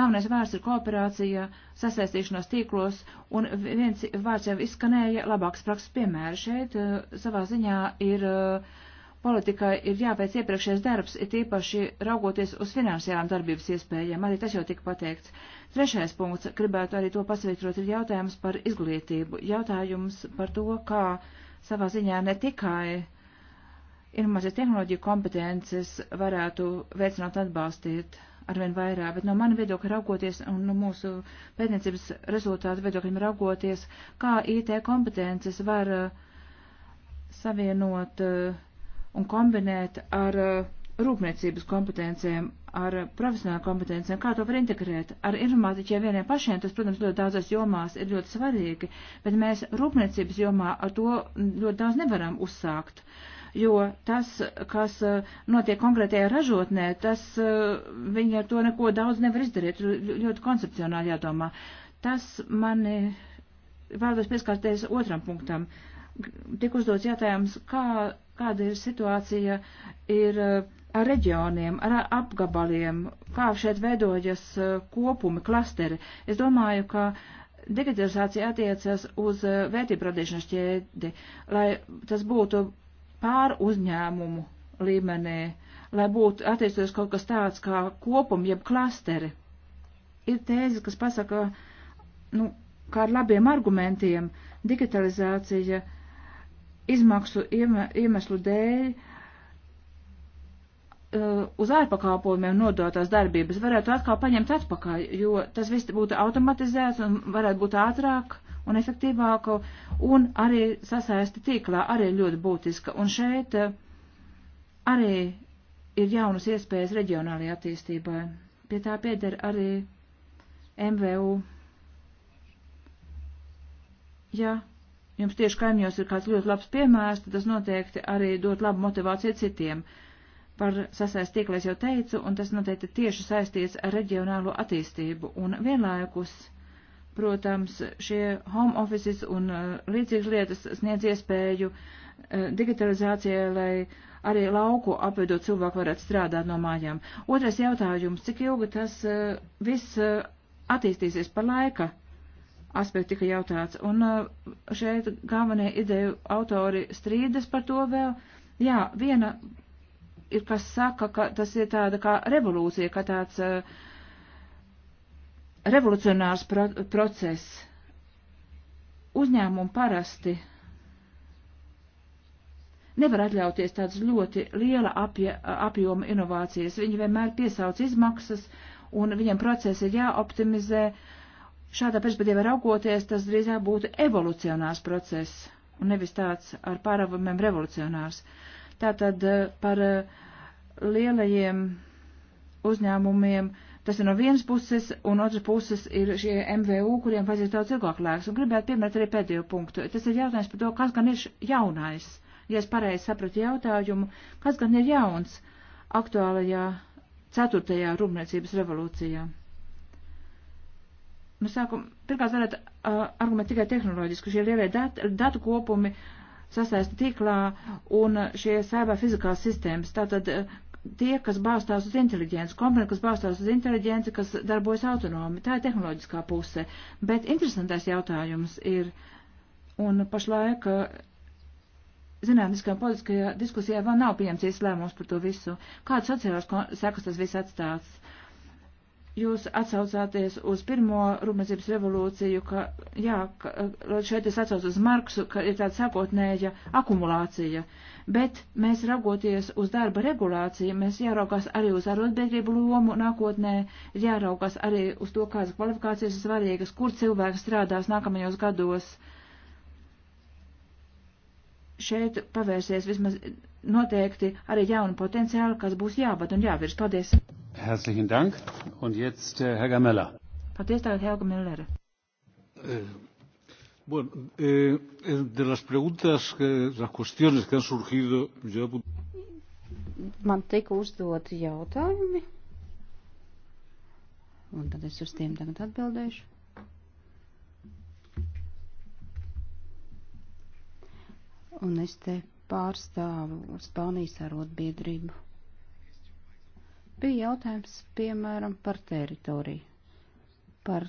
Galvenais vārds ir kooperācija, sasaistīšanos tīklos, un viens vārds jau izskanēja labāks prakses piemēri. Šeit eh, savā ziņā ir uh, Politikai ir jāveic iepriekšējais darbs, it īpaši raugoties uz finansiālām darbības iespējām, arī tas jau tika pateikts. Trešais punkts, gribētu arī to pasvītrot, ir jautājums par izglītību, jautājums par to, kā savā ziņā ne tikai informācijas tehnoloģiju kompetences varētu veicināt atbalstīt arvien vairāk, bet no mana viedokļa raugoties un no mūsu pētniecības rezultātu viedokļiem raugoties, kā IT kompetences var uh, savienot uh, un kombinēt ar uh, rūpniecības kompetencēm, ar uh, profesionālu kompetencēm, kā to var integrēt. Ar informātiķiem vieniem pašiem tas, protams, ļoti daudzās jomās ir ļoti svarīgi, bet mēs rūpniecības jomā ar to ļoti daudz nevaram uzsākt. Jo tas, kas uh, notiek konkrētajā ražotnē, tas viņi ar to neko daudz nevar izdarīt, ļoti koncepcionāli jādomā. Tas mani vēlos pieskarties otram punktam. Uh, tik uzdots jautājums, kā, kāda ir situācija ir eh, ar reģioniem, ar apgabaliem, kā šeit veidojas eh, kopumi, klasteri. Es domāju, ka digitalizācija attiecas uz eh, vērtību radīšanas ķēdi, lai tas būtu pār uzņēmumu līmenī, lai būtu attiecos kaut kas tāds kā kopumi, jeb klasteri. Ir tēze, kas pasaka, nu, kā ar labiem argumentiem, digitalizācija uh, izmaksu iemeslu dēļ uh, uz ārpakalpojumiem nodotās darbības varētu atkal paņemt atpakaļ, jo tas viss būtu automatizēts un varētu būt ātrāk un efektīvāk, un arī sasaisti tīklā arī ļoti būtiska. Un šeit uh, arī ir jaunas iespējas reģionālajai attīstībai. Pie tā pieder arī MVU. Ja jums tieši kaimjos ir kāds ļoti labs piemērs, tad tas noteikti arī dot labu motivāciju citiem. Par sasaist tīklu es jau teicu, un tas noteikti tieši saistīts ar reģionālo attīstību. Un vienlaikus, protams, šie home offices un uh, līdzīgas lietas sniedz iespēju uh, digitalizācijai, lai arī lauku apvidot cilvēku varētu strādāt no mājām. Otrais jautājums, cik ilgi tas uh, viss uh, attīstīsies par laika aspekti tika jautāts. Un uh, šeit galvenie ideju autori strīdas par to vēl. Jā, viena ir, kas saka, ka tas ir tāda kā revolūcija, ka tāds uh, revolucionārs pro process. Uzņēmumi parasti nevar atļauties tādas ļoti liela apja, apjoma inovācijas. Viņi vienmēr piesauc izmaksas, un viņiem procesi ir jāoptimizē. Uh, Šādā perspektīvā raugoties, tas drīzāk būtu evolucionārs process, un nevis tāds ar pārāvumiem revolucionārs. Tātad eh, par eh, lielajiem uzņēmumiem, tas ir no vienas puses, un otras puses ir šie MVU, kuriem vajadzēs daudz ilgāk laiks, un gribētu pieminēt arī pēdējo punktu. Tas ir jautājums par to, kas gan ir jaunais, ja es pareizi sapratu jautājumu, kas gan ir jauns aktuālajā ceturtajā rūpniecības revolūcijā mēs nu, sākam, pirmkārt varētu uh, argumentēt tikai tehnoloģiski, šie lielie datu, datu kopumi sasaista tīklā un šie sēbā fizikās sistēmas. Tātad uh, tie, kas balstās uz inteliģenci, komponenti, kas balstās uz inteliģenci, kas darbojas autonomi, tā ir tehnoloģiskā puse. Bet interesantais jautājums ir, un pašlaik uh, zinātniskajā politiskajā diskusijā vēl nav pieņemts lēmums par to visu, kādas sociālās sekas tas viss atstāts. Uh, Jūs atsaucāties uz pirmo rūpniecības revolūciju, ka, jā, ka, šeit es atsaucu uz Marksu, ka ir tāda sākotnēja akumulācija, bet mēs raugoties uz darba regulāciju, mēs jāraugās arī uz arotbiedrību lomu nākotnē, jāraugās arī uz to, kādas kvalifikācijas ir svarīgas, kur cilvēks strādās nākamajos gados. Šeit pavērsies vismaz noteikti arī jauni potenciāli, kas būs jābad un jāvirs. Paldies! Herzlichen Dank. Un jetzt äh, Herr Gamella. Paldies, tagad Helga Millere. Eh, bueno, eh, eh, de las preguntas, que, eh, las cuestiones que han surgido, yo... Man tika uzdoti jautājumi, un tad es uz tiem tagad atbildēšu. Un es te pārstāvu Spānijas arotbiedrību. Bija jautājums, piemēram, par teritoriju, par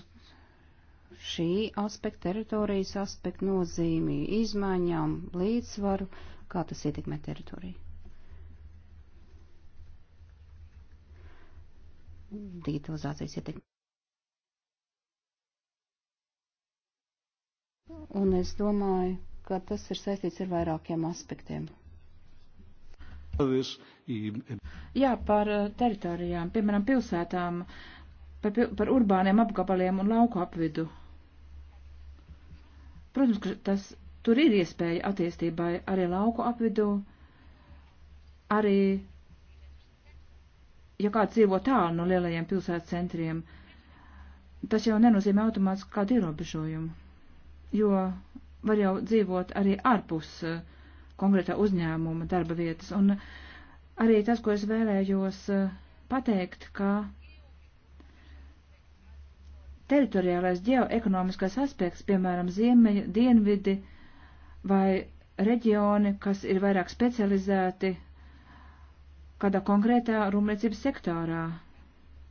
šī aspekta teritorijas aspekta nozīmi, izmaiņām, līdzsvaru, kā tas ietekmē teritoriju. Digitalizācijas ietekmē. Un es domāju, ka tas ir saistīts ar vairākiem aspektiem. Jā, par eh, teritorijām, piemēram, pilsētām, par, par urbāniem apgabaliem un lauku apvidu. Protams, ka tas tur ir iespēja attīstībai arī lauku apvidū, arī, ja kāds dzīvo tālu no lielajiem pilsētas centriem, tas jau nenozīmē automātiski kādu ierobežojumu, jo var jau dzīvot arī ārpus uh, konkrētā uzņēmuma darba vietas. Un arī tas, ko es vēlējos eh, pateikt, ka teritoriālais ģeoekonomiskais aspekts, piemēram, ziemeļi, dienvidi vai reģioni, kas ir vairāk specializēti kādā konkrētā rūpniecības sektorā.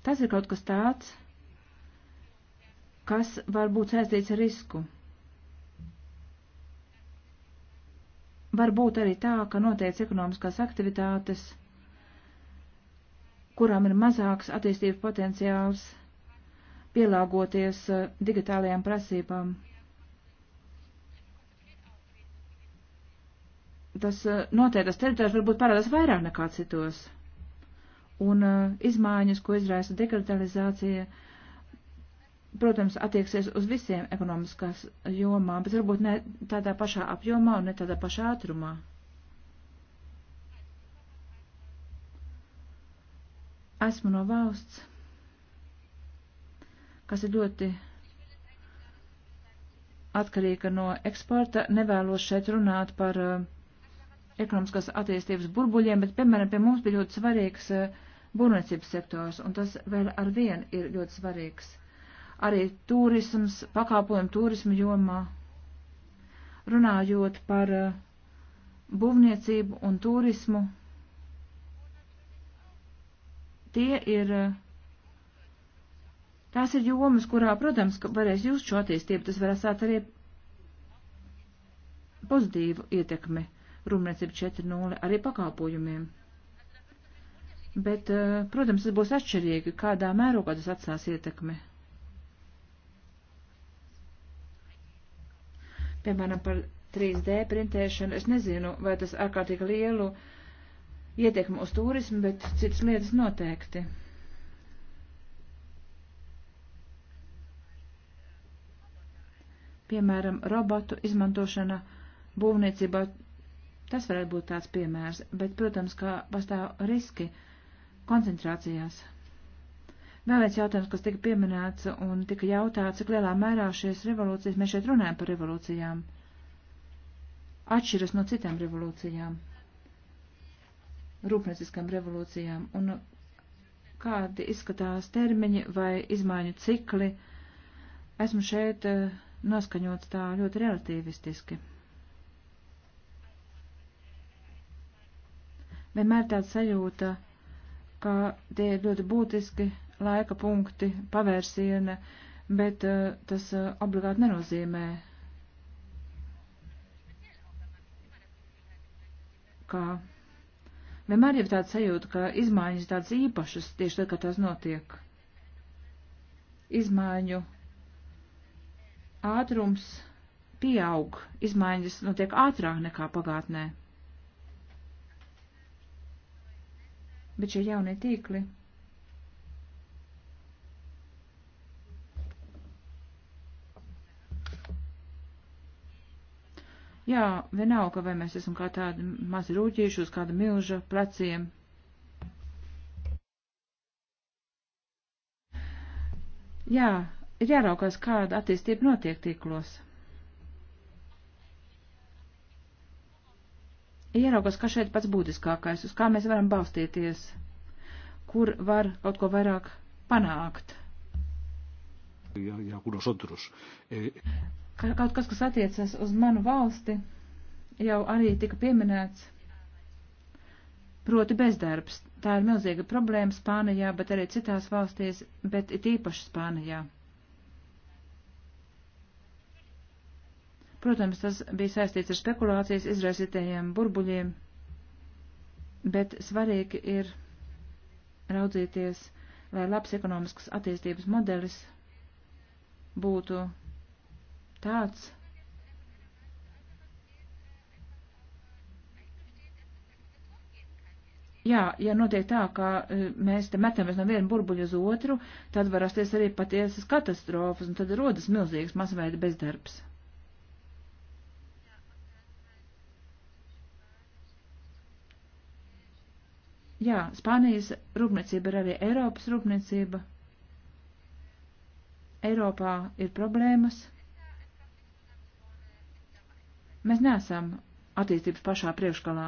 Tas ir kaut kas tāds, kas var būt saistīts ar risku. var būt arī tā, ka notiek ekonomiskās aktivitātes, kurām ir mazāks attīstības potenciāls, pielāgoties eh, digitālajām prasībām. Tas eh, noteiktas teritorijas varbūt parādās vairāk nekā citos. Un uh, izmaiņas, ko izraisa digitalizācija, uh, protams, attieksies uz visiem ekonomiskās jomām, bet varbūt ne tādā pašā apjomā un ne tādā pašā ātrumā. Esmu no valsts, kas ir ļoti atkarīga no eksporta, nevēlos šeit runāt par uh, ekonomiskās attīstības burbuļiem, bet, piemēram, pie mums bija ļoti svarīgs uh, būvniecības sektors, un tas vēl ar vienu ir ļoti svarīgs arī turisms, pakāpojumu turismu jomā. Runājot par eh, būvniecību un turismu, tie ir. Eh, tās ir jomas, kurā, protams, varēs jūs šo attīstību, tas varēs atstāt arī pozitīvu ietekmi rūpniecību 4.0 arī pakāpojumiem. Bet, eh, protams, tas būs atšķirīgi, kādā mērogā tas atstās ietekmi. piemēram, par 3D printēšanu. Es nezinu, vai tas ārkārtīgi lielu ietekmi uz turismu, bet citas lietas noteikti. Piemēram, robotu izmantošana būvniecībā. Tas varētu būt tāds piemērs, bet, protams, kā pastāv riski koncentrācijās. Vēl viens jautājums, kas tika pieminēts un tika jautāts, cik lielā mērā šīs revolūcijas, mēs šeit runājam par revolūcijām, atšķiras no citām revolūcijām, rūpnieciskām revolūcijām, un kādi izskatās termiņi vai izmaiņu cikli. Esmu šeit eh, noskaņots tā ļoti relativistiski. Vienmēr tāda sajūta, ka tie ir ļoti būtiski laika punkti, pavērsiena, bet eh, tas eh, obligāti nenozīmē, ka vienmēr ir tāda sajūta, ka izmaiņas tādas īpašas tieši tad, kad tās notiek. Izmaiņu ātrums pieaug, izmaiņas notiek ātrāk nekā pagātnē. Bet šie jaunie tīkli. Jā, vienalga, vai mēs esam kā tādi mazi rūķīši uz kāda milža pleciem. Jā, ir jāraukās, kāda attīstība notiek tīklos. Ieraugās, kas šeit pats būtiskākais, uz kā mēs varam balstīties, kur var kaut ko vairāk panākt. Jā, jā, kuros otrus. E... Kaut kas, kas attiecas uz manu valsti, jau arī tika pieminēts, proti bezdarbs. Tā ir milzīga problēma Spānijā, bet arī citās valstīs, bet it īpaši Spānijā. Protams, tas bija saistīts ar spekulācijas izraisītajiem burbuļiem, bet svarīgi ir raudzīties, lai labs ekonomiskas attīstības modelis būtu tāds, Jā, ja notiek tā, ka e, mēs te metamies no viena burbuļa uz otru, tad var rasties arī patiesas katastrofas, un tad rodas milzīgs masveida bezdarbs. Jā, Spānijas rūpniecība ir arī Eiropas rūpniecība. Eiropā ir problēmas. Mēs neesam attīstības pašā priekšgalā.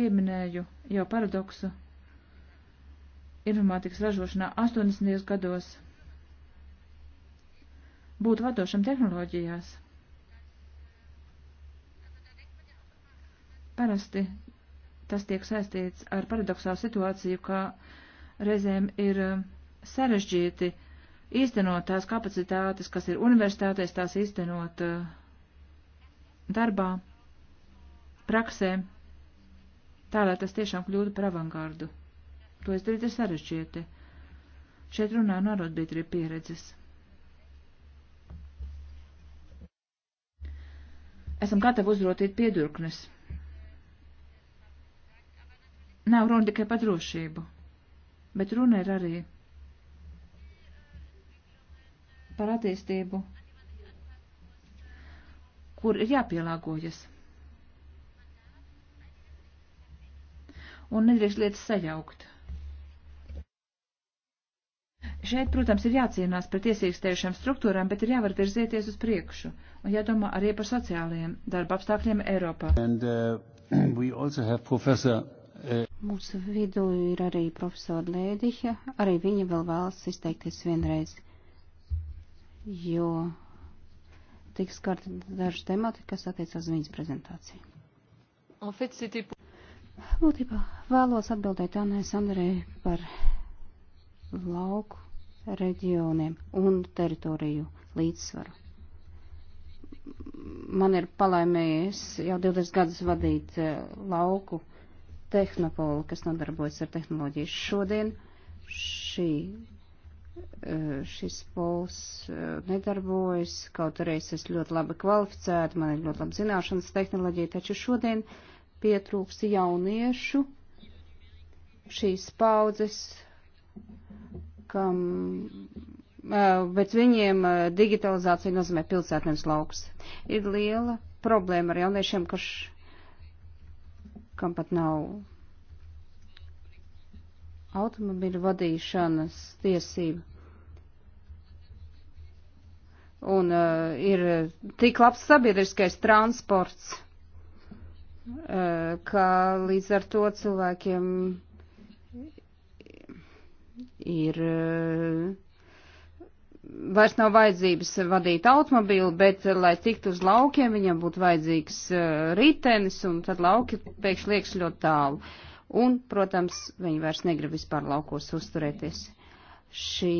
Pieminēju jau paradoksu. Informātikas ražošanā 80. gados būt vadošam tehnoloģijās. Parasti tas tiek saistīts ar paradoxālu situāciju, ka reizēm ir eh, sarežģīti iztenot tās kapacitātes, kas ir universitātēs, tās iztenot uh, darbā, praksē, tā lai tas tiešām kļūtu par avangardu. To izdarīt ir sarežģīti. Šeit runā no arotbiedrību pieredzes. Esam gatavi uzrotīt piedurknes. Nav runa tikai par drošību, bet runa ir arī par attīstību, kur ir jāpielāgojas. Un nedrīkst lietas sajaukt. Šeit, protams, ir jācīnās pret iesīkstējušām struktūrām, bet ir jāvar virzieties uz priekšu un jādomā arī par sociālajiem darba apstākļiem Eiropā. And, uh, professor... Uh, Mūsu vidū ir arī profesora Lēdiša, arī viņa vēl vēlas izteikties vienreiz jo tiks skart daži temati, kas attiecas viņas prezentāciju. En fait, Būtībā vēlos atbildēt Annai Sandrei par lauku reģioniem un teritoriju līdzsvaru. Man ir palaimējies jau 20 gadus vadīt eh, lauku tehnopolu, kas nodarbojas ar tehnoloģiju. Šodien šī Eh, šis pols eh, nedarbojas, kaut arī es ļoti labi kvalificēta, man ir ļoti labi zināšanas tehnoloģija, taču šodien pietrūks jauniešu šīs paudzes, kam, eh, bet viņiem digitalizācija nozīmē pilsētnes lauks. Ir liela problēma ar jauniešiem, kas, kam pat nav automobiļu vadīšanas tiesību. Un uh, ir tik labs sabiedriskais transports, uh, ka līdz ar to cilvēkiem ir. Uh, Vairs nav vajadzības vadīt automobili, bet, uh, lai tiktu uz laukiem, viņam būtu vajadzīgs uh, ritenis, un tad lauki pēkšņi liekas ļoti tālu. Uh, un, protams, viņi vairs negrib vispār laukos uzturēties. Šī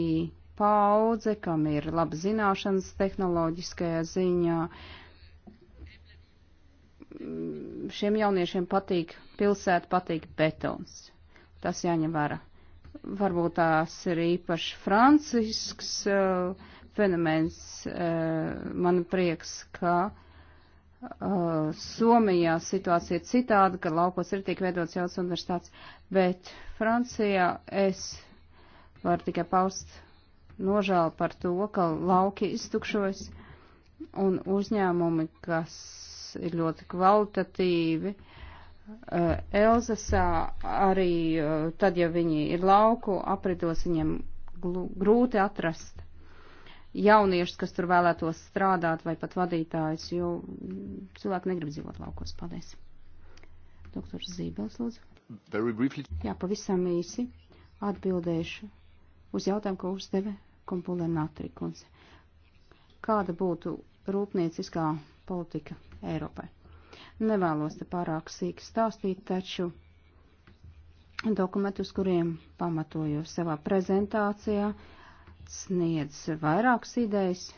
paudze, kam ir laba zināšanas tehnoloģiskajā ziņā, šiem jauniešiem patīk pilsēta, patīk betons. Tas jāņem vērā. Varbūt tās ir īpaši francisks uh, fenomens. Uh, man prieks, ka Uh, Somijā situācija ir citāda, ka laukos ir tik veidots jauns universitāts, bet Francijā es varu tikai paust nožēlu par to, ka lauki iztukšojas un uzņēmumi, kas ir ļoti kvalitatīvi. Uh, Elzasā arī uh, tad, ja viņi ir lauku apridos, viņiem grūti atrast jauniešus, kas tur vēlētos strādāt vai pat vadītājus, jo cilvēki negrib dzīvot laukos. Paldies. Doktors Zībels, lūdzu. Jā, pavisam īsi atbildēšu uz jautājumu, ko uzdeve kompulē Natrikundze. Kāda būtu rūpnieciskā politika Eiropai? Nevēlos te pārāk sīki stāstīt, taču dokumentus, kuriem pamatojos savā prezentācijā, uh, sniedz vairākas idejas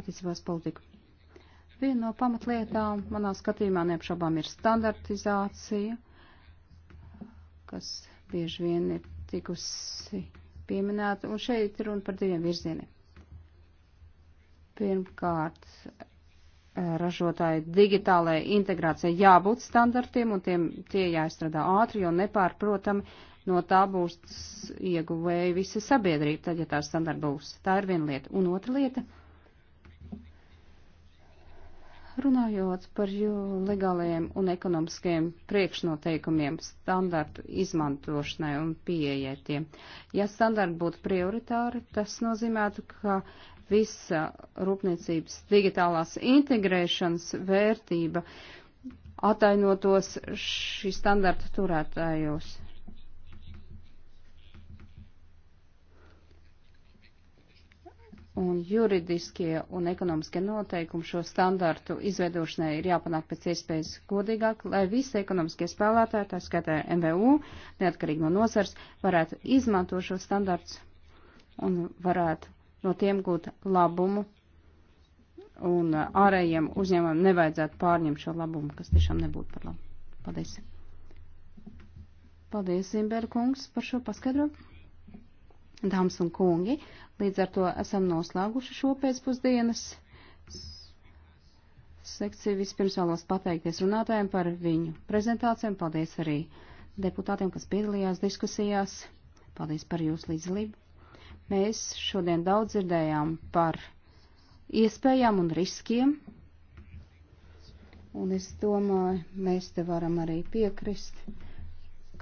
attiecībās politiku. Viena no pamatlietām manā skatījumā neapšaubām ir standartizācija, kas bieži vien ir tikusi pieminēta, un šeit runa par diviem virzieniem. Pirmkārt, ražotāju digitālajai integrācijai jābūt standartiem, un tiem tie jāizstrādā ātri, jo nepārprotami no tā būs ieguvēja visa sabiedrība, tad, ja tā standarta būs. Tā ir viena lieta. Un otra lieta, runājot par legālajiem un ekonomiskajiem priekšnoteikumiem standartu izmantošanai un pieejai tiem. Ja standarti būtu prioritāri, tas nozīmētu, ka visa rūpniecības digitālās integrēšanas vērtība atainotos šī standarta turētājos. un juridiskie un ekonomiskie noteikumi šo standartu izveidošanai ir jāpanāk pēc iespējas godīgāk, lai visi ekonomiskie spēlētāji, tā skaitā MVU, neatkarīgi no nozars, varētu izmantot šo standartu un varētu no tiem gūt labumu. Un ārējiem uzņēmumiem nevajadzētu pārņemt šo labumu, kas tiešām nebūtu par labu. Paldies. Paldies, Zimberkungs, par šo paskaidrojumu. Dāmas un kungi, Līdz ar to esam noslēguši šo pēcpusdienas sekciju. Vispirms vēlos pateikties runātājiem par viņu prezentācijām. Paldies arī deputātiem, kas piedalījās diskusijās. Paldies par jūsu līdzdalību. Mēs šodien daudz dzirdējām par iespējām un riskiem. Un es domāju, mēs te varam arī piekrist,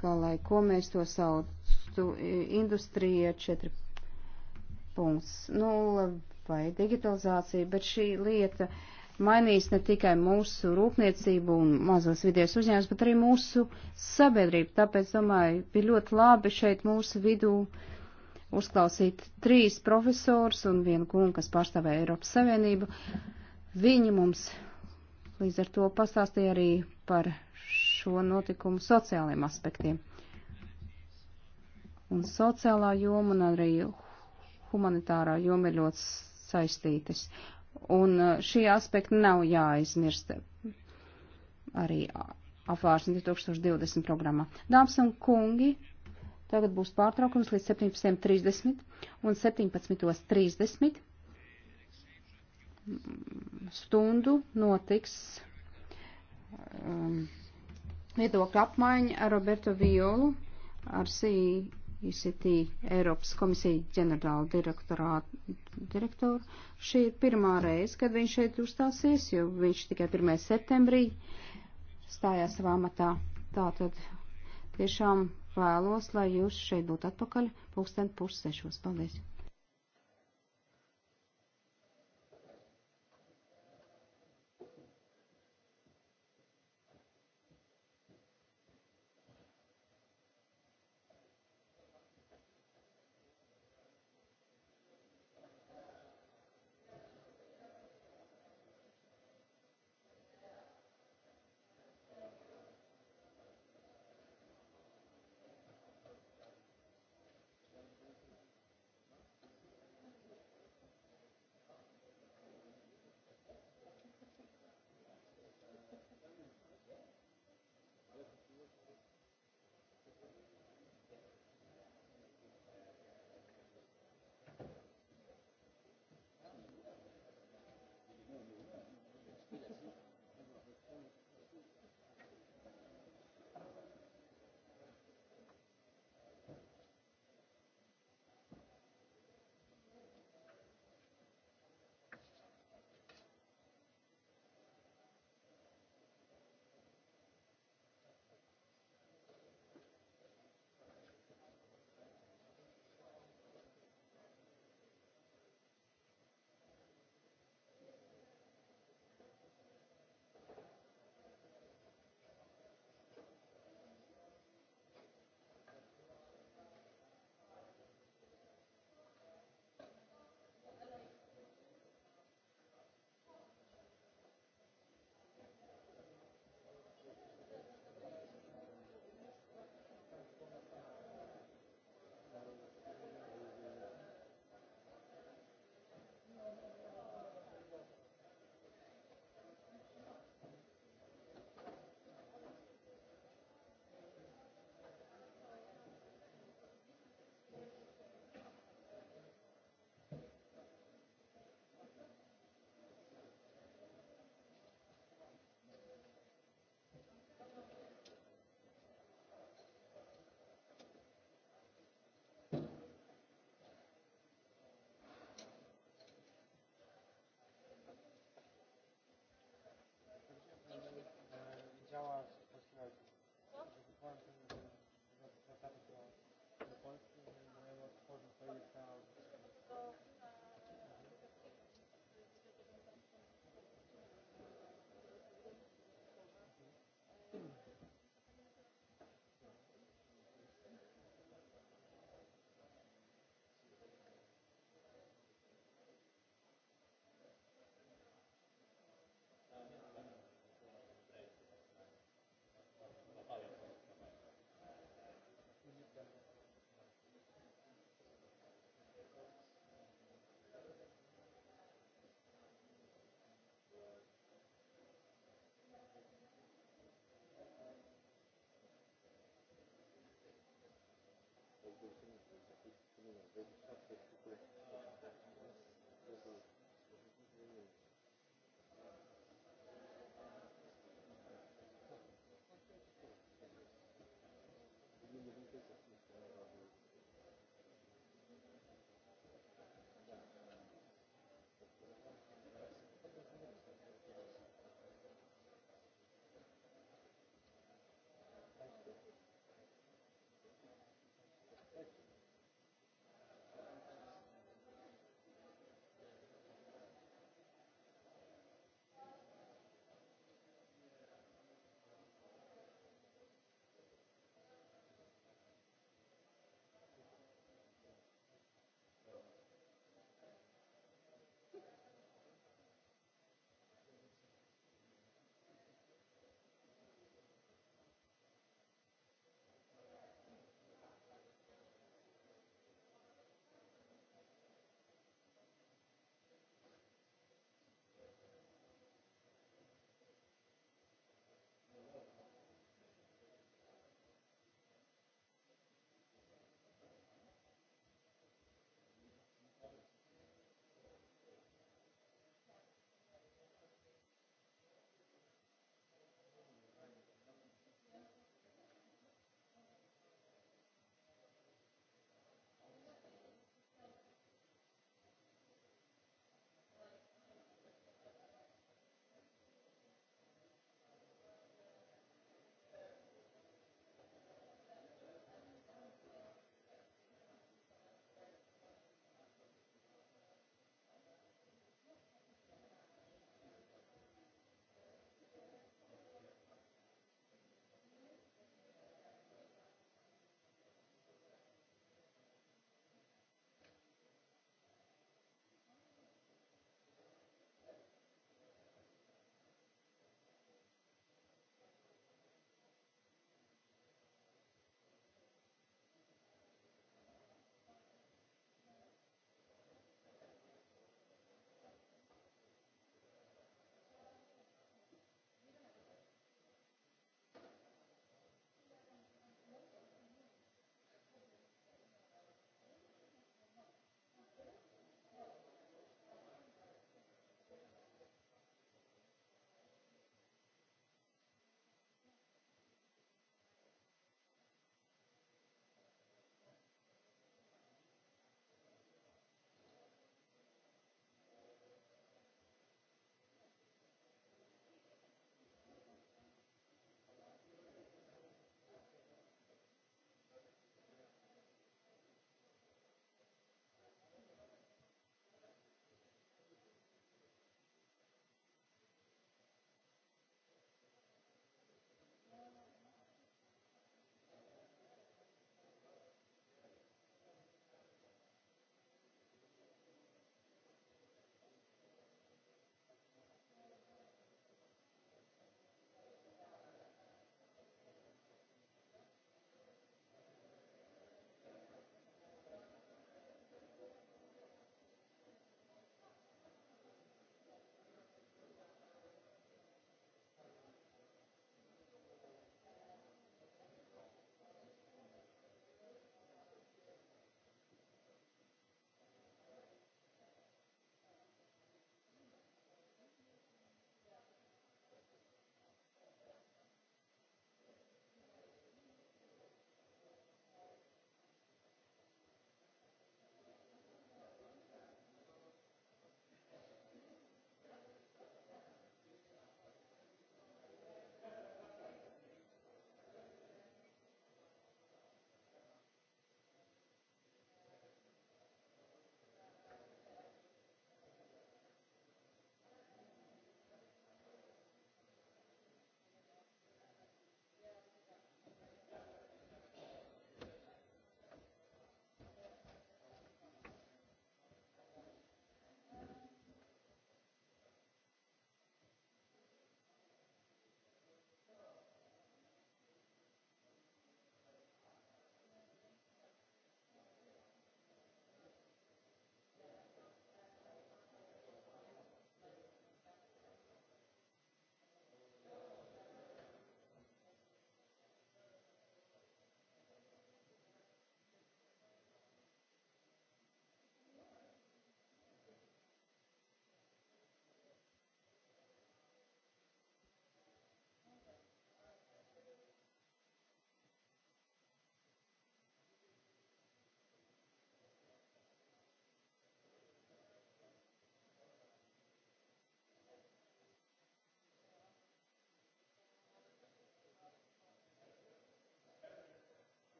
ka lai ko mēs to sauc, industrija 4 punkts nulle vai digitalizācija, bet šī lieta mainīs ne tikai mūsu rūpniecību un mazos vidies uzņēmums, bet arī mūsu sabiedrību. Tāpēc, domāju, bija ļoti labi šeit mūsu vidū uzklausīt trīs profesors un vienu kungu, kas pārstāvē Eiropas Savienību. Viņi mums līdz ar to pastāstīja arī par šo notikumu sociālajiem aspektiem. Un sociālā joma un arī humanitārā joma ir ļoti saistītas. Un uh, šī aspekta nav jāaizmirst arī apvārsni 2020 programmā. Dāmas un kungi, tagad būs pārtraukums līdz 17.30 un 17.30 stundu notiks um, viedokļa apmaiņa ar Roberto Violu, ar SI ICT e Eiropas komisija ģenerāla direktora. Šī ir pirmā reize, kad viņš šeit uzstāsies, jo viņš tikai 1. septembrī stājās savā matā. Tātad tiešām vēlos, lai jūs šeit būtu atpakaļ pulksten pussešos. Paldies!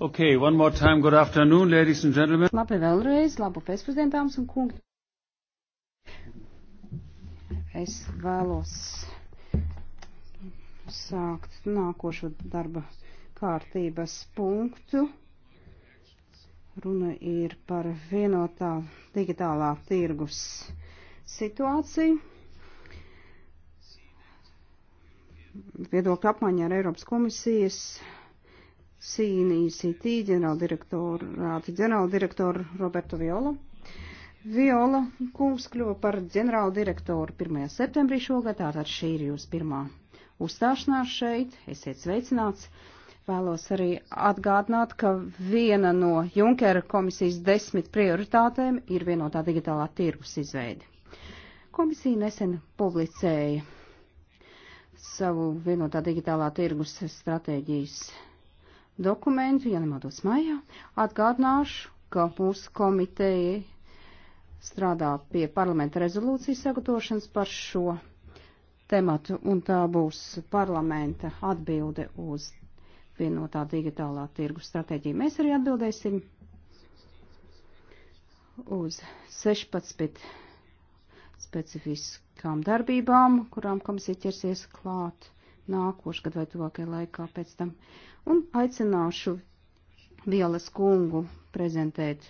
Okay, one more time. Good afternoon, ladies and gentlemen. Labi vēlreiz, labu pēcpusdienu, dāmas un kungi. Es vēlos sākt nākošo darba kārtības punktu. Runa ir par vienotā digitālā tirgus situāciju. Viedokļa apmaiņa ar Eiropas komisijas Sīnī City ģenerāldirektorāta ģenerāldirektoru Robertu Viola. Viola kungs kļuva par ģenerāldirektoru 1. septembrī šogad, tātad šī ir jūs pirmā uzstāšanās šeit, esiet sveicināts. Vēlos arī atgādināt, ka viena no Junkera komisijas desmit prioritātēm ir vienotā digitālā tirgus izveidi. Komisija nesen publicēja savu vienotā digitālā tirgus stratēģijas dokumentu, ja nemaldos maijā. Atgādināšu, ka mūsu komiteja strādā pie parlamenta rezolūcijas sagatavošanas par šo tematu, un tā būs parlamenta atbilde uz vienotā digitālā tirgu stratēģiju. Mēs arī atbildēsim uz 16 specifiskām darbībām, kurām komisija ķersies klāt nākošgad vai tuvākajā laikā pēc tam. Un aicināšu Vielas kungu prezentēt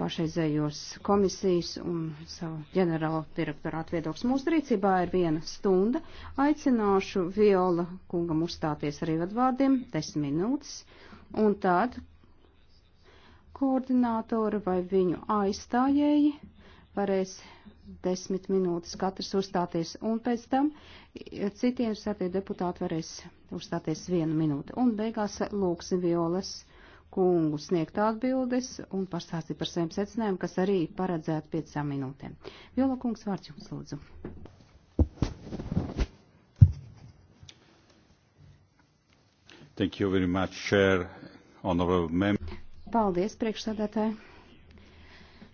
pašreizējos komisijas un savu ģenerāla direktorātu viedoklis. Mūsu rīcībā ir viena stunda. Aicināšu Viola kungam uzstāties ar ievadvārdiem, desmit minūtes, un tad koordinātori vai viņu aizstājēji varēs desmit minūtes katrs uzstāties, un pēc tam citiem satie deputāti varēs uzstāties vienu minūti. Un beigās lūksim Violas kungu sniegt atbildes un pastāstīt par saviem secinājumiem, kas arī paredzētu piecām minūtēm. Viola kungs, vārds jums lūdzu. Thank you very much, Chair, Honorable Member. Paldies, priekšsādātāji.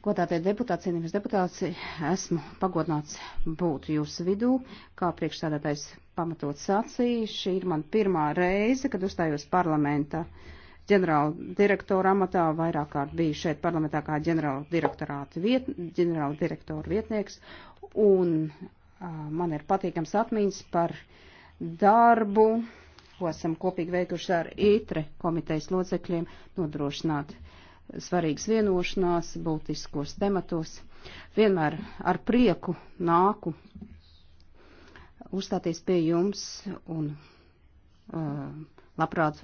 Godātie deputāti, cienījamies deputāti, esmu pagodināts būt jūsu vidū. Kā priekšstādātais pamatot sacīja, šī ir man pirmā reize, kad uzstājos parlamenta ģenerāla direktora amatā, vairāk kārt biju šeit parlamentā kā ģenerāla direktorāta viet, ģenerāla direktora vietnieks, un uh, man ir patīkams atmiņas par darbu, ko esam kopīgi veikuši ar ITRE komitejas locekļiem, nodrošināt uh, svarīgas vienošanās būtiskos tematos. Vienmēr ar prieku nāku uzstāties pie jums un uh, labprāt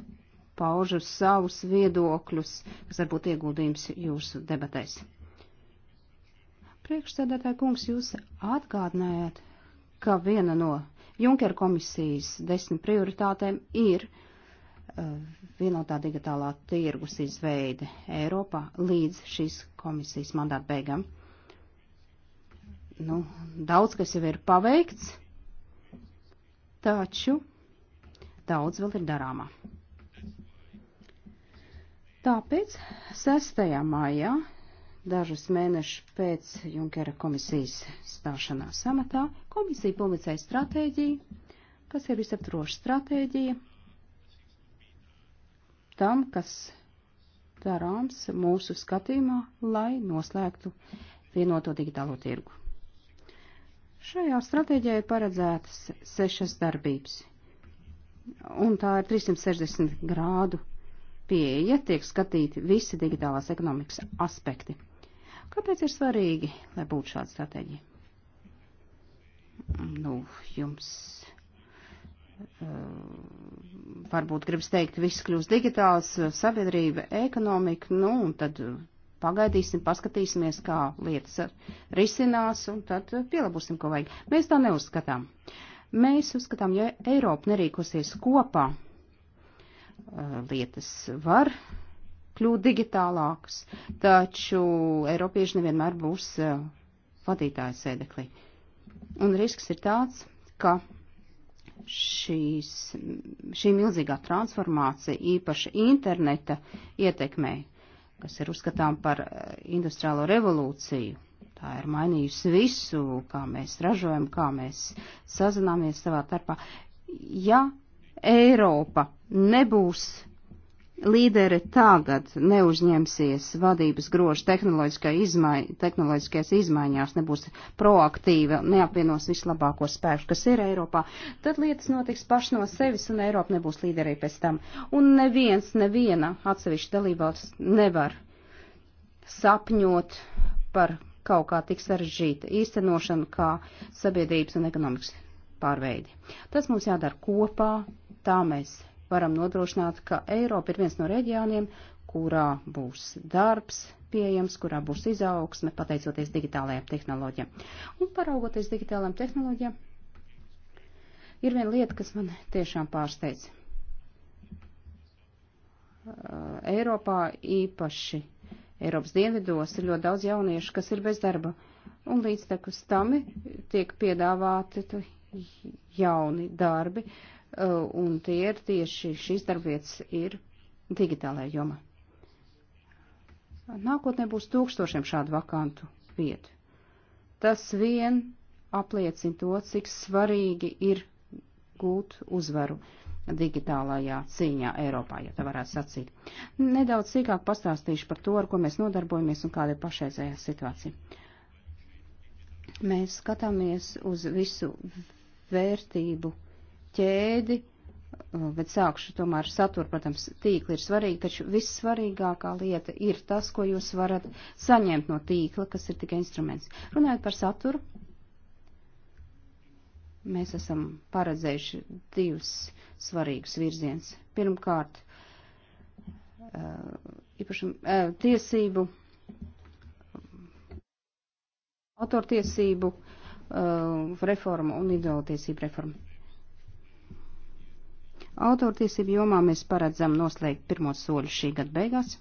paužu savus viedokļus, kas varbūt ieguldījums jūsu debatēs. Priekšsēdētāji kungs, jūs atgādinājāt, ka viena no Junker komisijas desmit prioritātēm ir uh, Uh, vienotā digitālā tirgus izveide Eiropā līdz šīs komisijas mandāta beigam. Nu, daudz, kas jau ir paveikts, taču daudz vēl ir darāmā. Tāpēc 6. maijā, dažus mēnešus pēc Junkera komisijas stāšanās samatā, komisija publicēja stratēģiju, kas ir visaptroša stratēģija tam, kas darāms mūsu skatījumā, lai noslēgtu vienoto digitālo tirgu. Šajā stratēģijā ir paredzētas sešas darbības, un tā ir 360 grādu pieeja, tiek skatīti visi digitālās ekonomikas aspekti. Kāpēc ir svarīgi, lai būtu šāda stratēģija? Nu, jums Eh, varbūt gribas teikt, viss kļūs digitāls, sabiedrība, ekonomika, nu, un tad pagaidīsim, paskatīsimies, kā lietas risinās, un tad pielabūsim, ko vajag. Mēs tā neuzskatām. Mēs uzskatām, ja Eiropa nerīkosies kopā, eh, lietas var kļūt digitālākas, taču Eiropieši nevienmēr būs eh, vadītāja sēdeklī. Un risks ir tāds, ka šīs, šī milzīgā transformācija, īpaši interneta ietekmē, kas ir uzskatām par eh, industriālo revolūciju. Tā ir mainījusi visu, kā mēs ražojam, kā mēs sazināmies savā starpā. Ja Eiropa nebūs līderi tagad neuzņemsies vadības grožu izmai, tehnoloģiskajās izmaiņās, nebūs proaktīva, neapvienos vislabāko spēku, kas ir Eiropā, tad lietas notiks paši no sevis un Eiropa nebūs līderī pēc tam. Un neviens, neviena atsevišķa dalībvalsts nevar sapņot par kaut kā tik sarežģīta īstenošana kā sabiedrības un ekonomikas pārveidi. Tas mums jādara kopā, tā mēs varam nodrošināt, ka Eiropa ir viens no reģioniem, kurā būs darbs pieejams, kurā būs izaugsme, pateicoties digitālajām tehnoloģijām. Un paraugoties digitālajām tehnoloģijām, ir viena lieta, kas man tiešām pārsteidz. Eiropā īpaši Eiropas dienvidos ir ļoti daudz jauniešu, kas ir bez darba, un līdz tekus tam tiek piedāvāti jauni darbi, uh, Uh, un tie ir tieši šīs darbvietas ir digitālajā jomā. Nākotnē būs tūkstošiem šādu vakantu vietu. Tas vien apliecina to, cik svarīgi ir gūt uzvaru digitālajā cīņā Eiropā, ja tā varētu sacīt. Nedaudz sīkāk pastāstīšu par to, ar ko mēs nodarbojamies un kāda ir pašreizējā situācija. Mēs skatāmies uz visu vērtību ķēdi, uh, bet sākšu tomēr saturu, protams, tīkli ir svarīgi, taču vissvarīgākā lieta ir tas, ko jūs varat saņemt no tīkla, kas ir tikai instruments. Runājot par saturu, mēs esam paredzējuši divus svarīgus virziens. Pirmkārt, uh, īpašam uh, tiesību, autortiesību reforma un ideolotiesību reforma. Autortiesību jomā mēs paredzam noslēgt pirmo soļu šī gada beigās.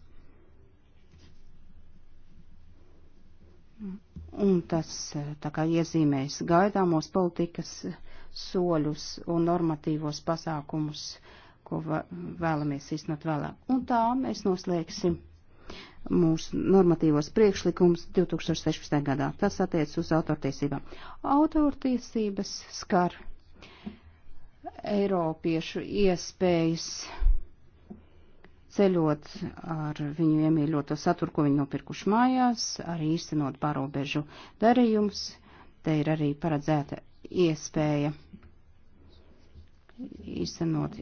Un tas eh, tā kā iezīmēs gaidāmos politikas soļus un normatīvos pasākumus, ko vēlamies iznot vēlāk. Un tā mēs noslēgsim mūsu normatīvos priekšlikums 2016. gadā. Tas attiec uz autortiesībām. Autortiesības skar Eiropiešu iespējas ceļot ar viņu iemīļoto saturu, ko viņi nopirkuši mājās, arī īstenot pārobežu darījumus. Te ir arī paredzēta iespēja īstenot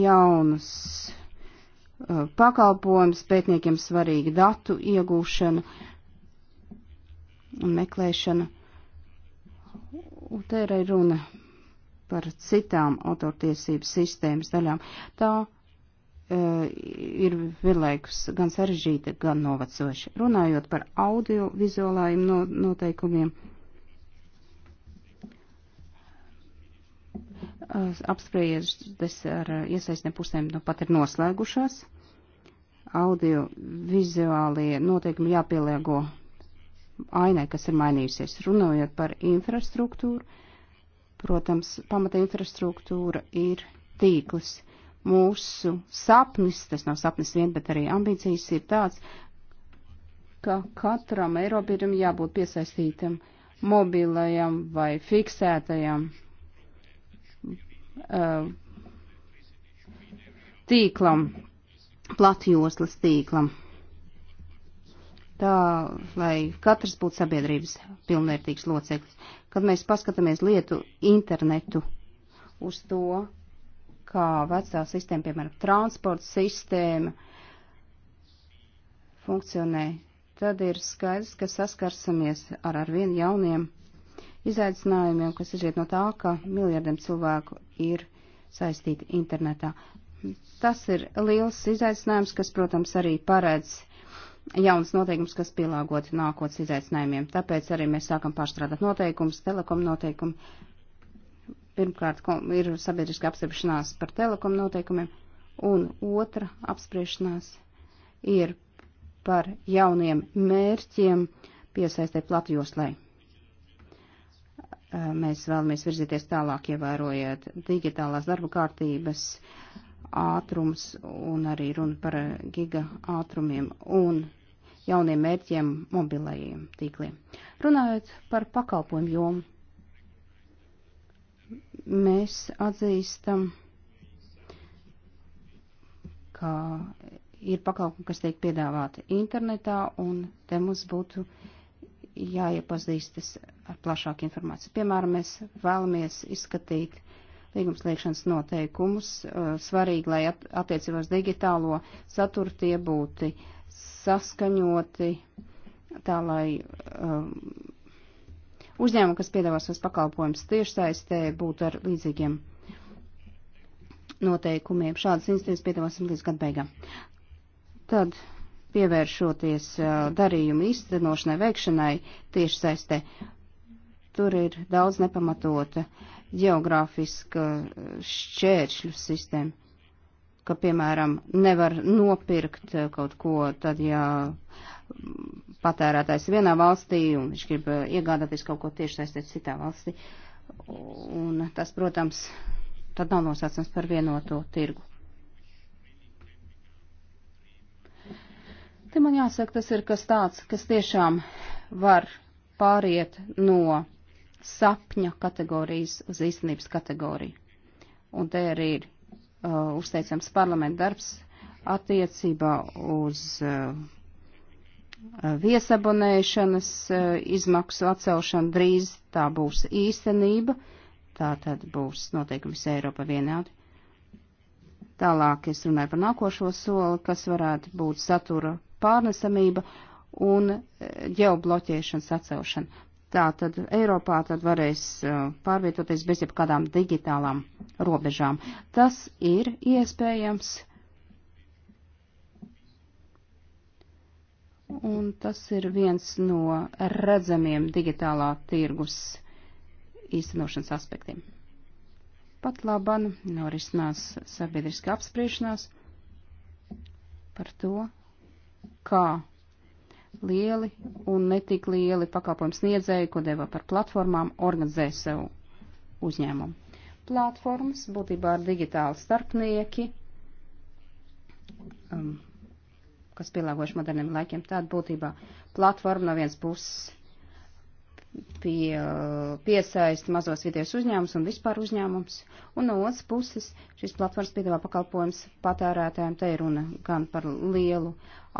jaunus uh, pakalpojumus, pētniekiem svarīgi datu iegūšanu un meklēšanu. Un te ir arī runa par citām autortiesības sistēmas daļām. Tā uh, ir vienlaikus gan sarežģīta, gan novacoša. Runājot par audiovizuālajiem no, noteikumiem, uh, apspriežas ar uh, iesaistiem pusēm nu pat ir noslēgušās. Audiovizuālie noteikumi jāpielāgo ainai, kas ir mainījusies. Runājot par infrastruktūru, uh, Protams, pamata infrastruktūra ir tīklis. Mūsu sapnis, tas nav sapnis vien, bet arī ambīcijas ir tāds, ka katram Eiropietim jābūt piesaistītam mobilajam vai fiksētajam uh, tīklam, platjoslas tīklam. Tā, lai katrs būtu sabiedrības pilnvērtīgs loceklis kad mēs paskatāmies lietu internetu uz to, kā vecā sistēma, piemēram, transporta sistēma funkcionē, tad ir skaidrs, ka saskarsimies ar arvien jauniem izaicinājumiem, kas iziet no tā, ka miljardiem cilvēku ir saistīti internetā. Tas ir liels izaicinājums, kas, protams, arī paredz uh, jauns noteikums, kas pielāgoti nākotnes izaicinājumiem. Tāpēc arī mēs sākam pārstrādāt noteikumus, telekom noteikumu. Pirmkārt, ir sabiedriska apspriešanās par telekom noteikumiem, un otra apspriešanās ir par jauniem mērķiem piesaistē platjoslai. Mēs vēlamies virzīties tālāk, ievērojot digitālās darba kārtības ātrums un arī runa par giga ātrumiem un jauniem mērķiem mobilajiem tīkliem. Runājot par pakalpojumu jomu, mēs atzīstam, ka ir pakalpojumi, kas tiek piedāvāti internetā, un te mums būtu jāiepazīstas ar plašāku informāciju. Piemēram, mēs vēlamies izskatīt līgumslēgšanas noteikumus. Eh, svarīgi, lai attiecībās digitālo saturu tie būtu eh, saskaņoti tā, lai um, uzņēmumi, kas piedāvā savus pakalpojumus tiešsaistē, būtu ar līdzīgiem noteikumiem. Šādas institūcijas piedāvāsim līdz gada beigām. Tad pievēršoties uh, darījumu īstenošanai, veikšanai tiešsaistē, tur ir daudz nepamatota geogrāfiska šķēršļu sistēma ka, piemēram, nevar nopirkt eh, kaut ko, tad, ja patērētājs vienā valstī un viņš grib eh, iegādāties kaut ko tieši saistīt citā valstī. Un tas, protams, tad nav nosacams par vienoto tirgu. Te man jāsaka, tas ir kas tāds, kas tiešām var pāriet no sapņa kategorijas uz īstenības kategoriju. Un te arī ir uh, uzteicams parlamenta darbs attiecībā uz uh, viesabonēšanas uh, izmaksu atcelšanu. Drīz tā būs īstenība, tā tad būs noteikti visai Eiropa vienādi. Tālāk es runāju par nākošo soli, kas varētu būt satura pārnesamība un ģeobloķēšanas atcelšana tā tad Eiropā tad varēs uh, pārvietoties bez jebkādām digitālām robežām. Tas ir iespējams. Un tas ir viens no redzamiem digitālā tirgus īstenošanas aspektiem. Pat laban norisinās sabiedriska apspriešanās par to, kā lieli un netik lieli pakalpojumu sniedzēji, ko deva par platformām, organizē sev uzņēmumu. Platformas būtībā ir digitāli starpnieki, um, kas pielāgojuši moderniem laikiem. Tāda būtībā platforma no vienas puses pie, piesaist mazos vidējos uzņēmums un vispār uzņēmums, un no otras puses šis platformas piedāvā pakalpojums patērētājiem, te ir runa gan par lielu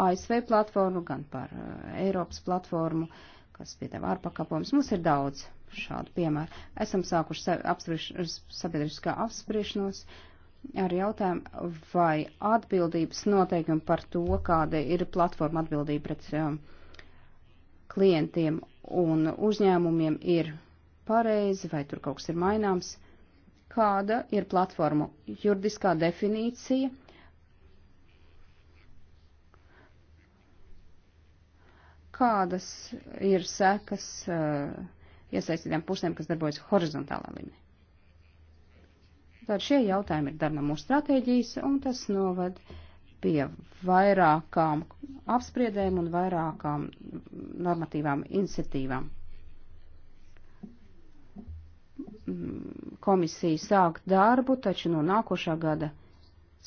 ASV platformu, gan par eh, Eiropas platformu, kas piedāvā ārpakalpojums. Mums ir daudz šādu piemēru. Esam sākuši apspriež, sabiedriskā apspriešanos ar jautājumu, vai atbildības noteikumi par to, kāda ir platforma atbildība pret um, klientiem un uzņēmumiem ir pareizi, vai tur kaut kas ir maināms, kāda ir platformu juridiskā definīcija, kādas ir sekas uh, iesaistītām pusēm, kas darbojas horizontālā līmenī. Tad šie jautājumi ir darba mūsu stratēģijas, un tas novad pie vairākām apspriedēm un vairākām normatīvām iniciatīvām. Komisija sāk darbu, taču no nākošā gada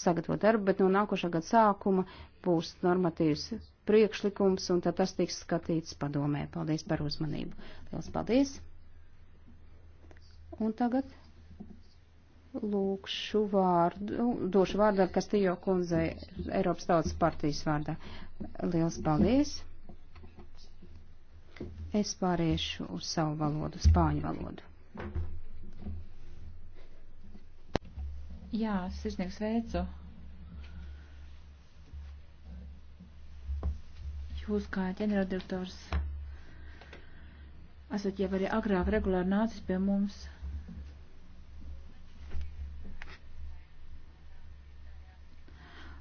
sagatavo darbu, bet no nākošā gada sākuma būs normatīvs priekšlikums, un tad tas tiks skatīts padomē. Paldies par uzmanību. Lielas paldies! Un tagad Lūkšu vārdu, nu, došu vārdu ar Kastījo kundzei Eiropas Tautas partijas vārdā. Liels paldies! Es pāriešu uz savu valodu, spāņu valodu. Jā, sirsnīgs veicu. Jūs kā ģenerāldirektors esat jau arī agrāk regulāri nācis pie mums.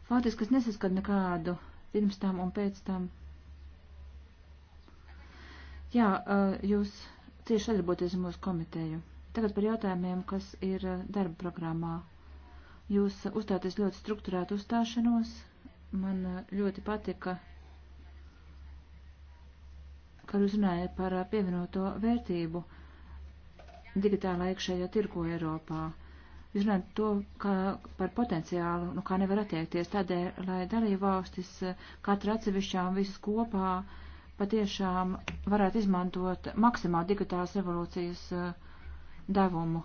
Faktiski es nesaskat nekādu pirms tam un pēc tam. Jā, eh, jūs cieši sadarboties ar mūsu komiteju. Tagad par jautājumiem, kas ir eh, darba programmā. Jūs uzstāties ļoti struktūrētu uzstāšanos. Man eh, ļoti patika, kad jūs runājat par pievienoto vērtību digitālā iekšējā tirko Eiropā. Uh, Jūs runājat to, ka par potenciālu, nu kā nevar attiekties, tādēļ, lai dalībvalstis eh, katra atsevišķām visas kopā patiešām varētu izmantot maksimāli digitālas revolūcijas eh, devumu.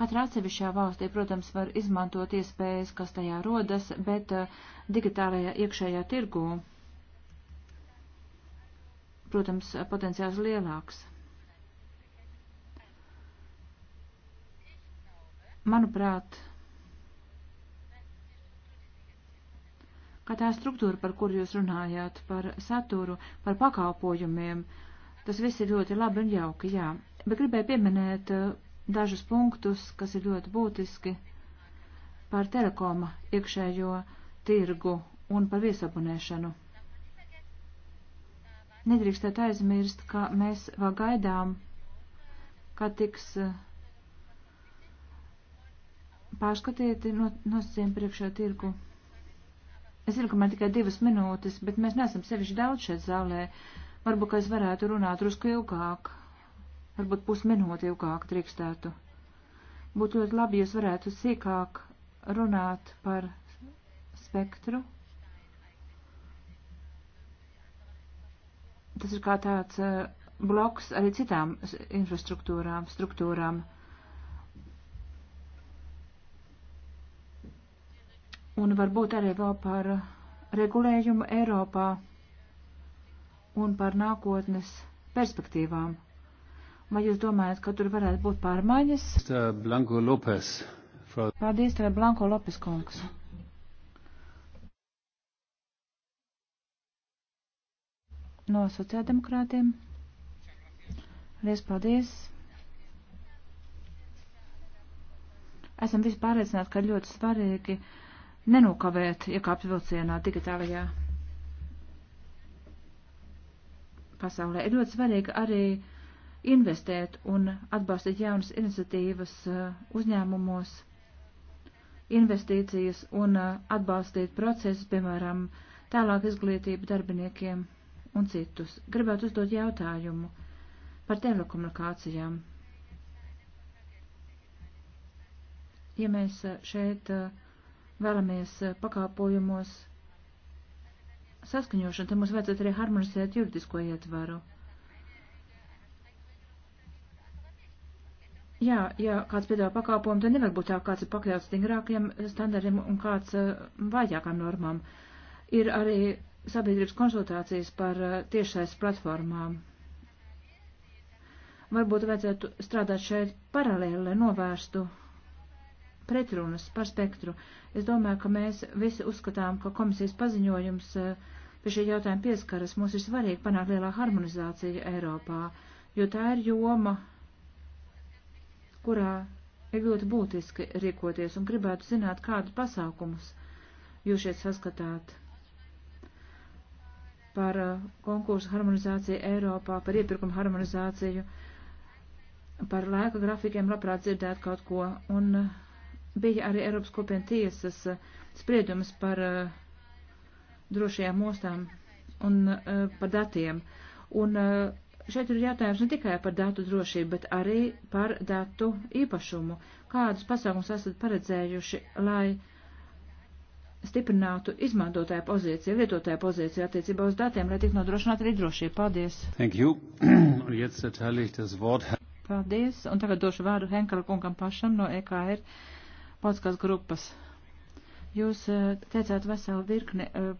Katra atsevišķā valstī, protams, var izmantot iespējas, kas tajā rodas, bet eh, digitālajā iekšējā tirgū, protams, potenciāls lielāks. Manuprāt, ka tā struktūra, par kuru jūs runājāt, par saturu, par pakalpojumiem, tas viss ir ļoti labi un jauki, jā. Bet gribēju pieminēt eh, dažus punktus, kas ir ļoti būtiski par telekoma iekšējo tirgu un par viesabunēšanu. Nedrīkstēt aizmirst, ka mēs vēl gaidām, kad tiks uh, pārskatiet no, nosacījumu priekšā tirgu. Es zinu, ka man tikai divas minūtes, bet mēs neesam sevišķi daudz šeit zālē. Varbūt, ka es varētu runāt drusku ilgāk. Varbūt pusminūti ilgāk drīkstētu. Būtu ļoti labi, ja jūs varētu sīkāk runāt par spektru. Tas ir kā tāds eh, bloks arī citām infrastruktūrām, struktūrām. struktūrām un varbūt arī vēl par regulējumu Eiropā un par nākotnes perspektīvām. Vai jūs domājat, ka tur varētu būt pārmaiņas? Blanko Lopes. Paldies, tev Blanko Lopes kungs. No sociāldemokrātiem. Lies paldies. Esam visi pārliecināti, ka ļoti svarīgi uh, nenokavēt iekāpt vilcienā digitālajā pasaulē. Ir ļoti svarīgi arī investēt un atbalstīt jaunas iniciatīvas uh, uzņēmumos, investīcijas un uh, atbalstīt procesus, piemēram, tālāk izglītību darbiniekiem un citus. Gribētu uzdot jautājumu par telekomunikācijām. Ja mēs uh, šeit uh, vēlamies eh, pakāpojumos saskaņošanu, tad mums vajadzētu arī harmonizēt juridisko ietvaru. Jā, ja kāds piedāvā pakāpojumu, tad nevar būt tā, kāds ir pakļauts stingrākiem standartiem un kāds eh, vājākām normām. Ir arī sabiedrības konsultācijas par eh, tiešais platformām. Varbūt vajadzētu strādāt šeit paralēli, lai novērstu pretrunas par spektru. Es domāju, ka mēs visi uzskatām, ka komisijas paziņojums eh, pie šī jautājuma pieskaras. Mums ir svarīgi panākt lielā harmonizācija Eiropā, jo tā ir joma, kurā ir ļoti būtiski rīkoties un gribētu zināt, kādu pasākumus jūs šeit saskatāt par eh, konkursu harmonizāciju Eiropā, par iepirkumu harmonizāciju par laika grafikiem labprāt dzirdēt kaut ko, un eh, bija arī Eiropas kopiena tiesas eh, spriedums par uh, drošajām ostām un uh, par datiem. Un uh, šeit ir jautājums ne tikai par datu drošību, bet arī par datu īpašumu. Kādus pasākumus esat paredzējuši, lai stiprinātu izmantotāja pozīciju, lietotāja pozīciju attiecībā uz datiem, lai tik nodrošinātu arī drošību. Paldies! Thank you. un jetzt erteile ich das Wort. Paldies, un tagad došu vārdu Henkala kungam pašam no EKR politiskās grupas. Jūs eh, teicāt veselu virkni, eh,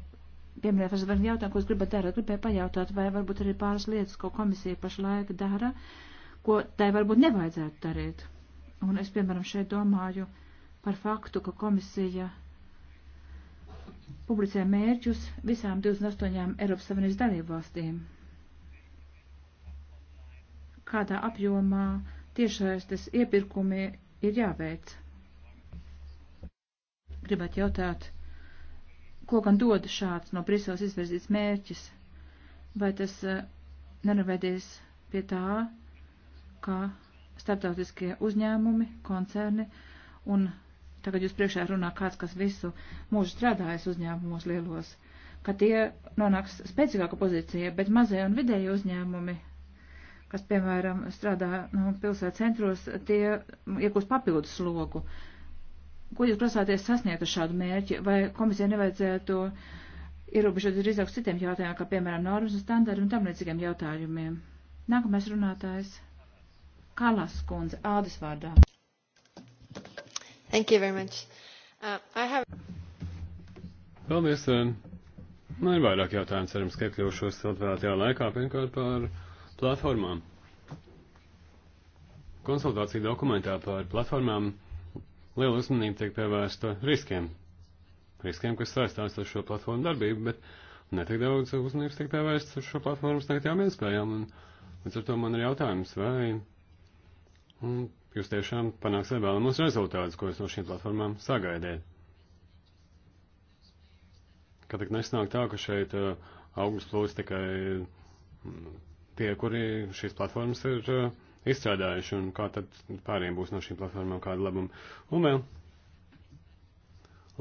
pieminēt veselu virkni jautājumu, ko es gribat darīt. Gribēju pajautāt, vai varbūt arī pāris lietas, ko komisija pašlaik dara, ko tai varbūt nevajadzētu darīt. Un es, piemēram, šeit domāju par faktu, ka komisija publicē mērķus visām 28 Eiropas Savienības dalību valstīm. Kādā apjomā tiešsaistes iepirkumi ir jāveic? gribētu jautāt, ko gan dod šāds no Briseles izvirzīts mērķis? Vai tas eh, nenovēdīs pie tā, ka starptautiskie uzņēmumi, koncerni un tagad jūs priekšā runā kāds, kas visu mūžu strādājas uzņēmumos lielos, ka tie nonāks spēcīgāka pozīcija, bet mazie un vidēji uzņēmumi, kas, piemēram, strādā nu, pilsēt centros, tie iegūs papildus slogu. Uh, Ko jūs prasāties sasniegt ar šādu mērķi? Vai komisija nevajadzētu ierobežot drīzāk citiem jautājumiem, kā piemēram normas un standarti un tam līdzīgiem jautājumiem? Nākamais runātājs - Kalas kundze, Ādas vārdā. Thank you very much. Uh, I have... Paldies. Man ir vairāk jautājumu, cerams, ka iekļaušos atvēlētajā laikā, pirmkārt par platformām. Konsultāciju dokumentā par platformām liela uzmanība tiek pievērsta riskiem. Riskiem, kas saistās ar šo platformu darbību, bet netiek daudz uzmanības tiek pievērsta ar šo platformu sniegtajām iespējām. Un līdz ar to man ir jautājums, vai jūs tiešām panāksiet vēlamos rezultātus, ko es no šīm platformām sagaidēju. Kad tik nesnāk tā, ka šeit uh, augsts plūst tikai mm, tie, kuri šīs platformas ir uh, izstrādājuši un kā tad pārējiem būs no šīm platformām kāda labuma. Un vēl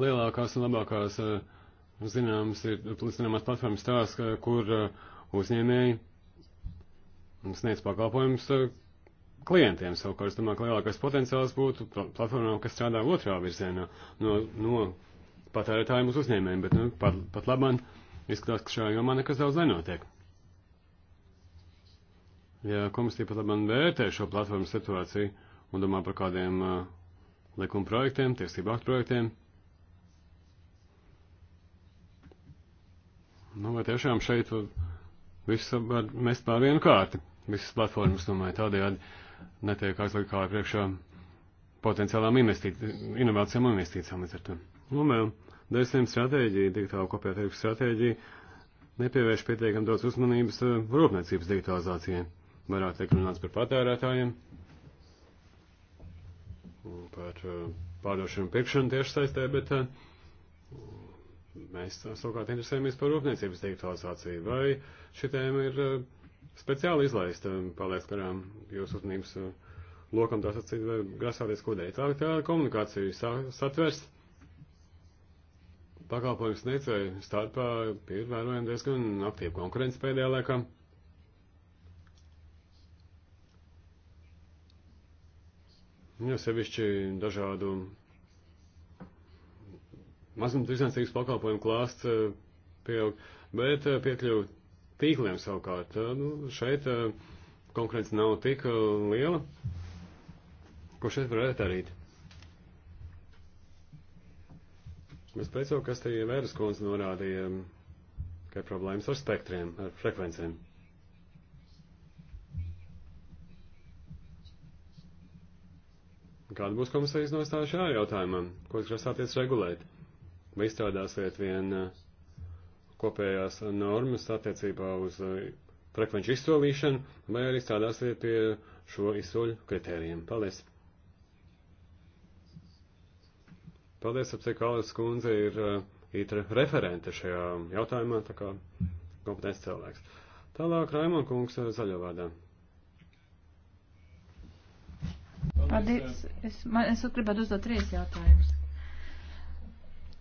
lielākās un labākās eh, zināmas ir zināmās platformas tās, kur eh, uzņēmēji sniedz pakalpojumus eh, klientiem. Savukārt, es domāju, ka lielākais potenciāls būtu platformām, kas strādā otrā virzienā, no, no patērētājiem uz uzņēmējiem, bet nu, pat, pat labāk izskatās, ka šajā jomā nekas daudz nenotiek ja komisija pat labam vērtē šo platformu situāciju un domā par kādiem uh, likuma projektiem, tiesību aktu projektiem, nu vai tiešām šeit viss var mest pār vienu kārti, visas platformas, domāju, tādējādi netiek aizlikt kā priekšā potenciālām inovācijām un investīcijām līdz ar to. Nu, un vēl DSM stratēģija, digitāla kopējā tirgus stratēģija, nepievērš pietiekam daudz uzmanības uh, rūpniecības digitalizācijai varētu tiek runāts par patērētājiem, par eh, pārdošanu pirkšanu tieši saistē, bet eh, mēs savukārt interesējamies par rūpniecības digitalizāciju. Vai šī tēma ir eh, speciāli izlaista, paliec garām jūsu uzmanības lokam tā sacīt, vai grasāties ko dēļ. Tā, tā komunikācija sa, satvers pakalpojums necēja starpā ir vērojama diezgan aktīva konkurence pēdējā laikā. jo sevišķi dažādu mazumtirdzniecības pakalpojumu klāsts eh, pieaug, bet eh, piekļuvu tīkliem savukārt. Eh, nu, šeit konkurence nav tik liela, ko šeit varētu darīt. Mēs pēc to, kas te vēras kundze norādīja, ka ir problēmas ar spektriem, ar frekvencēm. Kāda būs komisijas nostāja šajā jautājumā? Ko jūs grasāties regulēt? Vai izstrādāsiet vien eh, kopējās normas attiecībā uz eh, frekvenču izsolīšanu, vai arī strādāsiet pie šo izsoļu kritērijiem? Paldies! Paldies, apsekalas kundze ir ītra eh, referente šajā jautājumā, tā kā kompetents cilvēks. Tālāk Raimon kungs zaļo vārdā. Paldies. Es, man, es gribētu uzdot trīs jautājumus,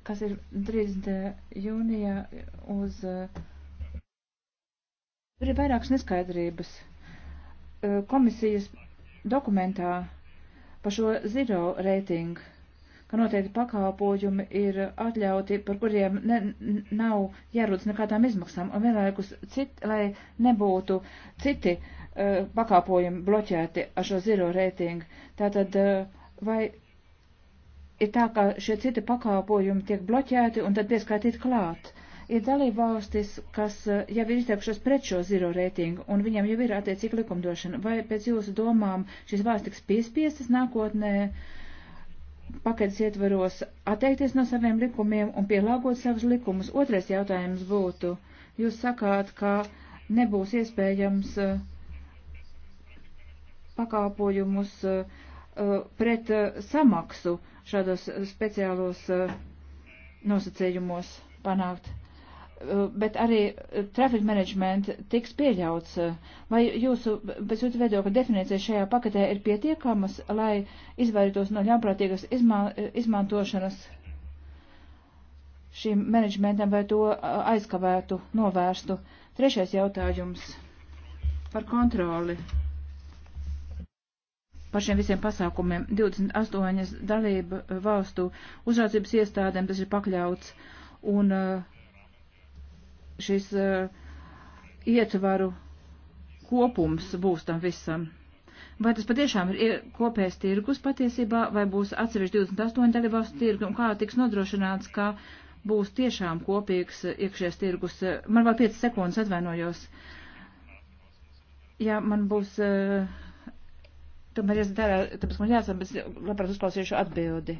kas ir 30. jūnijā uz. Eh, tur ir vairākas neskaidrības. Eh, komisijas dokumentā par šo zero reitingu, ka noteikti pakalpojumi ir atļauti, par kuriem ne, nav jārūdz nekādām izmaksām, un vienlaikus cit, lai nebūtu citi uh, Eh, pakāpojumi bloķēti ar šo zero reitingu. Tātad eh, vai ir tā, ka šie citi pakāpojumi tiek bloķēti un tad pieskaitīti klāt? Ir dalībvalstis, kas eh, jau ir izteikušas pret šo zero reitingu un viņam jau ir attiecīga likumdošana. Vai pēc jūsu domām šīs valsts tiks piespiestas nākotnē? paketes ietvaros atteikties no saviem likumiem un pielāgot savus likumus. Otrais jautājums būtu, jūs sakāt, ka nebūs iespējams uh, pakalpojumus e, e, pret e, samaksu šādos speciālos nosacījumos panākt. Bet arī traffic management tiks pieļauts. Vai jūsu, pēc jūsu viedokļa definīcija šajā paketē ir pietiekamas, lai izvairītos no ļaunprātīgas izmā, izmantošanas šīm menedžmentam, vai to aizkavētu, novērstu? Trešais jautājums par kontroli par šiem visiem pasākumiem. 28 dalību eh, valstu uzraudzības iestādēm tas ir pakļauts. Un eh, šis eh, ietvaru kopums būs tam visam. Vai tas patiešām ir kopējs tirgus patiesībā, vai būs atsevišķi 28 dalībvalstu tirgi, un kā tiks nodrošināts, ka būs tiešām kopīgs iekšējais tirgus? Man vēl 5 sekundes atvainojos. Ja man būs uh, Tomēr, ja dara, tāpēc man jāsam, es labprāt uzklausīšu atbildi.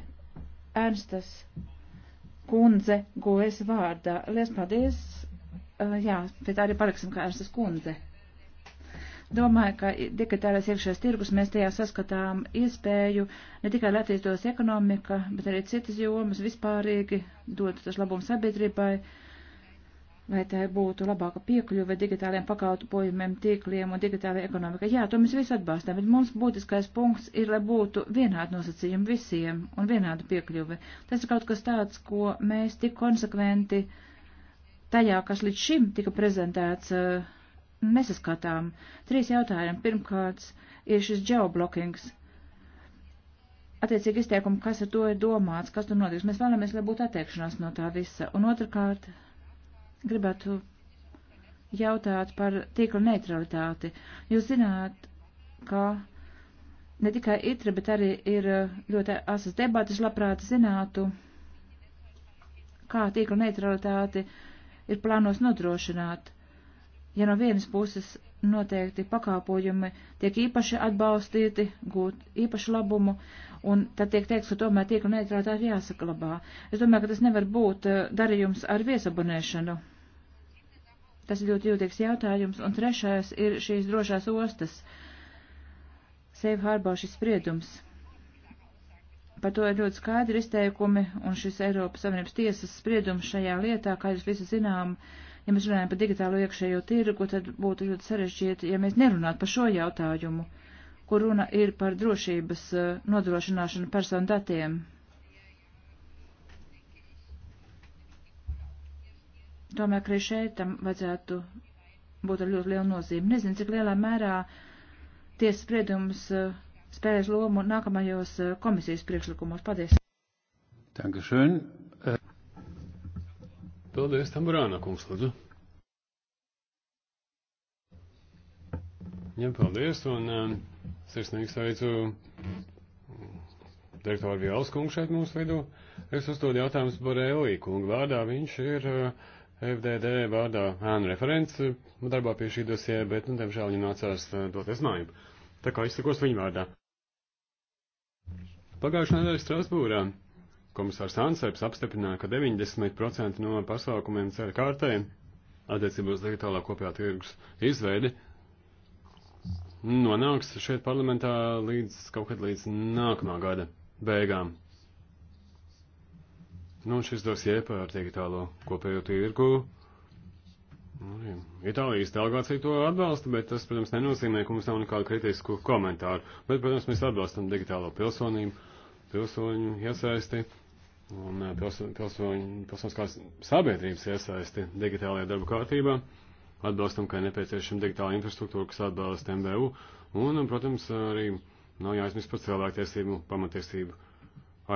Ernstas kundze gojas vārdā. Lies paldies. Uh, jā, pie tā arī paliksim kā Ernstas kundze. Domāju, ka digitālais iekšējais tirgus mēs tajā saskatām iespēju ne tikai lai attīstos ekonomika, bet arī citas jomas vispārīgi dot tas labumu sabiedrībai. Uh, lai tai būtu labāka piekļuve digitāliem pakalpojumiem, tīkliem un digitālajai ekonomikai. Jā, to mēs visi atbalstam, bet mums būtiskais punkts ir, lai būtu vienādi nosacījumi visiem un vienāda piekļuve. Tas ir kaut kas tāds, ko mēs tik konsekventi tajā, kas līdz šim tika prezentēts, eh, nesaskatām. Trīs jautājumi. Pirmkārt, ir šis geoblockings. Attiecīgi izteikumi, kas ar to ir domāts, kas tur notiks. Mēs vēlamies, lai būtu attiekšanās no tā visa. Un otrkārt, gribētu jautāt par tīkla neutralitāti. Jūs zināt, ka ne tikai itra, bet arī ir ļoti asas debatas, labprāt zinātu, kā tīkla neutralitāti ir plānos nodrošināt. Ja no vienas puses noteikti pakāpojumi tiek īpaši atbalstīti, gūt īpašu labumu, Un tad tiek teiks, ka tomēr tīkla neitrātāji ir jāsaklabā. Es domāju, ka tas nevar būt eh, darījums ar viesabunēšanu. Tas ir ļoti jūtīgs jautājums. Un trešais ir šīs drošās ostas. Safe Harbor šis spriedums. Par to ir ļoti skaidri izteikumi, un šis Eiropas Savienības tiesas spriedums šajā lietā, kā jūs visi zinām, ja mēs runājam par digitālo iekšējo tirgu, tad būtu ļoti sarežģīti, ja mēs nerunātu par šo jautājumu kur runa ir par drošības eh, nodrošināšanu personu datiem. Tomēr arī šeit tam vajadzētu būt ar ļoti lielu nozīmi. Nezinu, cik lielā mērā tiesas spriedums eh, spēlēs lomu nākamajos eh, komisijas priekšlikumos. Paldies! Dankeschön. Paldies, Tamburāna kungs, lūdzu. Jā, paldies, un Sirsnīgi sveicu direktoru Vielas kungu šeit mūsu vidū. Es uzdodu jautājumus Borelī kungu vārdā. Viņš ir eh, FDD vārdā ēnu referents darbā pie šī dosie, bet, nu, diemžēl viņam nācās eh, doties mājām. Tā kā izsakos viņa vārdā. Pagājušā nedēļa Strasbūrā komisārs Ansēps apstiprināja, ka 90% no pasākumiem ceļa kārtē attiecībā uz digitālā kopējā tirgus izveidi nonāks šeit parlamentā līdz kaut kad līdz nākamā gada beigām. Nu, šis dosie par digitālo kopējo tirgu. Nu, Itālijas delegācija to atbalsta, bet tas, protams, nenozīmē, ka mums nav nekādu kritisku komentāru. Bet, protams, mēs atbalstam digitālo pilsonību, pilsoņu iesaisti un eh, pilsoņu, pilsoniskās sabiedrības iesaisti digitālajā darba kārtībā atbalstam, ka ir nepieciešama digitāla infrastruktūra, kas atbalsta MBU, un, protams, arī nav jāizmirst par cilvēktiesību, pamatiesību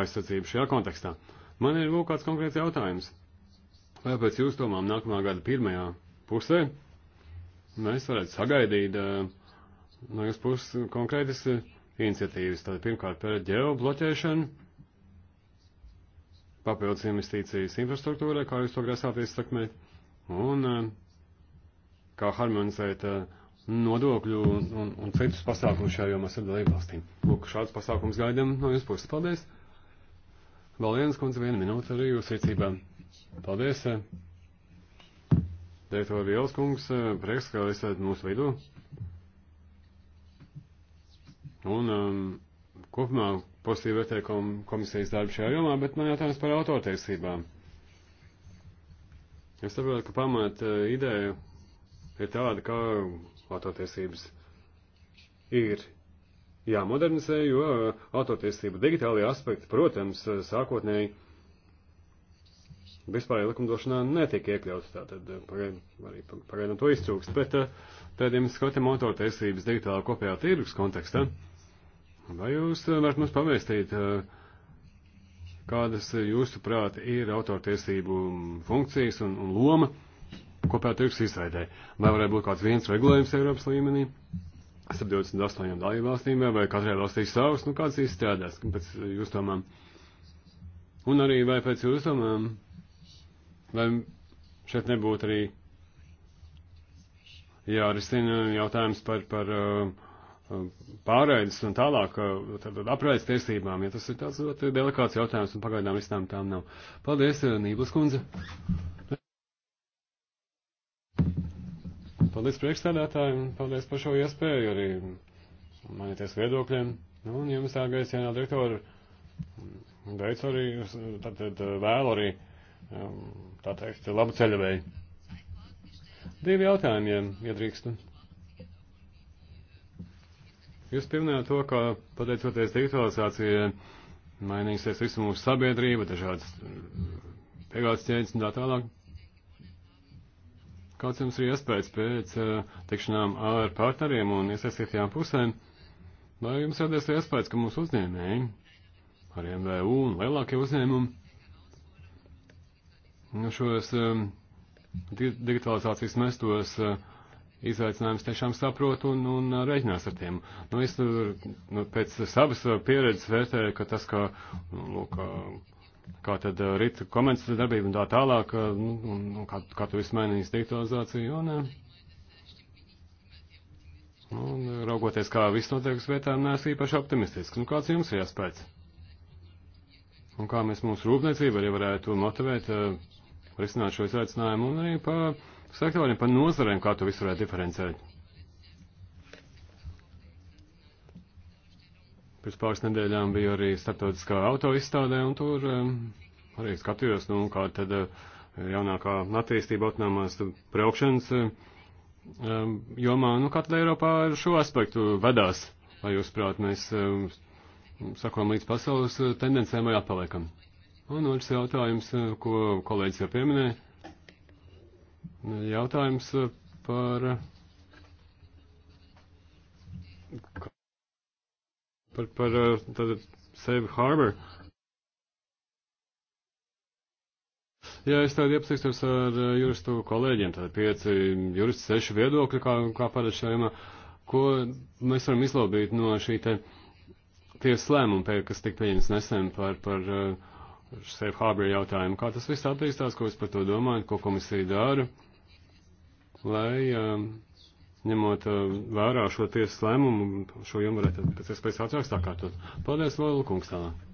aizsardzību šajā kontekstā. Man ir vēl kāds konkrēts jautājums. Vai pēc jūsu domām nākamā gada pirmajā pusē mēs varētu sagaidīt eh, no jūsu puses konkrētas eh, iniciatīvas? Tad pirmkārt par ģeobloķēšanu, papildus investīcijas infrastruktūrai, kā jūs to grasāties sakmēt, un eh, kā harmonizēt eh, nodokļu un, un, un citus pasākumus šajā jomā ar dalībvalstīm. Lūk, šāds pasākums gaidām no jūsu puses. Paldies! Vēl viens kundze, viena minūte arī jūsu rīcībā. Paldies! Teikto eh, Vielas kungs, eh, prieks, ka esat mūsu vidū. Un um, kopumā pozitīvi vērtēju kom komisijas darbu šajā jomā, bet man jautājums par autortiesībām. Es saprotu, ka pamat uh, ideju ir tāda, ka autotiesības ir jāmodernizē, jo uh, autotiesība digitālajā aspekti, protams, uh, sākotnēji vispārējā likumdošanā netiek iekļauts, tātad uh, arī pagaidām to iztrūkst, bet tad, ja mēs skatām autotiesības digitālā kopējā tirgus kontekstā, vai jūs varat mums pavēstīt, kādas jūsu prāti ir autortiesību um, funkcijas un, un loma? kopējā tirgus izveidē. Vai varētu būt kāds viens regulējums Eiropas līmenī? Ar 28 dalībvalstīm vai katrai valstī savs, nu kāds izstrādās pēc jūsu domām. Un arī vai pēc jūsu domām, vai šeit nebūtu arī jārisina jautājums par, par uh, pārēdes un tālāk uh, apraides tiesībām, ja tas ir tāds ļoti delikāts jautājums un pagaidām visām tām nav. Paldies, Nīblas kundze! Paldies priekšstādātājiem, paldies par šo iespēju arī manīties viedokļiem. Nu, un jums tā gaisa jaunā direktora veicu arī, tātad vēl arī, um, tā teikt, labu ceļavēju. Divi jautājumi, ja drīkstu. Jūs pieminējāt to, ka pateicoties digitalizācijai mainīsies visu mūsu sabiedrība, dažādas uh, piegādes ķēdes un tā tālāk. Kāds jums ir iespējas pēc eh, tikšanām ar partneriem un iesaistītajām pusēm? Vai jums radies iespējas, ka mūsu uzņēmēji, arī MVU un lielākie uzņēmumi, nu, šos um, digitalizācijas mestos uh, eh, izaicinājums tiešām saprotu un, un reiķinās ar tiem. Nu, es nu, pēc savas pieredzes vērtēju, ka tas, ka, nu, lūk, nu, kā tad eh, rita komerces darbība un tā tālāk, eh, nu, un, un kā, kā tu viss mainīs digitalizāciju, un, eh, un raugoties, kā viss notiek uz vietām, neesmu īpaši optimistisks. Nu, kāds jums ir jāspēc? Un kā mēs mūsu rūpniecību arī varētu motivēt, risināt šo izaicinājumu, un arī pa sektoriem, pa nozarēm, kā to visu varētu diferencēt. Pirms pāris nedēļām biju arī starptautiskā auto izstādē, un tur um, arī skatījos, nu, kā tad uh, jaunākā attīstība autonomās braukšanas uh, um, jomā, nu, kā tad Eiropā ar šo aspektu vedās, vai jūs prāt, mēs um, sakām līdz pasaules uh, tendencēm vai atpaliekam. Un otrs jautājums, uh, ko kolēģis jau pieminēja, jautājums par. Uh, par, par uh, tātad Save Harbor. Jā, es tādu iepazīstos ar uh, juristu kolēģiem, tātad pieci juristi, seši viedokļi, kā, kā parasti šajā, ko mēs varam izlaubīt no šī te tiesas lēmuma, kas tika pieņems nesen par, par uh, Safe Harbor jautājumu. Kā tas viss attīstās, ko es par to domāju, ko komisija dara, lai. Um, ņemot uh, vērā šo tiesas lēmumu, šo jomu varētu pēc iespējas ātrāk sākārtot. Paldies, Lola kungs tālāk.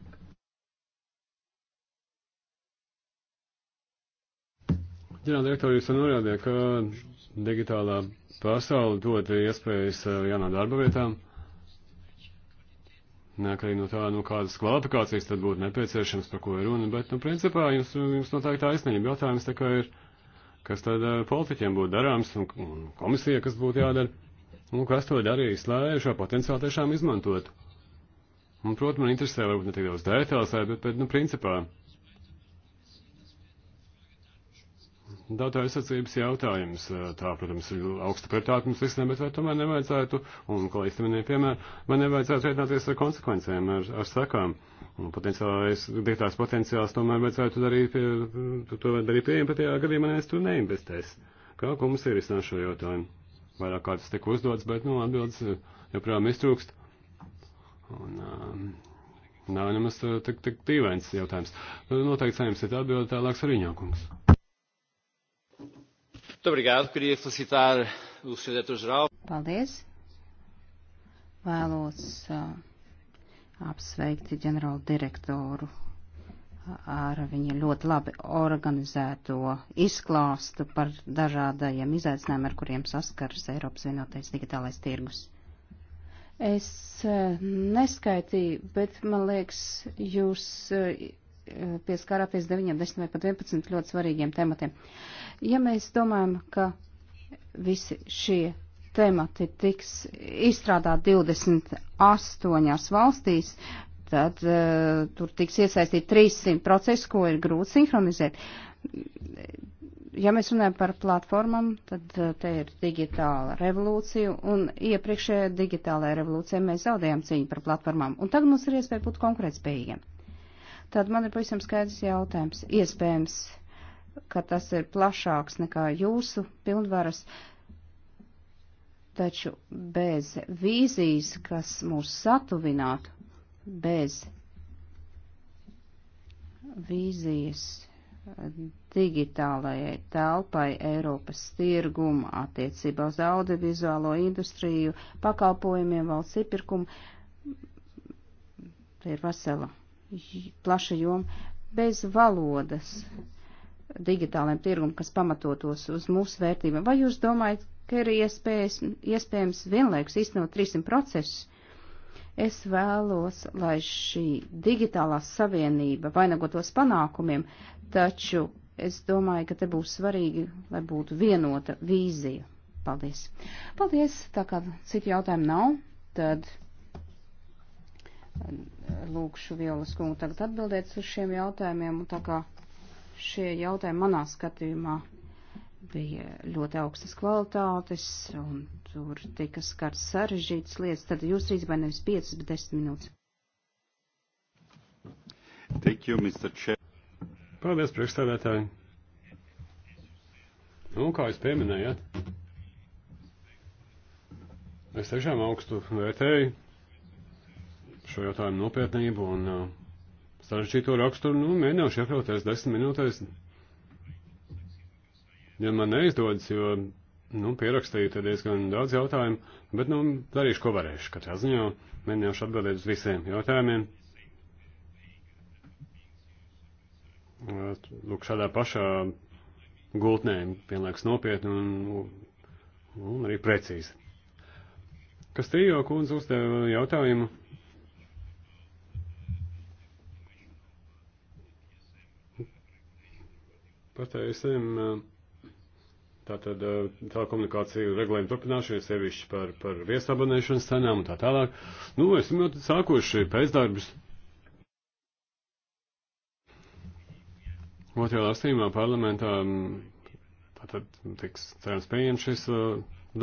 Ģenerāldirektori, jūs norādījāt, ka digitālā pasaule dod iespējas uh, jaunām darba vietām. Neatkarīgi no tā, nu, kādas kvalifikācijas tad būtu nepieciešams, par ko ir runa, bet, nu, principā jums, jums noteikti taisnība. Jautājums tikai ir kas tad politiķiem būtu darāms un komisija, kas būtu jādara, un kas to darīs, lai šo potenciālu tiešām izmantotu. Un, protams, man interesē varbūt ne tik daudz detaļās, bet, bet, nu, principā Dautāju sacības jautājums, tā, protams, ir augsta prioritāte mums visiem, bet vai tomēr nevajadzētu, un kolēģis minēja piemēru, vai nevajadzētu rēķināties ar konsekvencēm, ar, ar sakām. Potenciālais, diktās potenciāls tomēr vajadzētu darīt, pie, to darīt pieejam, bet tajā gadījumā es tur neinvestēs. Kā, ko mums ir iznāšu šo jautājumu? Vairāk kā tas tika uzdots, bet, nu, atbildes joprojām iztrūkst. Un, um, Nav nemaz tik, tik tīvains jautājums. Nu, noteikti saņemsiet atbildi tālāk Sariņākums. Muito obrigado. Queria felicitar o Sr. Diretor-Geral. Paldies. Vēlos uh, apsveikt ģenerālu direktoru uh, ar viņa ļoti labi organizēto izklāstu par dažādajiem izaicinājumiem, ar kuriem saskaras Eiropas vienotais digitālais tirgus. Es uh, neskaitīju, bet man liekas, jūs uh, pieskārāties 9, 10 vai pat 11 ļoti svarīgiem tematiem. Ja mēs domājam, ka visi šie temati tiks izstrādāti 28 valstīs, tad uh, tur tiks iesaistīt 300 procesu, ko ir grūti sinhronizēt. Ja mēs runājam par platformām, tad uh, te ir digitāla revolūcija, un iepriekšējā digitālajā revolūcijā mēs zaudējām cīņu par platformām, un tagad mums ir iespēja būt konkurētspējīgiem tad man ir pavisam skaidrs jautājums. Iespējams, ka tas ir plašāks nekā jūsu pilnvaras, taču bez vīzijas, kas mūs satuvinātu, bez vīzijas digitālajai telpai Eiropas tirguma attiecībā uz audiovizuālo industriju, pakalpojumiem, valsts iepirkumu. Te ir vesela plaša joma, bez valodas digitālajiem tirgumam, kas pamatotos uz mūsu vērtībām. Vai jūs domājat, ka ir iespējas, iespējams vienlaikus īstenot 300 procesus? Es vēlos, lai šī digitālā savienība vainagotos panākumiem, taču es domāju, ka te būs svarīgi, lai būtu vienota vīzija. Paldies. Paldies, tā kā citu jautājumu nav, tad lūkšu Violas kungu tagad atbildēt uz šiem jautājumiem, un tā kā šie jautājumi manā skatījumā bija ļoti augstas kvalitātes, un tur tika skarts sarežģītas lietas, tad jūs rīcībā nevis 5, bet 10 minūtes. Thank you, Mr. Chair. Paldies, priekšstādētāji. Nu, kā jūs pieminējāt, es tiešām augstu vērtēju šo jautājumu nopietnību un uh, sarežģīto raksturu, nu, mēģināšu iekļauties desmit minūtēs. Ja man neizdodas, jo, nu, pierakstīju tad diezgan daudz jautājumu, bet, nu, darīšu, ko varēšu. Katrā ziņā mēģināšu atbildēt uz visiem jautājumiem. Uh, lūk, šādā pašā gultnē, vienlaiks nopietni un, un, un arī precīzi. Kas tījo kundze uzdeva jautājumu Par teiksim, eh, tātad eh, telekomunikāciju regulējumu turpināšanu, sevišķi par, par viesabonēšanas cenām un tā tālāk. Nu, esam jau sākuši pēcdarbus. Otrajā lasījumā parlamentā mm, tātad tiks cerams pieņemt šis uh,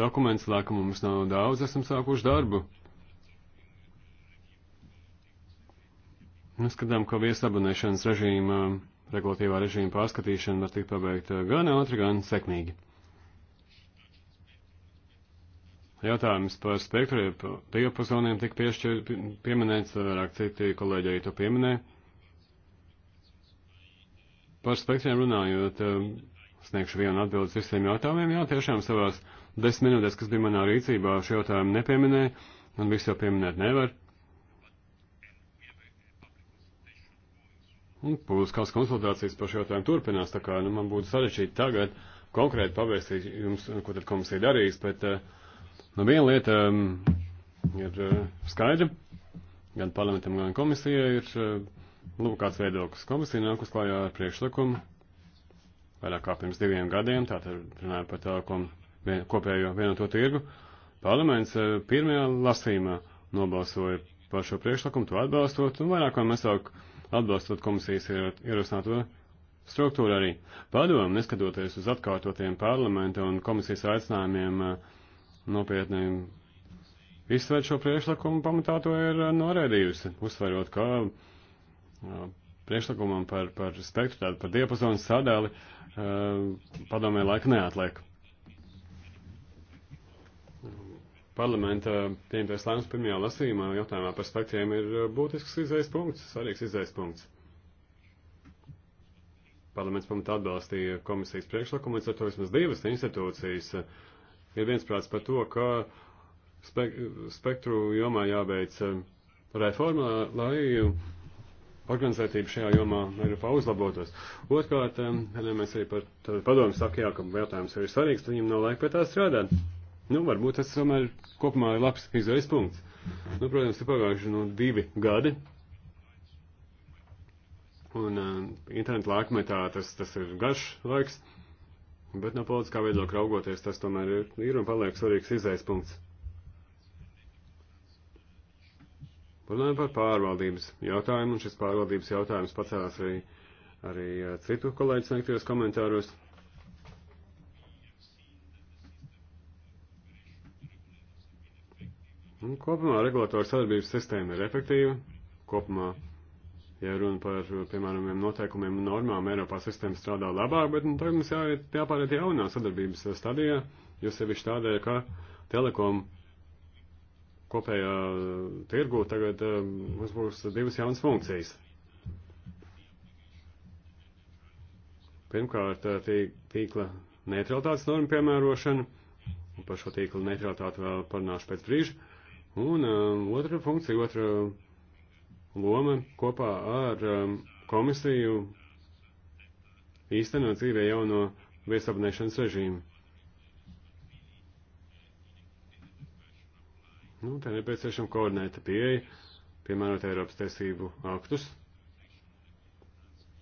dokuments, laikam mums nav daudz, esam sākuši darbu. Mēs nu, skatām, ka viesabonēšanas režīma uh, regulatīvā režīma pārskatīšana var tikt pabeigta gan ātri, gan sekmīgi. Jautājums par spektru diapazoniem tika piešķir, pieminēts, vairāk citi kolēģi arī to pieminē. Par spektriem runājot, um, sniegšu vienu atbildes visiem jautājumiem. Jā, tiešām savās desmit minūtēs, kas bija manā rīcībā, šo jautājumu nepieminēja, un visu jau pieminēt nevar. Un publiskās konsultācijas par šo jautājumu turpinās, tā kā nu, man būtu sarežģīti tagad konkrēti pavēstīt jums, ko tad komisija darīs, bet eh, nu, viena lieta mm, ir eh, skaidra, gan parlamentam, gan komisijai ir eh, lūk kāds viedoklis. Komisija nāk uz klājā ar priekšlikumu vairāk kā pirms diviem gadiem, tātad runāja par telekom vien, kopējo vienoto tirgu. Parlaments pirmajā lasījumā nobalsoja par šo priekšlikumu, to atbalstot, un vairāk vai mazāk. Vēl atbalstot komisijas ierosināto struktūru arī. Padomu, neskatoties uz atkārtotiem parlamenta un komisijas aicinājumiem eh, nopietni izsvērt šo priekšlikumu, pamatā to ir eh, norēdījusi, uzsverot, ka eh, priekšlikumam par, par spektru, tādu par diapazonu sadali padomē laika neatliek. parlamenta pieņemtais lēmums pirmajā lasījumā jautājumā par spektriem ir eh, būtisks izējas punkts, svarīgs izējas punkts. Parlaments pamatā atbalstīja komisijas priekšlikumu, līdz ar to vismaz divas institūcijas eh, ir viensprāts par to, ka spek spektru jomā jābeidz eh, reforma, lai organizētība šajā jomā Eiropā uzlabotos. Otkārt, ja mēs arī par padomu sakījām, ka jautājums ir svarīgs, tad viņam nav laika pie tā strādāt. Nu, varbūt tas tomēr kopumā ir labs izvēles punkts. Nu, protams, ir pagājuši nu, divi gadi. Un uh, eh, interneta laikmetā tas, tas ir garš laiks, bet no politiskā viedokļa raugoties, tas tomēr ir, ir un paliek svarīgs izvēles punkts. Runājot par pārvaldības jautājumu, un šis pārvaldības jautājums pacēlās arī, arī eh, citu kolēģu sniegtajos komentāros. Un kopumā regulatora sadarbības sistēma ir efektīva. Kopumā, ja runa par, piemēram, noteikumiem un normām, Eiropā sistēma strādā labāk, bet nu, tagad mums jā, jāpāriet jaunā sadarbības stadijā, jo sevišķi tādēļ, ka telekom kopējā uh, tirgu tagad uh, mums būs divas jaunas funkcijas. Pirmkārt, uh, tīkla neutralitātes norma piemērošana, un par šo tīkla neutralitāti vēl parunāšu pēc brīža. Un um, otra funkcija, otra loma kopā ar um, komisiju īstenot dzīvē jauno viesapnešanas režīmu. Nu, te nepieciešama koordinēta pieeja, piemērot Eiropas tiesību aktus.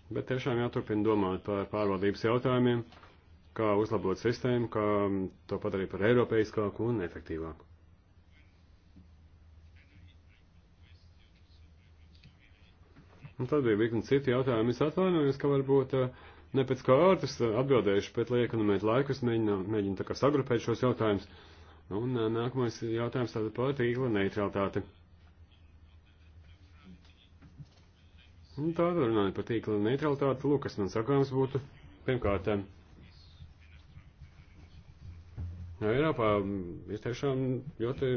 Bet tiešām jāturpina domāt par pārvaldības jautājumiem, kā uzlabot sistēmu, kā to padarīt par eiropeiskāku un efektīvāku. Un tad bija virkni citi jautājumi. Es atvainojos, ka varbūt eh, ne pēc kārtas eh, atbildējuši, bet, lai ekonomētu laikus, mēģinu, mēģinu tā kā sagrupēt šos jautājumus. Un eh, nākamais jautājums tāda par tīkla neutralitāti. Un tāda runāja par tīkla neutralitāti. Lūk, kas man sakāms būtu pirmkārt. Eiropā mm, ir tiešām ļoti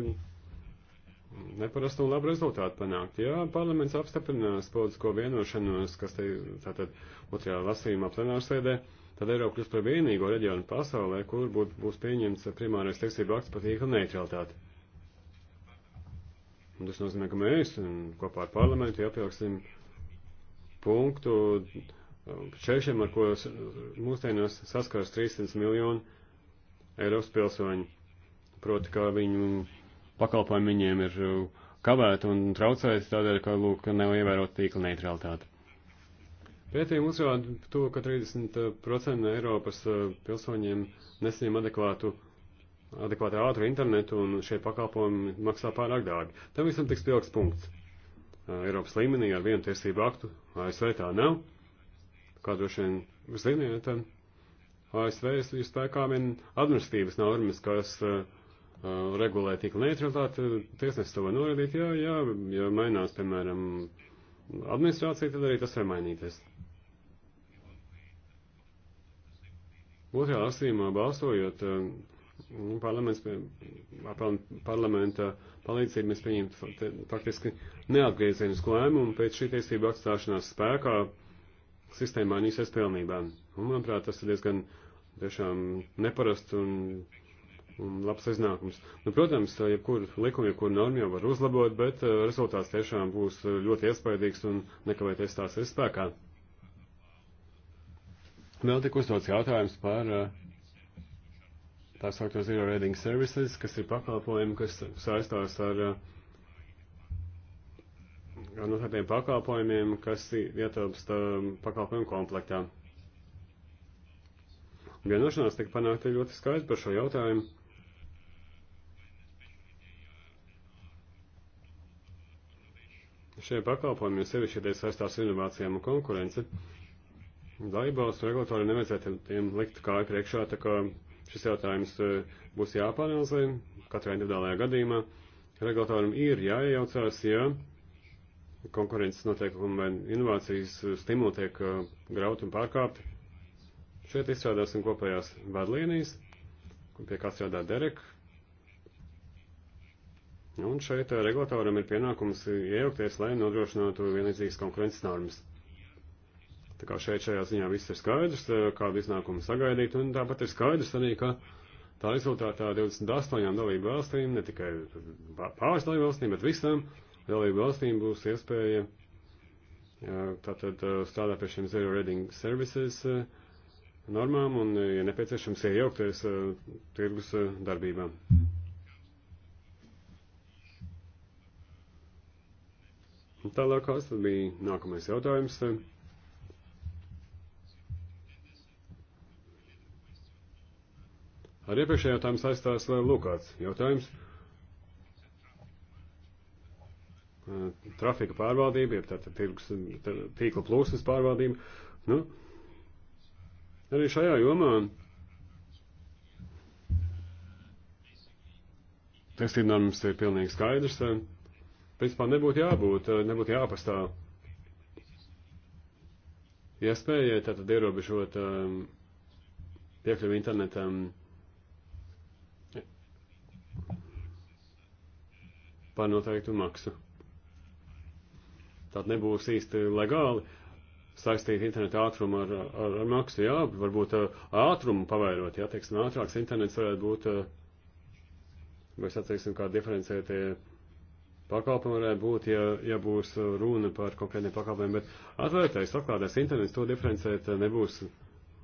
neparastu un labu rezultātu panākt. Jā, parlaments apstiprinās politisko vienošanos, kas te tātad otrajā lasījumā plenārsēdē, tad Eiropa kļūst par vienīgo reģionu pasaulē, kur būt, būs pieņemts primārais tiesību akts par tīkla neutralitāti. Un tas nozīmē, ka mēs kopā ar parlamentu iepielksim punktu um, šešiem, ar ko mūsdienās saskars 300 miljonu Eiropas pilsoņu. Proti, kā viņu pakalpojumi viņiem ir uh, kavēti un traucējas tādēļ, ka, lūk, nav ievērot tīkla neutralitāti. Pētījumi uzrāda to, ka 30% Eiropas uh, pilsoņiem nesaņem adekvātu, adekvātu ātru internetu un šie pakalpojumi maksā pārāk dārgi. Tam visam tiks pielikts punkts. Uh, Eiropas līmenī ar vienu tiesību aktu ASV tā nav. Kā droši vien ziniet, ASV ir spēkā vien administratīvas normas, kas uh, Eh, regulē tīkla neutralitāti, tiesnesis to var norādīt, jā, jā, ja mainās, piemēram, administrācija, tad arī tas var mainīties. Otrajā lasījumā balsojot, eh, parlaments, parlamenta palīdzību mēs pieņemt faktiski neatgriezenisku lēmumu pēc šī tiesība atstāšanās spēkā sistēmā nīsies pilnībā. Un, manuprāt, tas ir diezgan tiešām neparasts un un labs iznākums. Nu, protams, jebkuru likumu, jebkuru normu jau var uzlabot, bet eh, rezultāts tiešām būs eh, ļoti iespaidīgs un nekavēties tās ir spēkā. Vēl tik uzdots jautājums par eh, tā saucamo zero rating services, kas ir pakalpojumi, kas saistās ar, ar no tādiem pakalpojumiem, kas ietilpst pakalpojumu komplektā. Vienošanās tika panākta ļoti skaidri par šo jautājumu. Šie pakalpojumi, jo sevišķi, ja tie saistās inovācijām un konkurenci, dalībvalstu regulatori nevajadzētu tiem likt kā priekšā, tā kā šis jautājums eh, būs jāpanalizē katrā individuālajā gadījumā. Regulatoram ir jāiejaucās, ja konkurences noteikumi vai inovācijas eh, stimuli tiek eh, grauti un pārkāpti. Šeit izstrādāsim kopējās vadlīnijas, pie kā strādā Derek Un šeit eh, regulatoram ir pienākums iejaukties, lai nodrošinātu vienlīdzīgas konkurences normas. Tā kā šeit šajā ziņā viss ir skaidrs, eh, kādu iznākumu sagaidīt, un tāpat ir skaidrs arī, ka tā rezultātā 28 dalību valstīm, ne tikai pāris dalību valstīm, bet visām dalību valstīm būs iespēja eh, tātad strādāt pie šiem zero reading services normām un, ja nepieciešams, iejaukties tirgus darbībām. tālākās, tad bija nākamais jautājums. Ar iepriekšējā jautājumu saistās Lukāts jautājums. Trafika pārvaldība, jeb tātad tirgus, tīkla plūsmas pārvaldība. Nu, arī šajā jomā tiesībām mums ir pilnīgi skaidrs. Tā, principā nebūtu jābūt, eh, nebūtu jāpastāv iespējai ja tātad ierobežot um, piekļuvi internetam. par noteiktu maksu. Tad nebūs īsti legāli saistīt internetu ātrumu ar, ar, ar maksu. Jā, varbūt eh, ātrumu pavairot, ja teiksim, ātrāks internets varētu būt, vai eh, sacīsim, kā diferencētie pakalpojumu varētu būt, ja, ja būs runa par konkrētiem pakalpojumiem, bet atvērtais apkārtējais internets to diferencēt eh, nebūs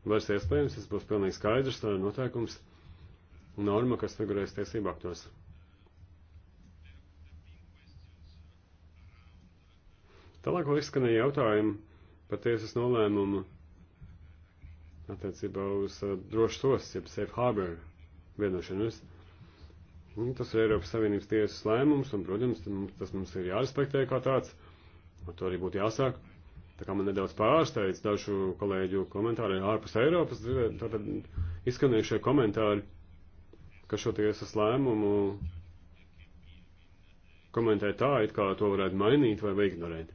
vairs iespējams, tas būs pilnīgi skaidrs noteikums, norma, kas figurēs tiesību aktos. Tālāk vēl izskanēja jautājumi par tiesas nolēmumu attiecībā uz eh, drošos, jeb safe harbor vienošanos. Un tas ir Eiropas Savienības tiesas lēmums, un, protams, tas mums ir jārespektē kā tāds. Ar to arī būtu jāsāk. Tā kā man nedaudz pārsteidz dažu kolēģu komentāri ārpus Eiropas, tātad izskanējušie komentāri, ka šo tiesas lēmumu komentē tā, it kā to varētu mainīt vai ignorēt.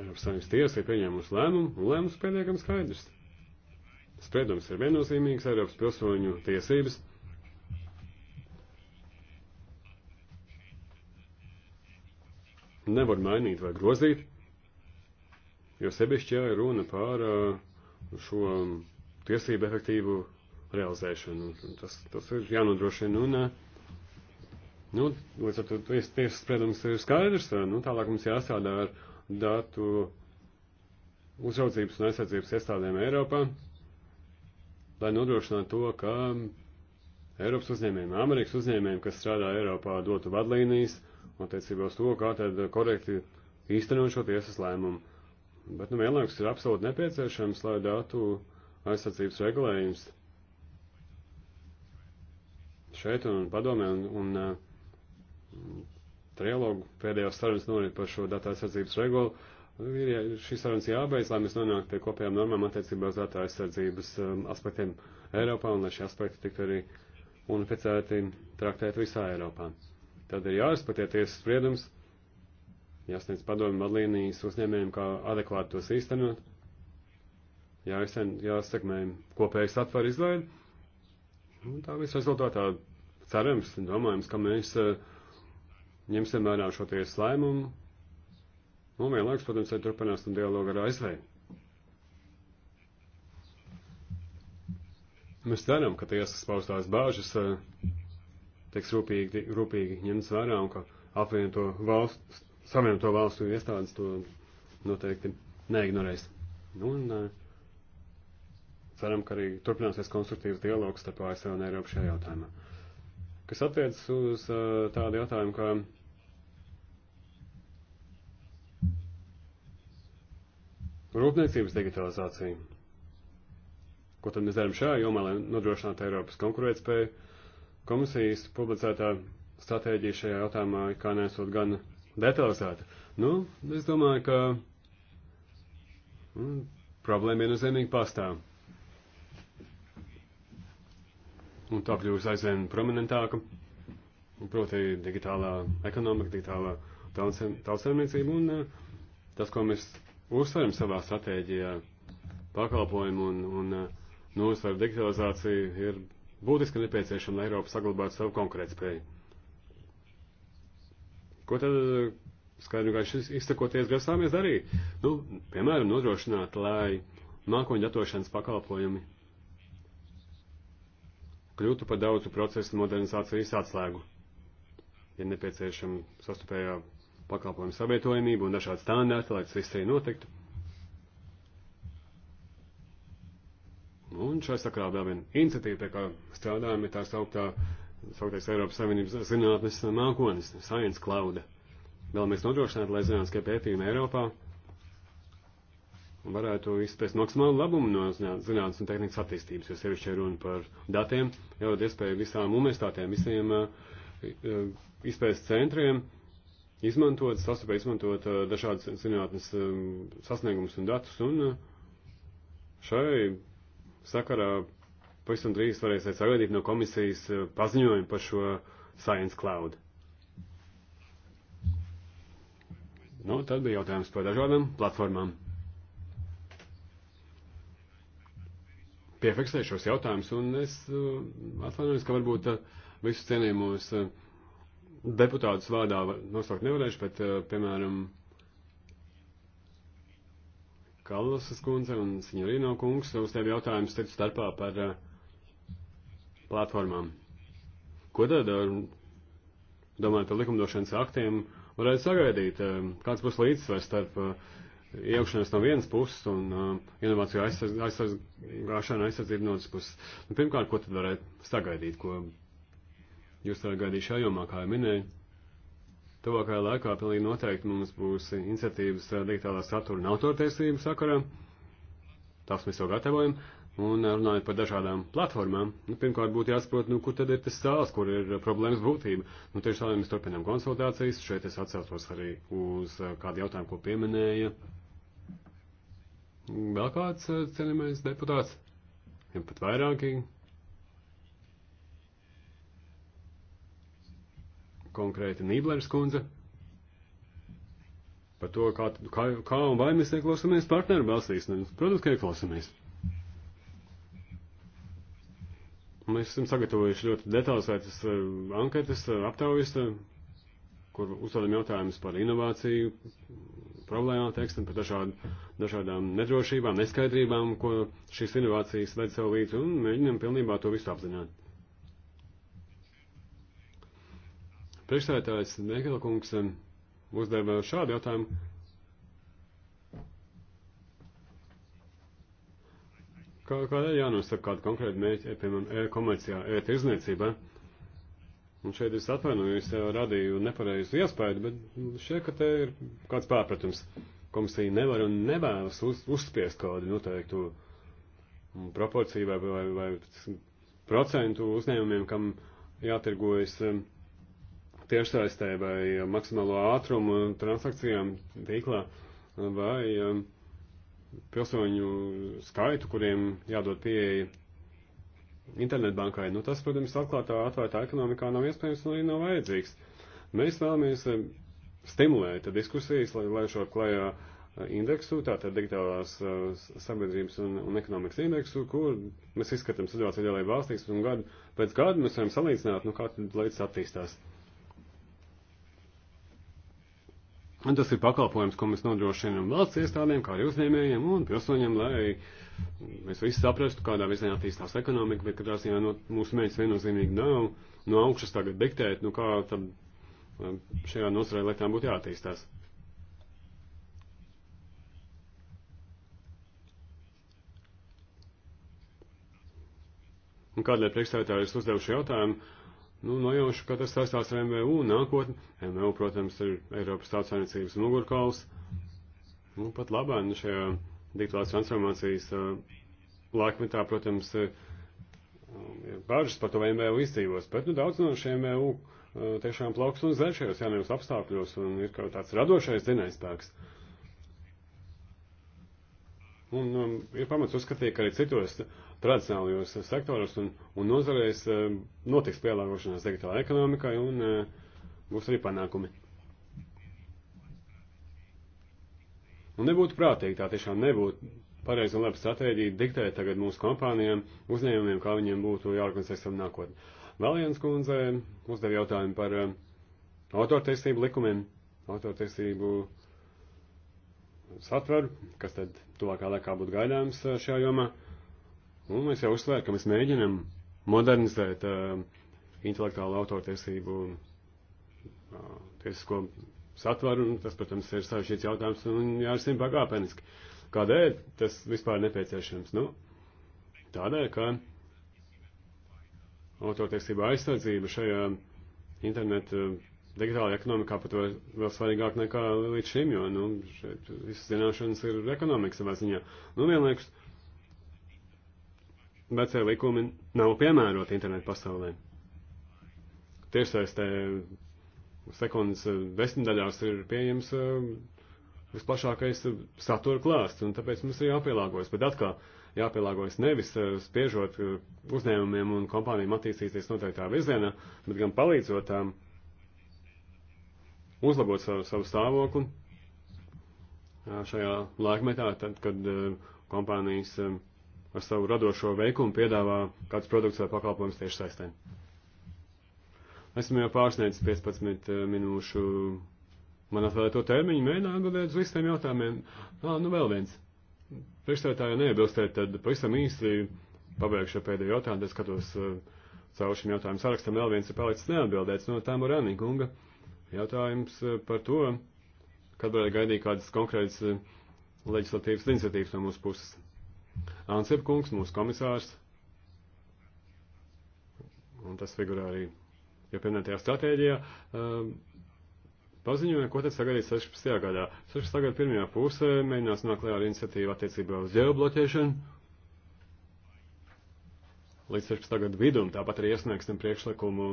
Eiropas Savienības tiesa ir pieņēmusi lēmumu, un lēmums pietiekami skaidrs. Spriedums ir viennozīmīgs Eiropas pilsoņu tiesības nevar mainīt vai grozīt, jo sevišķi, ja runa par uh, šo um, tiesību efektīvu realizēšanu, tas, tas ir jānodrošina. Un, uh, nu, līdz ar to ties, tiesas spriedums ir skaidrs, uh, nu, tālāk mums jāstrādā ar datu uzraudzības un aizsardzības iestādēm Eiropā, lai nodrošinātu to, ka Eiropas uzņēmējiem, Amerikas uzņēmējiem, kas strādā Eiropā, dotu vadlīnijas, attiecībā uz to, kā tad korekti īstenot šo tiesas lēmumu. Bet, nu, vienlaikus ir absolūti nepieciešams, lai datu aizsardzības regulējums šeit un padomē un, un, un uh, trilogu pēdējās sarunas norit par šo datu aizsardzības regulu. Ir jā, šīs sarunas jābeidz, lai mēs nonāktu pie kopējām normām attiecībā uz datu aizsardzības um, aspektiem Eiropā un lai šie aspekti tiktu arī unificēti traktēt visā Eiropā. Tad ir jārespektē tiesas spriedums, jāsniedz padomu vadlīnijas uzņēmējiem, kā adekvāti tos īstenot, jāizsien, jāsakmē kopējas atvaru izlaidu. Nu, un tā viss rezultātā cerams un domājams, ka mēs uh, ņemsim vērā šo tiesas lēmumu. Nu, un vienlaikus, protams, arī turpināsim dialogu ar ASV. Mēs ceram, ka tiesas paustās bāžas uh, tiks rūpīgi, rūpīgi ņemts vērā un ka apvienoto valstu, savienoto valstu iestādes to noteikti neignorēs. Un uh, ceram, ka arī turpināsies konstruktīvs dialogs starp ASV un Eiropu šajā jautājumā. Kas attiecas uz uh, tādu jautājumu, kā Rūpniecības digitalizācija. Ko tad mēs darām šajā jomā, lai nodrošinātu Eiropas konkurētspēju? Komisijas publicētā stratēģija šajā jautājumā kā nesot gan detalizēta. Nu, es domāju, ka nu, problēma viennozīmīgi pastāv. Un tā kļūst aizvien prominentāka. Proti digitālā ekonomika, digitālā tautsēmniecība un eh, tas, ko mēs uzsveram savā stratēģijā, pakalpojumu un, un, un eh, nu, uzsveru digitalizāciju, ir būtiski nepieciešama, lai Eiropa saglabātu savu konkurētspēju. Ko tad eh, skaidri vienkārši izsakoties grasāmies darīt? Nu, piemēram, nodrošināt, lai mākoņu datošanas pakalpojumi kļūtu par daudzu procesu modernizācijas atslēgu. Ir ja nepieciešama sastupējā pakalpojumu savietojamība un dažādi standarti, lai tas viss arī notiktu. Un šai sakarā vēl viena iniciatīva, pie kā strādājam, ir tā sauktā, sauktais Eiropas Savienības zinātnes mākonis, Science Cloud. Vēlamies nodrošināt, lai zinātniskie pētījumi Eiropā varētu izspēst maksimālu labumu no zinātnes un tehnikas attīstības, jo sevišķi runa par datiem, jādod iespēju visām universitātēm, visiem izspēst centriem izmantot, sastapē izmantot dažādas zinātnes sasniegumus un datus, un šai sakarā pavisam drīz varēsiet sagaidīt no komisijas eh, paziņojumu par šo Science Cloud. Nu, tad bija jautājums par dažādām platformām. Piefiksēju šos jautājumus, un es uh, atvainojos, ka varbūt uh, visus cienījumos uh, deputātus vārdā nosaukt nevarēšu, bet, piemēram, Kallasas kundze un Signorino kungs uzdev jautājumus starp starpā par uh, platformām. Ko tad, eh, domājot par likumdošanas aktiem, varētu sagaidīt? Uh, kāds būs līdzsvars starp uh, iejaukšanos no vienas puses un inovāciju aizsargāšanu aizsardz, aizsardzību no otras puses? Nu, pirmkārt, ko tad varētu sagaidīt, ko jūs varat gaidīt šajā jomā, kā jau minēju? Tuvākajā laikā pilnīgi noteikti mums būs iniciatīvas eh, digitālā satura un autortiesību sakarā. Tas mēs jau gatavojam. Un eh, runājot par dažādām platformām, nu, pirmkārt būtu jāsaprot, nu, kur tad ir tas stāsts, kur ir eh, problēmas būtība. Nu, tieši tādēļ mēs turpinām konsultācijas. Šeit es atsaucos arī uz kādu jautājumu, ko pieminēja. Vēl kāds cienījamais deputāts? Ja pat vairāki. konkrēti Nībleres kundze, par to, kā, kā, kā un vai mēs ieklausāmies partneru balsīs, un, nu, protams, ka ieklausāmies. Mēs esam sagatavojuši ļoti detalizētas uh, anketas, uh, aptaujas, uh, kur uzdodam jautājumus par inovāciju, problēmām, tekstam, par dažād, dažādām nedrošībām, neskaidrībām, ko šīs inovācijas ved sev līdzi, un mēģinam pilnībā to visu apzināt. Priekšstādātājs Nekilkungs uzdeva šādu jautājumu. Kā, kādēļ jānosaka kādu konkrētu mērķi, piemēram, e-komercijā, e-tirzniecībā? Un šeit es atvainojos, jau radīju nepareizu iespēju, bet šeit, ka te ir kāds pārpratums. Komisija nevar un nevēlas uz, uzspiest kādu noteiktu proporciju vai, vai, vai procentu uzņēmumiem, kam jātirgojas. Um, tiešsaistē vai maksimālo ātrumu transakcijām tīklā vai um, pilsoņu skaitu, kuriem jādod pieeja internetbankai. Nu, tas, protams, atklātā atvērtā ekonomikā nav iespējams un arī nav vajadzīgs. Mēs vēlamies um, stimulēt diskusijas, lai, lai šo klajā uh, indeksu, tātad digitālās uh, sabiedrības un, un ekonomikas indeksu, kur mēs izskatām situāciju lielai valstīs, un gadu pēc gada mēs varam salīdzināt, nu kā tad lietas attīstās. Uh, Un tas ir pakalpojums, ko mēs nodrošinam valsts iestādēm, kā arī uzņēmējiem un pilsoņiem, lai mēs visi saprastu, kādā virzienā attīstās ekonomika, bet katrā ziņā no, mūsu mērķis viennozīmīgi nav no augšas tagad diktēt, nu kā tad um, šajā nozarē lietām būtu jātīstās. Un kādēļ priekšstādātāji ir uzdevuši jautājumu, Nu, nojaušu, ka tas saistās ar MVU nākotni. MVU, protams, ir Eiropas tautsainicības mugurkauls. Nu, pat labāk, nu, šajā digitālās transformācijas uh, laikmetā, protams, ir uh, bažas par to, vai MVU izdzīvos, bet, nu, daudz no šiem MVU uh, tiešām plauks un zēr šajos jaunajos apstākļos un ir kaut tāds radošais zinājspēks. Un um, ir pamats uzskatīt, ka arī citos uh, tradicionālajos eh, sektoros un, un nozarēs eh, notiks pielāgošanās digitālajai ekonomikai un eh, būs arī panākumi. Un nu, nebūtu prātīgi, tā tiešām nebūtu pareizi un labi stratēģija diktēt tagad mūsu kompānijām, uzņēmumiem, kā viņiem būtu jāorganizē savu nākotni. Vēl viens kundze uzdev jautājumu par autortiesību likumiem, autortiesību satveru, kas tad tuvākā laikā būtu gaidāms šajā jomā. Un nu, es jau uzsvēru, ka mēs mēģinam modernizēt uh, intelektuālu autortiesību un uh, tiesisko satvaru, un tas, protams, ir sarežģīts jautājums un jārisina pakāpeniski. Kādēļ tas vispār nepieciešams? Nu, tādēļ, ka autortiesība aizsardzība šajā interneta digitālajā ekonomikā pat vēl, vēl svarīgāk nekā līdz šim, jo, nu, šeit visas zināšanas ir ekonomikas savā ziņā. Nu, vienlaikus, uh, vecie likumi nav piemēroti internetu pasaulē. Tiešsaistē sekundes eh, desmitdaļās ir pieejams eh, visplašākais eh, satura klāsts, un tāpēc mums ir jāpielāgojas. Bet atkal jāpielāgojas nevis spiežot uzņēmumiem un kompānijām attīstīties noteiktā virzienā, bet gan palīdzot tām uzlabot savu, savu stāvokli šajā laikmetā, tad, kad kompānijas ar savu radošo veikumu piedāvā kāds produkts vai pakalpojums tieši saistē. Esmu jau pārsniedzis 15 eh, minūšu man atvēlēto termiņu, mēģināju atbildēt uz visiem jautājumiem. Ā, nu vēl viens. Priekšstādātāja neiebilstēt, tad pavisam īsi pabeigšu pēdējo jautājumu, tad skatos eh, caur šim jautājumu sarakstam, vēl viens ir palicis neatbildēts no tām Urānī kunga. Jautājums eh, par to, kad varētu gaidīt kādas konkrētas leģislatīvas iniciatīvas no mūsu puses. Ansip kungs, mūsu komisārs, un tas figurā arī jau pieminētajā stratēģijā, ehm, paziņoja, ko tad sagaidīt 16. gadā. 16. gada pirmajā pusē mēģinās nākt klajā ar iniciatīvu attiecībā uz ģeobloķēšanu. Līdz 16. gada vidum tāpat arī iesniegsim priekšlikumu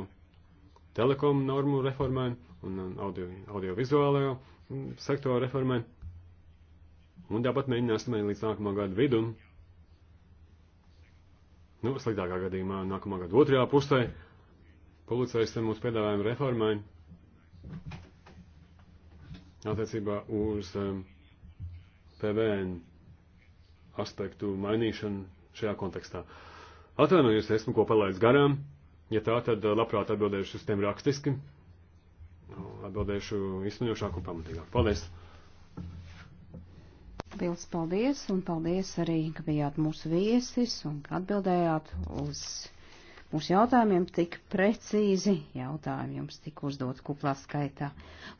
telekomu normu reformai un audio, audiovizuālajo sektoru reformai. Un tāpat mēģināsim arī līdz nākamā gada vidum Nu, sliktākā gadījumā nākamā gada otrajā pusē publicēsim mūsu piedāvājumu reformai attiecībā uz um, PVN aspektu mainīšanu šajā kontekstā. Atvainojos, esmu ko palaidis garām. Ja tā, tad uh, labprāt atbildēšu uz tiem rakstiski. Atbildēšu izsmeļošāk un pamatīgāk. Paldies! Liels paldies un paldies arī, ka bijāt mūsu viesis un atbildējāt uz mūsu jautājumiem tik precīzi. Jautājumi jums tika uzdot kuplā skaitā.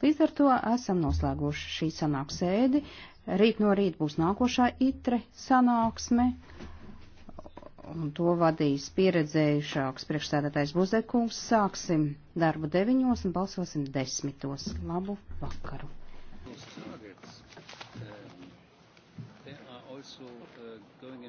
Līdz ar to esam noslēguši šī sanāksēdi. Rīt no rīt būs nākošā itre sanāksme. Un to vadīs pieredzējušāks priekšstādātais Buzekungs. Sāksim darbu deviņos un balsosim desmitos. Labu vakaru! Yes, also uh, going